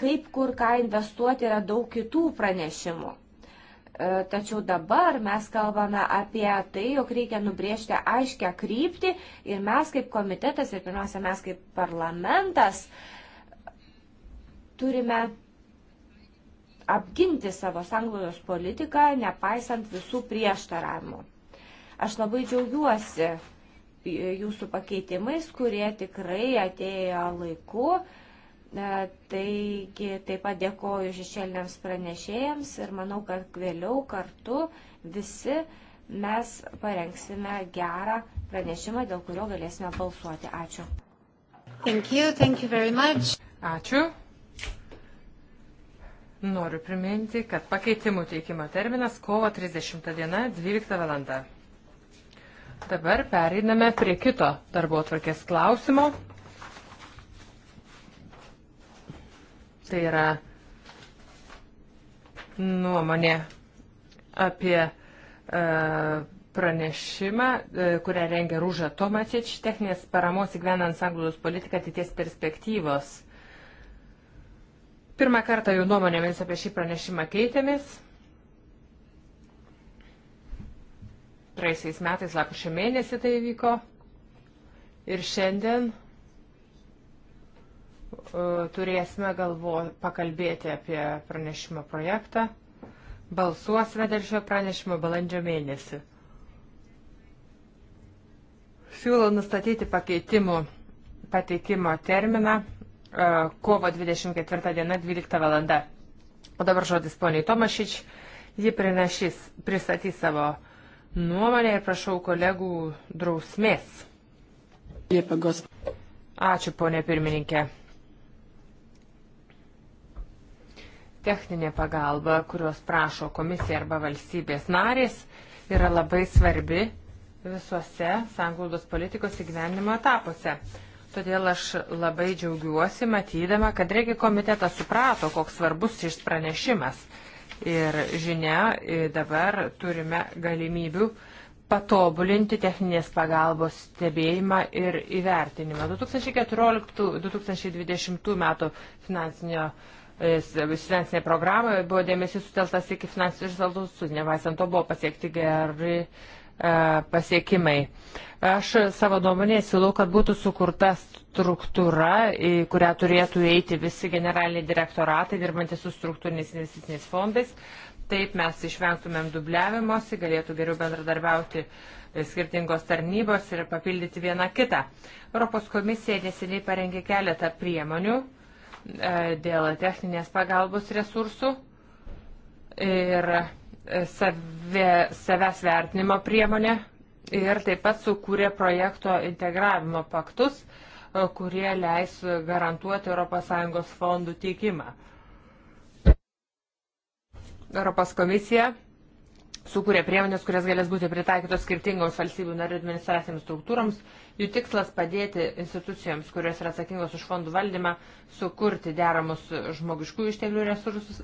[SPEAKER 2] kaip kur ką investuoti yra daug kitų pranešimų. E, tačiau dabar mes kalbame apie tai, jog reikia nubriežti aiškę kryptį ir mes kaip komitetas ir pirmiausia mes kaip parlamentas turime apginti savo sanglaudos politiką, nepaisant visų prieštaravimų. Aš labai džiaugiuosi jūsų pakeitimais, kurie tikrai atėjo laiku. Uh, Taigi taip pat dėkoju šešėliniams pranešėjams ir manau, kad vėliau kartu visi mes parengsime gerą pranešimą, dėl kurio galėsime balsuoti. Ačiū. Thank you, thank you
[SPEAKER 3] very much. Ačiū. Noriu priminti, kad pakeitimų teikimo terminas kovo 30 diena 12 valanda. Dabar pereiname prie kito darbo atvarkės klausimo. Tai yra nuomonė apie e, pranešimą, e, kurią rengia Rūža Tomačič, techninės paramos įgyvenant sanglūdos politiką ateities perspektyvos. Pirmą kartą jų nuomonėmis apie šį pranešimą keitėmis. Praeisiais metais, lapkričio mėnesį tai vyko. Ir šiandien E, turėsime galvo pakalbėti apie pranešimo projektą. Balsuosime dėl šio pranešimo balandžio mėnesį. Siūlau nustatyti pakeitimų pateikimo terminą e, kovo 24 diena 12 valanda. O dabar žodis poniai Tomašič, ji prinašys, pristatys savo nuomonę ir prašau kolegų drausmės. Ačiū, ponė pirmininkė. Techninė pagalba, kurios prašo komisija arba valstybės narės, yra labai svarbi visuose sanglaudos politikos įgyvenimo etapuose. Todėl aš labai džiaugiuosi matydama, kad Regi komitetas suprato, koks svarbus šis pranešimas. Ir žinia, dabar turime galimybių patobulinti techninės pagalbos stebėjimą ir įvertinimą. 2014-2020 metų finansinio finansinėje programoje buvo dėmesys suteltas iki finansinių rezultatų, nevaisant to buvo pasiekti geri e, pasiekimai. Aš savo nuomonėje siūlau, kad būtų sukurta struktūra, į kurią turėtų eiti visi generaliniai direktoratai, dirbantys su struktūriniais investiciniais fondais. Taip mes išvengtumėm dubliavimosi, galėtų geriau bendradarbiauti skirtingos tarnybos ir papildyti vieną kitą. Europos komisija neseniai parengė keletą priemonių E, dėl techninės pagalbos resursų ir e, save, savęs vertinimo priemonę ir taip pat sukūrė projekto integravimo paktus, e, kurie leis garantuoti ES fondų teikimą. Europos komisija sukūrė priemonės, kurias galės būti pritaikytos skirtingoms valstybių narių administracinėms struktūroms Jų tikslas padėti institucijoms, kurios yra atsakingos už fondų valdymą, sukurti deramus žmogiškų išteklių resursus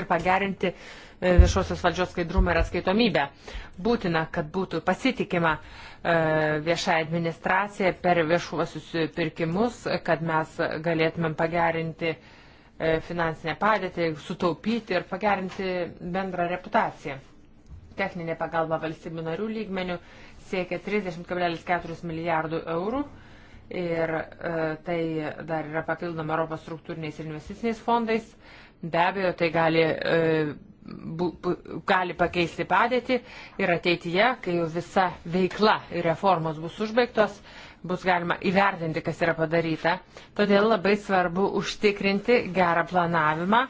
[SPEAKER 3] ir pagerinti e, viešosios valdžios skaidrumą ir atskaitomybę. Būtina, kad būtų pasitikima e, vieša administracija per viešuosius pirkimus, kad mes galėtumėm pagerinti e, finansinę padėtį, sutaupyti ir pagerinti bendrą reputaciją. Techninė pagalba valstybių narių lygmenių siekia 30,4 milijardų eurų ir e, tai dar yra papildoma Europos struktūriniais ir investiciniais fondais. Be abejo, tai gali, e, bu, bu, gali pakeisti padėtį ir ateityje, kai jau visa veikla ir reformos bus užbaigtos, bus galima įvertinti, kas yra padaryta. Todėl labai svarbu užtikrinti gerą planavimą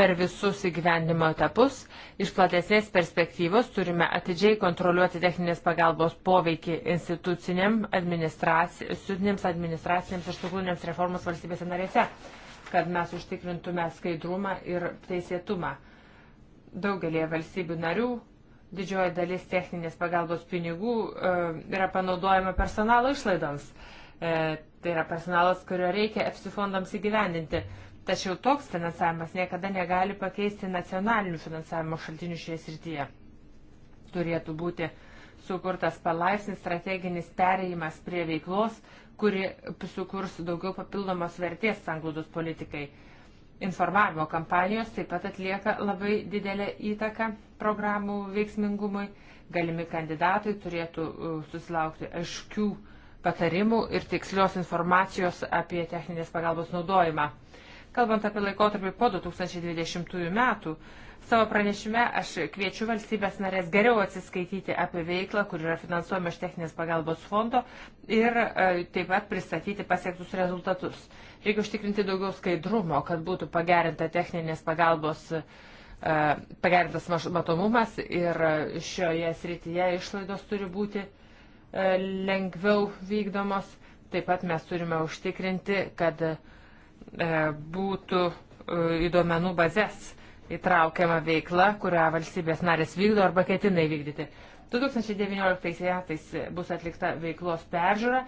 [SPEAKER 3] per visus įgyvendimo etapus. Iš platesnės perspektyvos turime atidžiai kontroliuoti techninės pagalbos poveikį institucinėms administracinėms, administracinėms ir struktūrinėms reformos valstybėse narėse, kad mes užtikrintume skaidrumą ir teisėtumą. Daugelie valstybių narių didžioji dalis techninės pagalbos pinigų e, yra panaudojama personalo išlaidoms. E, tai yra personalas, kurio reikia EPSI fondams įgyvendinti. Tačiau toks finansavimas niekada negali pakeisti nacionalinių finansavimo šaltinių šioje srityje. Turėtų būti sukurtas palaipsnis strateginis pereimas prie veiklos, kuri sukurs daugiau papildomos vertės sanglūdus politikai. Informavimo kampanijos taip pat atlieka labai didelę įtaką programų veiksmingumui. Galimi kandidatai turėtų susilaukti aiškių patarimų ir tikslios informacijos apie techninės pagalbos naudojimą. Kalbant apie laikotarpį po 2020 metų, savo pranešime aš kviečiu valstybės narės geriau atsiskaityti apie veiklą, kur yra finansuojama iš techninės pagalbos fondo ir e, taip pat pristatyti pasiektus rezultatus. Reikia užtikrinti daugiau skaidrumo, kad būtų pagerinta techninės pagalbos e, pagerintas matomumas ir e, šioje srityje išlaidos turi būti lengviau vykdomos. Taip pat mes turime užtikrinti, kad uh, E, būtų e, į duomenų bazės įtraukiama veikla, kurią valstybės narės vykdo arba ketina įvykdyti. 2019 metais bus atlikta veiklos peržiūra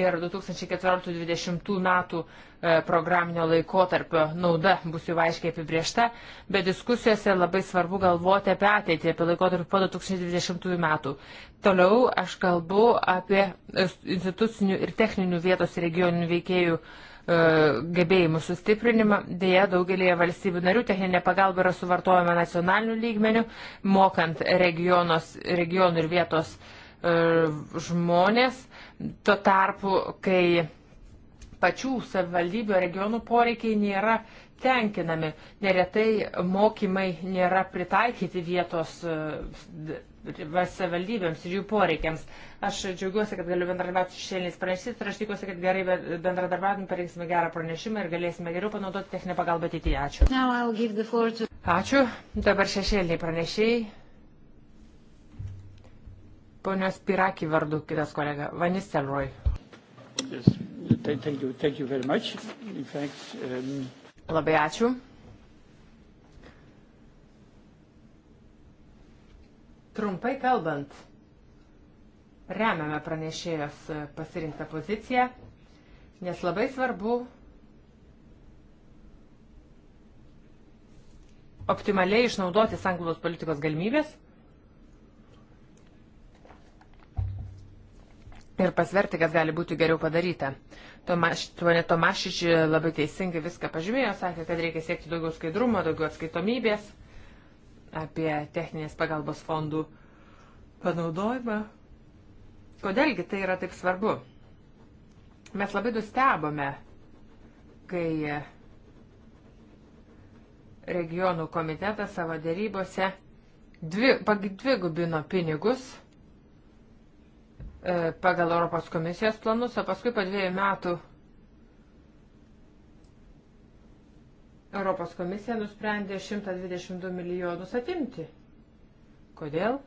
[SPEAKER 3] ir 2014-2020 metų e, programinio laikotarpio nauda bus jau aiškiai apibriešta, bet diskusijose labai svarbu galvoti apie ateitį, apie laikotarpį po 2020 metų. Toliau aš kalbu apie institucinių ir techninių vietos regioninių veikėjų uh, E, gebėjimų sustiprinimą. Deja, daugelėje valstybių narių techninė pagalba yra suvartojama nacionaliniu lygmeniu, mokant regionos, regionų ir vietos e, žmonės. Tuo tarpu, kai pačių savivaldybių regionų poreikiai nėra tenkinami, neretai mokymai nėra pritaikyti vietos e, savivaldybėms ir jų poreikiams. Aš džiaugiuosi, kad galiu bendradarbiauti su šešėliniais pranešys ir aš tikiuosi, kad gerai bendradarbiaudami parinksime gerą pranešimą ir galėsime geriau panaudoti techninę pagalbą ateityje. Ačiū.
[SPEAKER 1] To...
[SPEAKER 3] Ačiū. Dabar šešėliniai pranešėjai. Ponios Piraki vardu kitas kolega. Vanis Telroj. Yes. Thank you. Thank you very much. In fact, um... Labai ačiū. Trumpai kalbant, remiame pranešėjos pasirinktą poziciją, nes labai svarbu optimaliai išnaudoti sanglaudos politikos galimybės ir pasverti, kas gali būti geriau padaryta. Tuonė Tomašič labai teisingai viską pažymėjo, sakė, kad reikia siekti daugiau skaidrumo, daugiau atskaitomybės apie techninės pagalbos fondų panaudojimą. Kodėlgi tai yra taip svarbu? Mes labai nustebome, kai regionų komitetas savo dėrybose dvi, dvigubino pinigus e, pagal Europos komisijos planus, o paskui po dviejų metų Europos komisija nusprendė 122 milijonus atimti. Kodėl?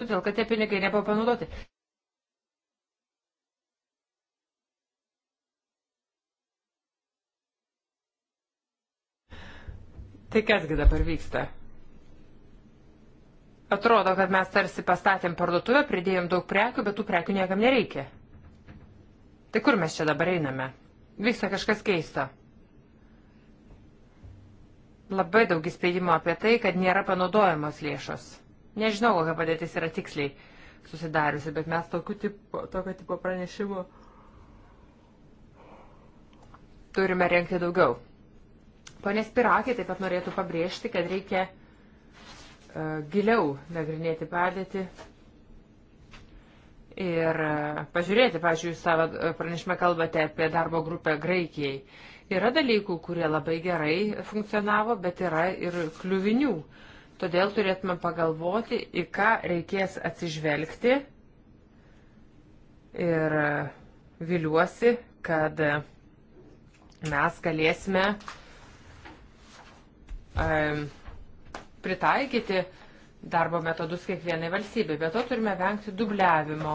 [SPEAKER 3] Todėl, kad tie pinigai nebuvo panaudoti. Tai kasgi dabar vyksta? Atrodo, kad mes tarsi pastatėm parduotuvę, pridėjom daug prekių, bet tų prekių niekam nereikia. Tai kur mes čia dabar einame? Vyksta kažkas keista. Labai daug įspėjimo apie tai, kad nėra panaudojamos lėšos. Nežinau, kokia padėtis yra tiksliai susidariusi, bet mes tokiu tipo, tokio tipo pranešimu turime renkti daugiau. Pone Spirakė taip pat norėtų pabrėžti, kad reikia uh, giliau nagrinėti padėtį ir uh, pažiūrėti, pažiūrėjau, jūs savo e, pranešime kalbate apie darbo grupę Graikijai. Uh, Yra dalykų, kurie labai gerai funkcionavo, bet yra ir kliuvinių. Todėl turėtume pagalvoti, į ką reikės atsižvelgti. Ir viliuosi, kad mes galėsime pritaikyti darbo metodus kiekvienai valstybei. Be to turime vengti dubliavimo.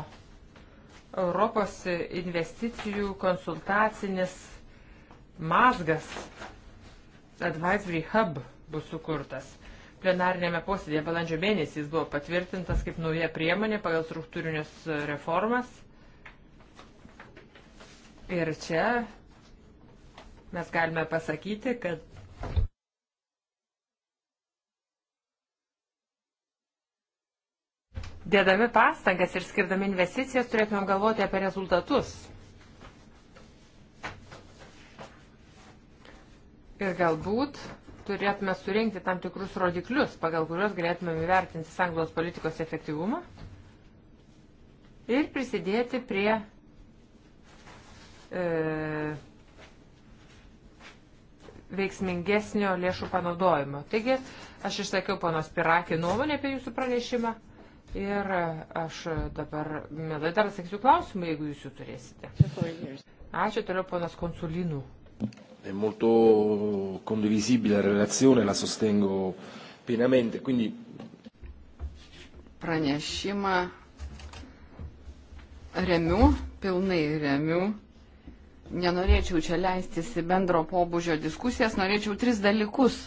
[SPEAKER 3] Europos investicijų konsultacinis mazgas Advisory Hub bus sukurtas. Plenarinėme posėdėje balandžio mėnesį jis buvo patvirtintas kaip nauja priemonė pagal struktūrinės e, reformas. Ir čia mes galime pasakyti, kad dėdami pastangas ir skirdami investicijas turėtumėm galvoti apie rezultatus Ir galbūt turėtume surinkti tam tikrus rodiklius, pagal kuriuos galėtume įvertinti sanglos politikos efektyvumą ir prisidėti prie e, veiksmingesnio lėšų panaudojimo. Taigi, aš išsakiau panos Pirakį nuomonę apie jūsų pranešimą ir aš dabar, mielai, dar atsakysiu klausimą, jeigu jūs jų turėsite. Ačiū toliau panas konsulinų
[SPEAKER 2] è molto condivisibile la relazione, la sostengo pienamente. Quindi...
[SPEAKER 1] Pranešimą remiu, pilnai remiu. Nenorėčiau čia leistis į bendro pobūdžio diskusijas, norėčiau tris dalykus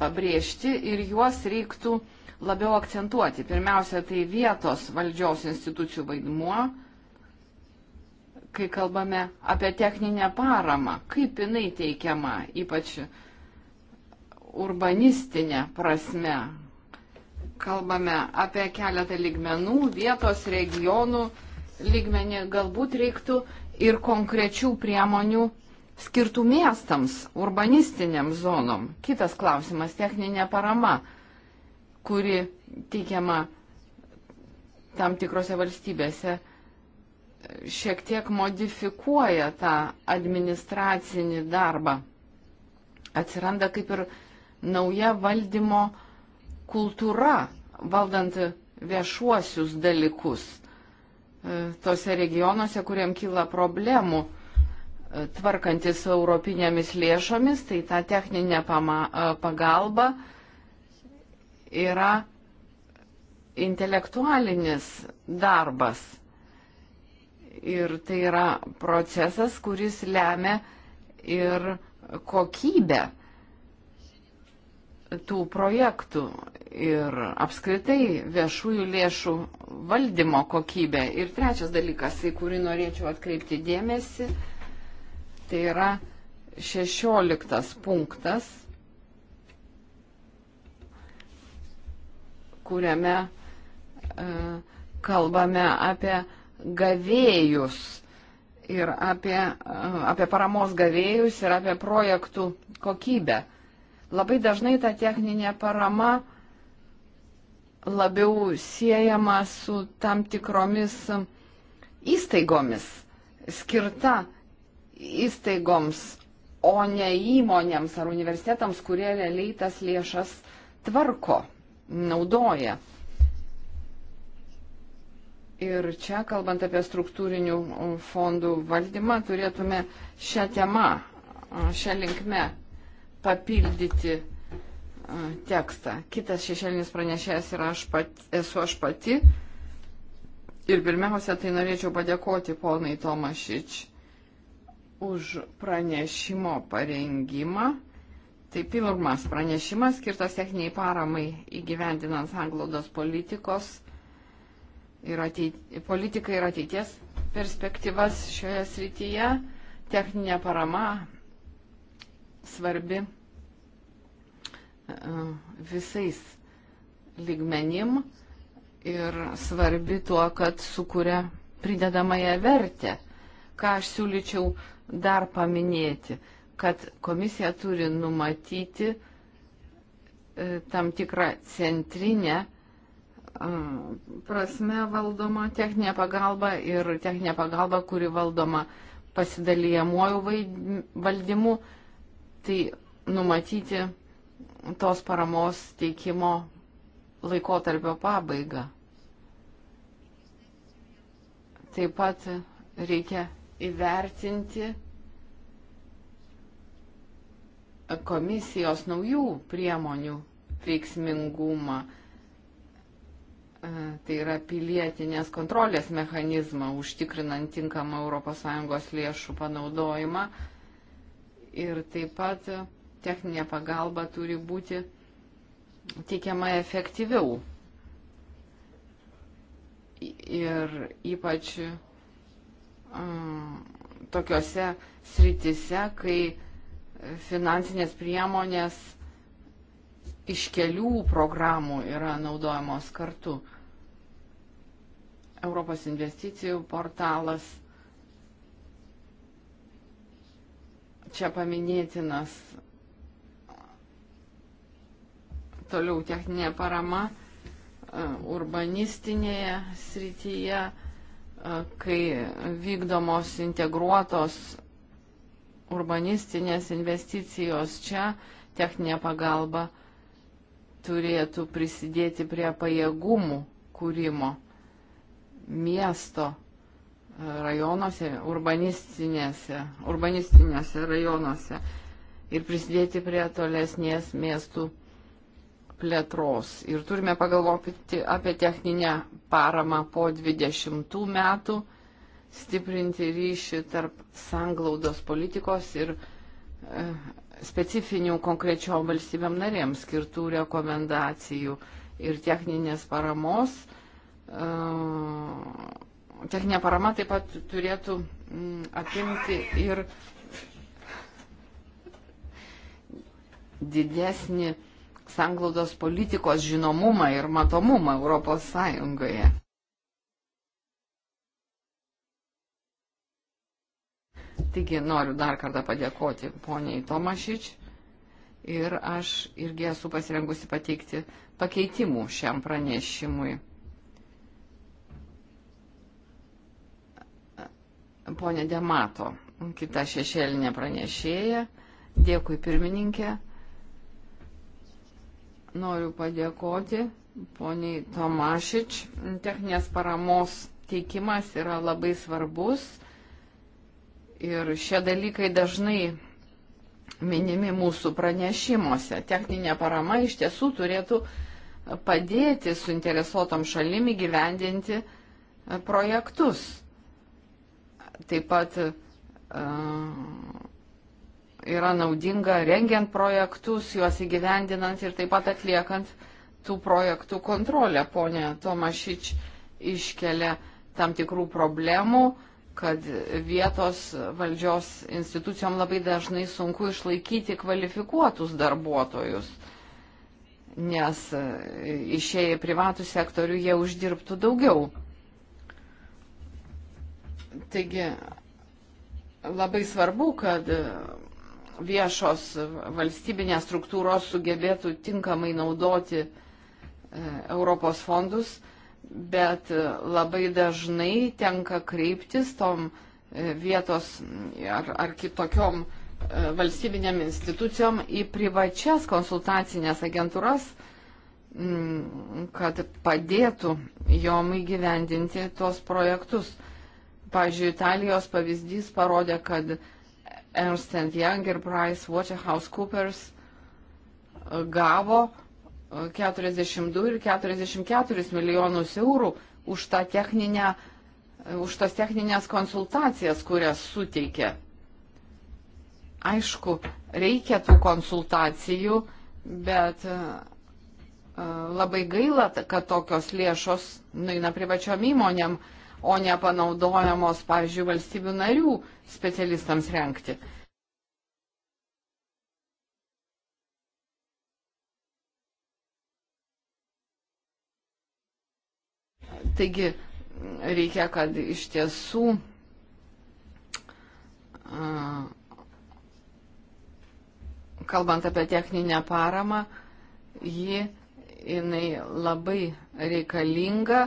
[SPEAKER 1] pabrėžti ir juos reiktų labiau akcentuoti. Pirmiausia, tai vietos valdžios institucijų vaidmuo kai kalbame apie techninę paramą, kaip jinai teikiama, ypač urbanistinė prasme. Kalbame apie keletą ligmenų, vietos, regionų ligmenį. Galbūt reiktų ir konkrečių priemonių skirtų miestams, urbanistiniam zonom. Kitas klausimas - techninė parama, kuri teikiama tam tikrose valstybėse šiek tiek modifikuoja tą administracinį darbą. Atsiranda kaip ir nauja valdymo kultūra, valdant viešuosius dalykus e, tose regionuose, kuriam kyla problemų e, tvarkantis europinėmis lėšomis, tai ta techninė e, pagalba yra intelektualinis darbas Ir tai yra procesas, kuris lemia ir kokybę tų projektų ir apskritai viešųjų lėšų valdymo kokybę. Ir trečias dalykas, į kurį norėčiau atkreipti dėmesį, tai yra šešioliktas punktas, kuriame e, kalbame apie gavėjus ir apie, apie paramos gavėjus ir apie projektų kokybę. Labai dažnai ta techninė parama labiau siejama su tam tikromis įstaigomis, skirta įstaigoms, o ne įmonėms ar universitetams, kurie realiai tas lėšas tvarko, naudoja. Ir čia, kalbant apie struktūrinių fondų valdymą, turėtume šią temą, šią linkmę papildyti tekstą. Kitas šešėlinis pranešėjas yra aš pat, esu aš pati. Ir pirmiausia, tai norėčiau padėkoti ponai Tomašič už pranešimo parengimą. Tai pirmas pranešimas skirtas techniniai paramai įgyvendinant sanglaudos politikos ir ateit, politiką ir ateities perspektyvas šioje srityje. Techninė parama svarbi e, visais lygmenim ir svarbi tuo, kad sukuria pridedamąją vertę. Ką aš siūlyčiau dar paminėti, kad komisija turi numatyti e, tam tikrą centrinę prasme valdoma techninė pagalba ir techninė pagalba, kuri valdoma pasidalyjamuoju valdymu, tai numatyti tos paramos teikimo laikotarpio pabaigą. Taip pat reikia įvertinti komisijos naujų priemonių veiksmingumą E, tai yra pilietinės kontrolės mechanizmą, užtikrinant tinkamą ES lėšų panaudojimą. Ir taip pat techninė pagalba turi būti teikiama efektyviau. Ir ypač um, tokiuose sritise, kai finansinės priemonės iš kelių programų yra naudojamos kartu. Europos investicijų portalas. Čia paminėtinas toliau techninė parama e, urbanistinėje srityje, e, kai vykdomos integruotos urbanistinės investicijos čia, techninė pagalba turėtų prisidėti prie pajėgumų kūrimo miesto e, rajonuose, urbanistinėse, urbanistinėse rajonuose ir prisidėti prie tolesnės miestų plėtros. Ir turime pagalvoti apie techninę paramą po 20 metų, stiprinti ryšį tarp sanglaudos politikos ir e, specifinių konkrečiom valstybėm narėms skirtų rekomendacijų ir techninės paramos. E, Ehm, techninė parama taip pat turėtų mm, apimti ir didesnį sanglaudos politikos žinomumą ir matomumą Europos Sąjungoje. Taigi noriu dar kartą padėkoti poniai Tomašič ir aš irgi esu pasirengusi pateikti pakeitimų šiam pranešimui. ponė Demato, kita šešėlinė pranešėja. Dėkui pirmininkė. Noriu padėkoti poniai Tomašič. Techninės paramos teikimas yra labai svarbus ir šie dalykai dažnai minimi mūsų pranešimuose. Techninė parama iš tiesų turėtų padėti suinteresuotom šalim įgyvendinti projektus taip pat e, yra naudinga rengiant projektus, juos įgyvendinant ir taip pat atliekant tų projektų kontrolę. Pone Tomašič iškelia tam tikrų problemų, kad vietos valdžios institucijom labai dažnai sunku išlaikyti kvalifikuotus darbuotojus, nes išėję privatų sektorių jie uždirbtų daugiau. Taigi labai svarbu, kad viešos valstybinės struktūros sugebėtų tinkamai naudoti e, Europos fondus, bet labai dažnai tenka kreiptis tom e, vietos ar, ar kitokiom e, valstybinėm institucijom į privačias konsultacinės agentūras, mm, kad padėtų jom įgyvendinti tuos projektus. Pavyzdžiui, Italijos pavyzdys parodė, kad Ernst Young ir Price Waterhouse Coopers e, gavo 42 e, ir 44 milijonus eurų už, tą techninę, e, už tas techninės konsultacijas, kurias suteikė. Aišku, reikia tų konsultacijų, bet labai gaila, kad tokios lėšos nueina privačiom įmonėm o nepanaudojamos, pavyzdžiui, valstybių narių specialistams renkti. Taigi reikia, kad iš tiesų kalbant apie techninę paramą, ji jinai labai reikalinga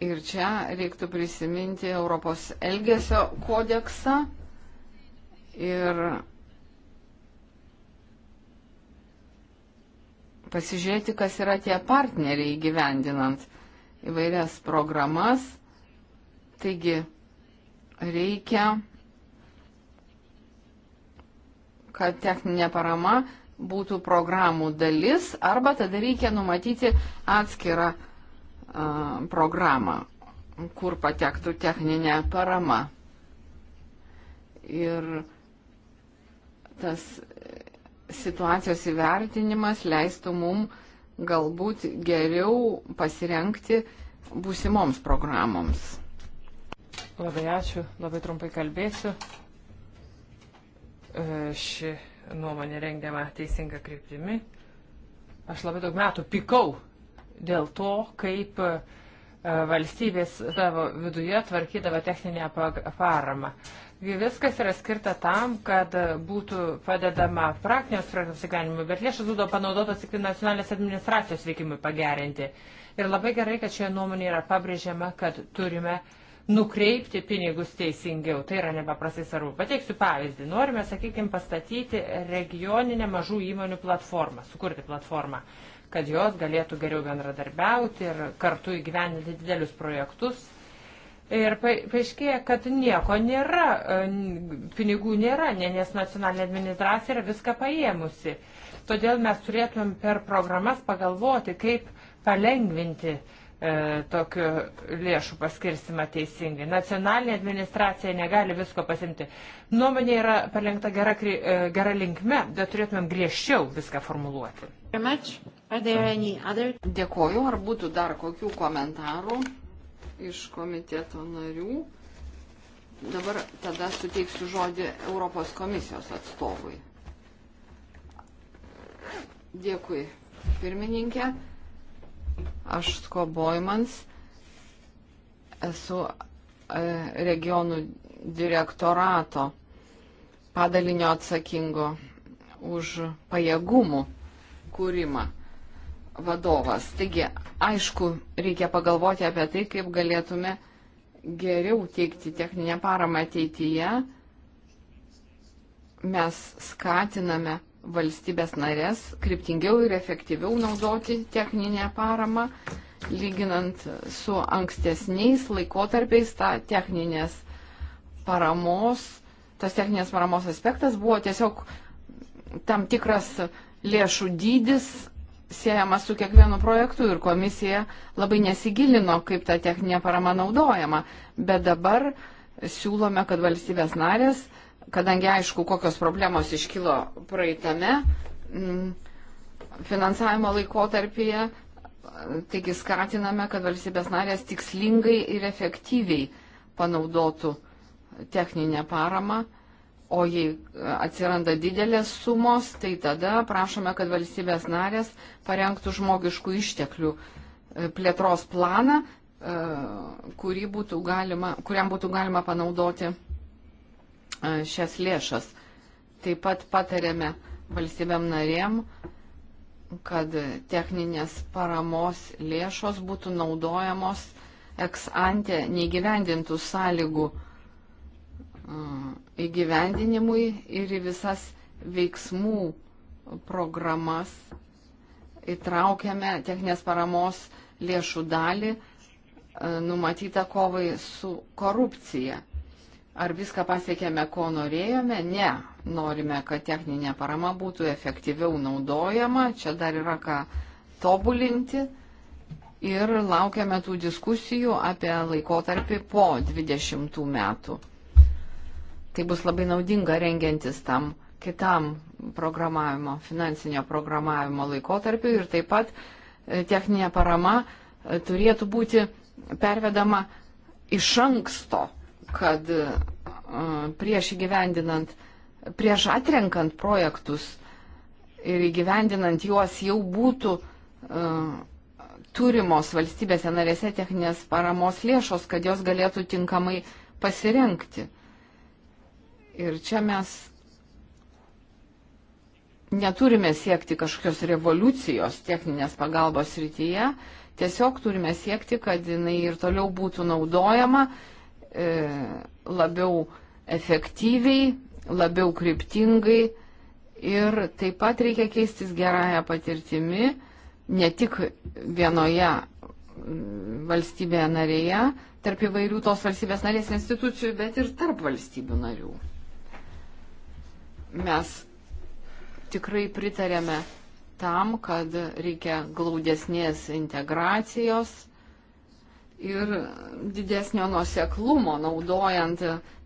[SPEAKER 1] Ir čia reiktų prisiminti Europos elgesio kodeksą ir pasižiūrėti, kas yra tie partneriai gyvendinant įvairias programas. Taigi reikia, kad techninė parama būtų programų dalis arba tada reikia numatyti atskirą programą programą, kur patektų techninė parama. Ir tas situacijos įvertinimas leistų mum galbūt geriau pasirenkti būsimoms programoms.
[SPEAKER 3] Labai ačiū, labai trumpai kalbėsiu. E, ši nuomonė rengiama teisinga kryptimi. Aš labai daug metų pikau dėl to, kaip e, valstybės savo viduje tvarkydavo techninę paramą. Viskas yra skirta tam, kad būtų padedama praktiniams projektams įgyvenimui, bet lėšas būdavo panaudotas tik tai nacionalinės administracijos veikimui pagerinti. Ir labai gerai, kad šioje nuomonėje yra pabrėžiama, kad turime nukreipti pinigus teisingiau. Tai yra nepaprastai svarbu. Pateiksiu pavyzdį. Norime, sakykime, pastatyti regioninę mažų įmonių platformą, sukurti platformą. Uh, kad jos galėtų geriau bendradarbiauti ir kartu įgyvendinti didelius projektus. Ir paaiškėja, kad nieko nėra, pinigų nėra, nes nacionalinė administracija yra viską paėmusi. Todėl mes turėtumėm per programas pagalvoti, kaip palengvinti e, tokių lėšų paskirstimą teisingai. Nacionalinė administracija negali visko pasimti. Nuomonė yra parengta gera, e, gera linkme, bet turėtumėm griežčiau viską formuluoti. Ačiū.
[SPEAKER 1] Other... Dėkoju, ar būtų dar kokių komentarų iš komiteto narių? Dabar tada suteiksiu žodį Europos komisijos atstovui. Dėkui, pirmininkė. Aš Skoboimans, esu e, regionų direktorato padalinio atsakingo už pajėgumų kūrimą vadovas. Taigi, aišku, reikia pagalvoti apie tai, kaip galėtume geriau teikti techninę paramą ateityje. Mes skatiname valstybės narės kryptingiau ir efektyviau naudoti techninę paramą, lyginant su ankstesniais laikotarpiais ta techninės paramos, tas techninės paramos aspektas buvo tiesiog tam tikras lėšų dydis siejama su kiekvienu projektu ir komisija labai nesigilino, kaip ta techninė parama naudojama. Bet dabar siūlome, kad valstybės narės, kadangi aišku, kokios problemos iškilo praeitame mm, finansavimo laikotarpyje, taigi skatiname, kad valstybės narės tikslingai ir efektyviai panaudotų techninę paramą O jei atsiranda didelės sumos, tai tada prašome, kad valstybės narės parengtų žmogiškų išteklių e, plėtros planą, e, būtų galima, kuriam būtų galima panaudoti e, šias lėšas. Taip pat patarėme valstybėm narėm, kad techninės paramos lėšos būtų naudojamos ex ante neįgyvendintų sąlygų įgyvendinimui ir į visas veiksmų programas įtraukiame techninės paramos lėšų dalį e, numatytą kovai su korupcija. Ar viską pasiekėme, ko norėjome? Ne. Norime, kad techninė parama būtų efektyviau naudojama. Čia dar yra ką tobulinti. Ir laukiame tų diskusijų apie laikotarpį po 20 metų. Tai bus labai naudinga rengiantis tam kitam programavimo, finansinio programavimo laikotarpiu ir taip pat e, techninė parama e, turėtų būti pervedama iš anksto, kad e, prieš įgyvendinant, prieš atrenkant projektus ir įgyvendinant juos jau būtų turimos valstybėse narėse techninės paramos lėšos, kad jos galėtų tinkamai pasirenkti. Ir čia mes neturime siekti kažkokios revoliucijos techninės pagalbos rytyje, tiesiog turime siekti, kad jinai ir toliau būtų naudojama e, labiau efektyviai, labiau kryptingai ir taip pat reikia keistis gerąją patirtimi, ne tik vienoje mm, valstybėje narėje, tarp įvairių tos valstybės narės institucijų, bet ir tarp valstybių narių. Mes tikrai pritarėme tam, kad reikia glaudesnės integracijos ir didesnio nuseklumo naudojant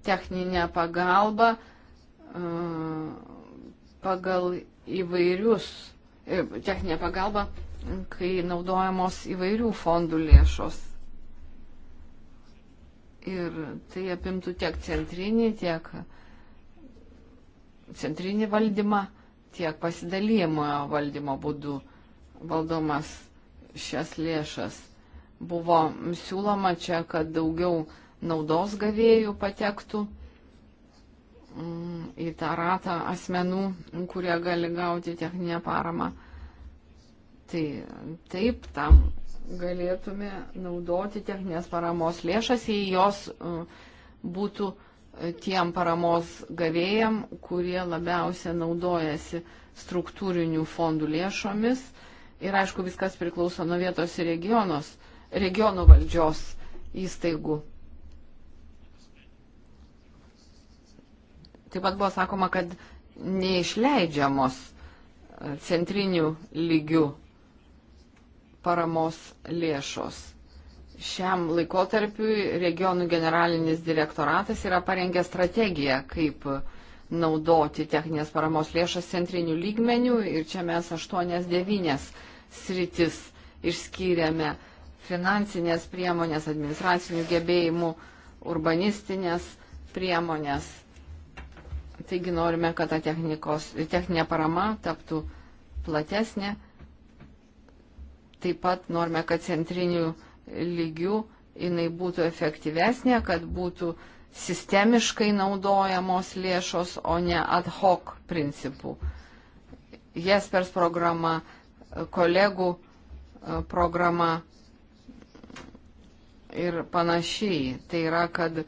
[SPEAKER 1] techninę pagalbą e, pagal įvairius, e, techninę pagalbą, kai naudojamos įvairių fondų lėšos. Ir tai apimtų tiek centrinį, tiek uh, centrinį valdymą, tiek pasidalymojo valdymo būdu valdomas šias lėšas. Buvo siūloma čia, kad daugiau naudos gavėjų patektų mm, į tą ratą asmenų, kurie gali gauti techninę paramą. Tai taip, tam galėtume naudoti techninės paramos lėšas, jei jos mm, būtų uh, tiem paramos gavėjam, kurie labiausia naudojasi struktūrinių fondų lėšomis. Ir aišku, viskas priklauso nuo vietos ir regionos, regiono valdžios įstaigų. Taip pat buvo sakoma, kad neišleidžiamos e, centrinių lygių paramos lėšos. Šiam laikotarpiui regionų generalinis direktoratas yra parengę strategiją, kaip naudoti techninės paramos lėšas centrinių lygmenių ir čia mes 8-9 sritis išskyrėme finansinės priemonės, administracinių gebėjimų, urbanistinės priemonės. Taigi norime, kad ta technikos, techninė parama taptų platesnė. Taip pat norime, kad centrinių lygių jinai būtų efektyvesnė, kad būtų sistemiškai naudojamos lėšos, o ne ad hoc principų. Jespers programa, kolegų e, programa ir panašiai. Tai yra, kad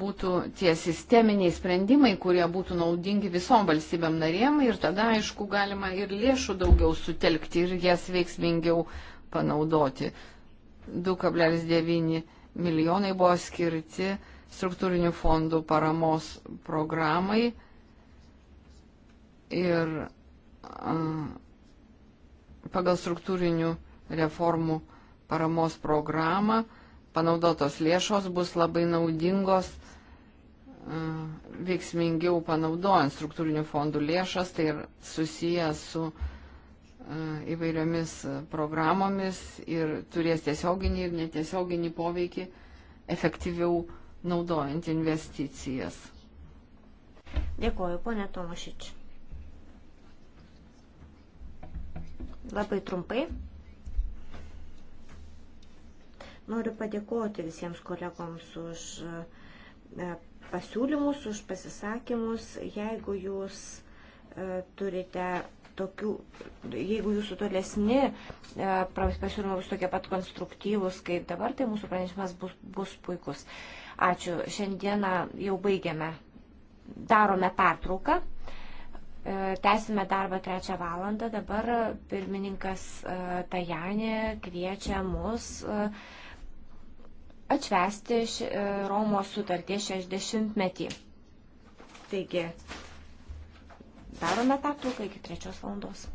[SPEAKER 1] būtų tie sisteminiai sprendimai, kurie būtų naudingi visom valstybėm narėm ir tada, aišku, galima ir lėšų daugiau sutelkti ir jas veiksmingiau panaudoti. 2,9 milijonai buvo skirti struktūrinių fondų paramos programai ir pagal struktūrinių reformų paramos programą panaudotos lėšos bus labai naudingos veiksmingiau panaudojant struktūrinių fondų lėšas, tai ir susijęs su įvairiomis programomis ir turės tiesioginį ir netiesioginį poveikį efektyviau naudojant investicijas.
[SPEAKER 2] Dėkuoju, ponė Tomašič. Labai trumpai. Noriu padėkoti visiems kolegoms už e, pasiūlymus, už pasisakymus. Jeigu jūs e, turite tokių, jeigu jūsų tolesni e, pasiūlymai bus tokie pat konstruktyvūs kaip dabar, tai mūsų pranešimas bus, bus puikus. Ačiū. Šiandieną jau baigiame. Darome pertrauką. E, tęsime darbą trečią valandą. Dabar pirmininkas e, Tajani kviečia mus atšvesti Romos sutarties 60 metį. Taigi, Darome pertrauką iki trečios valandos.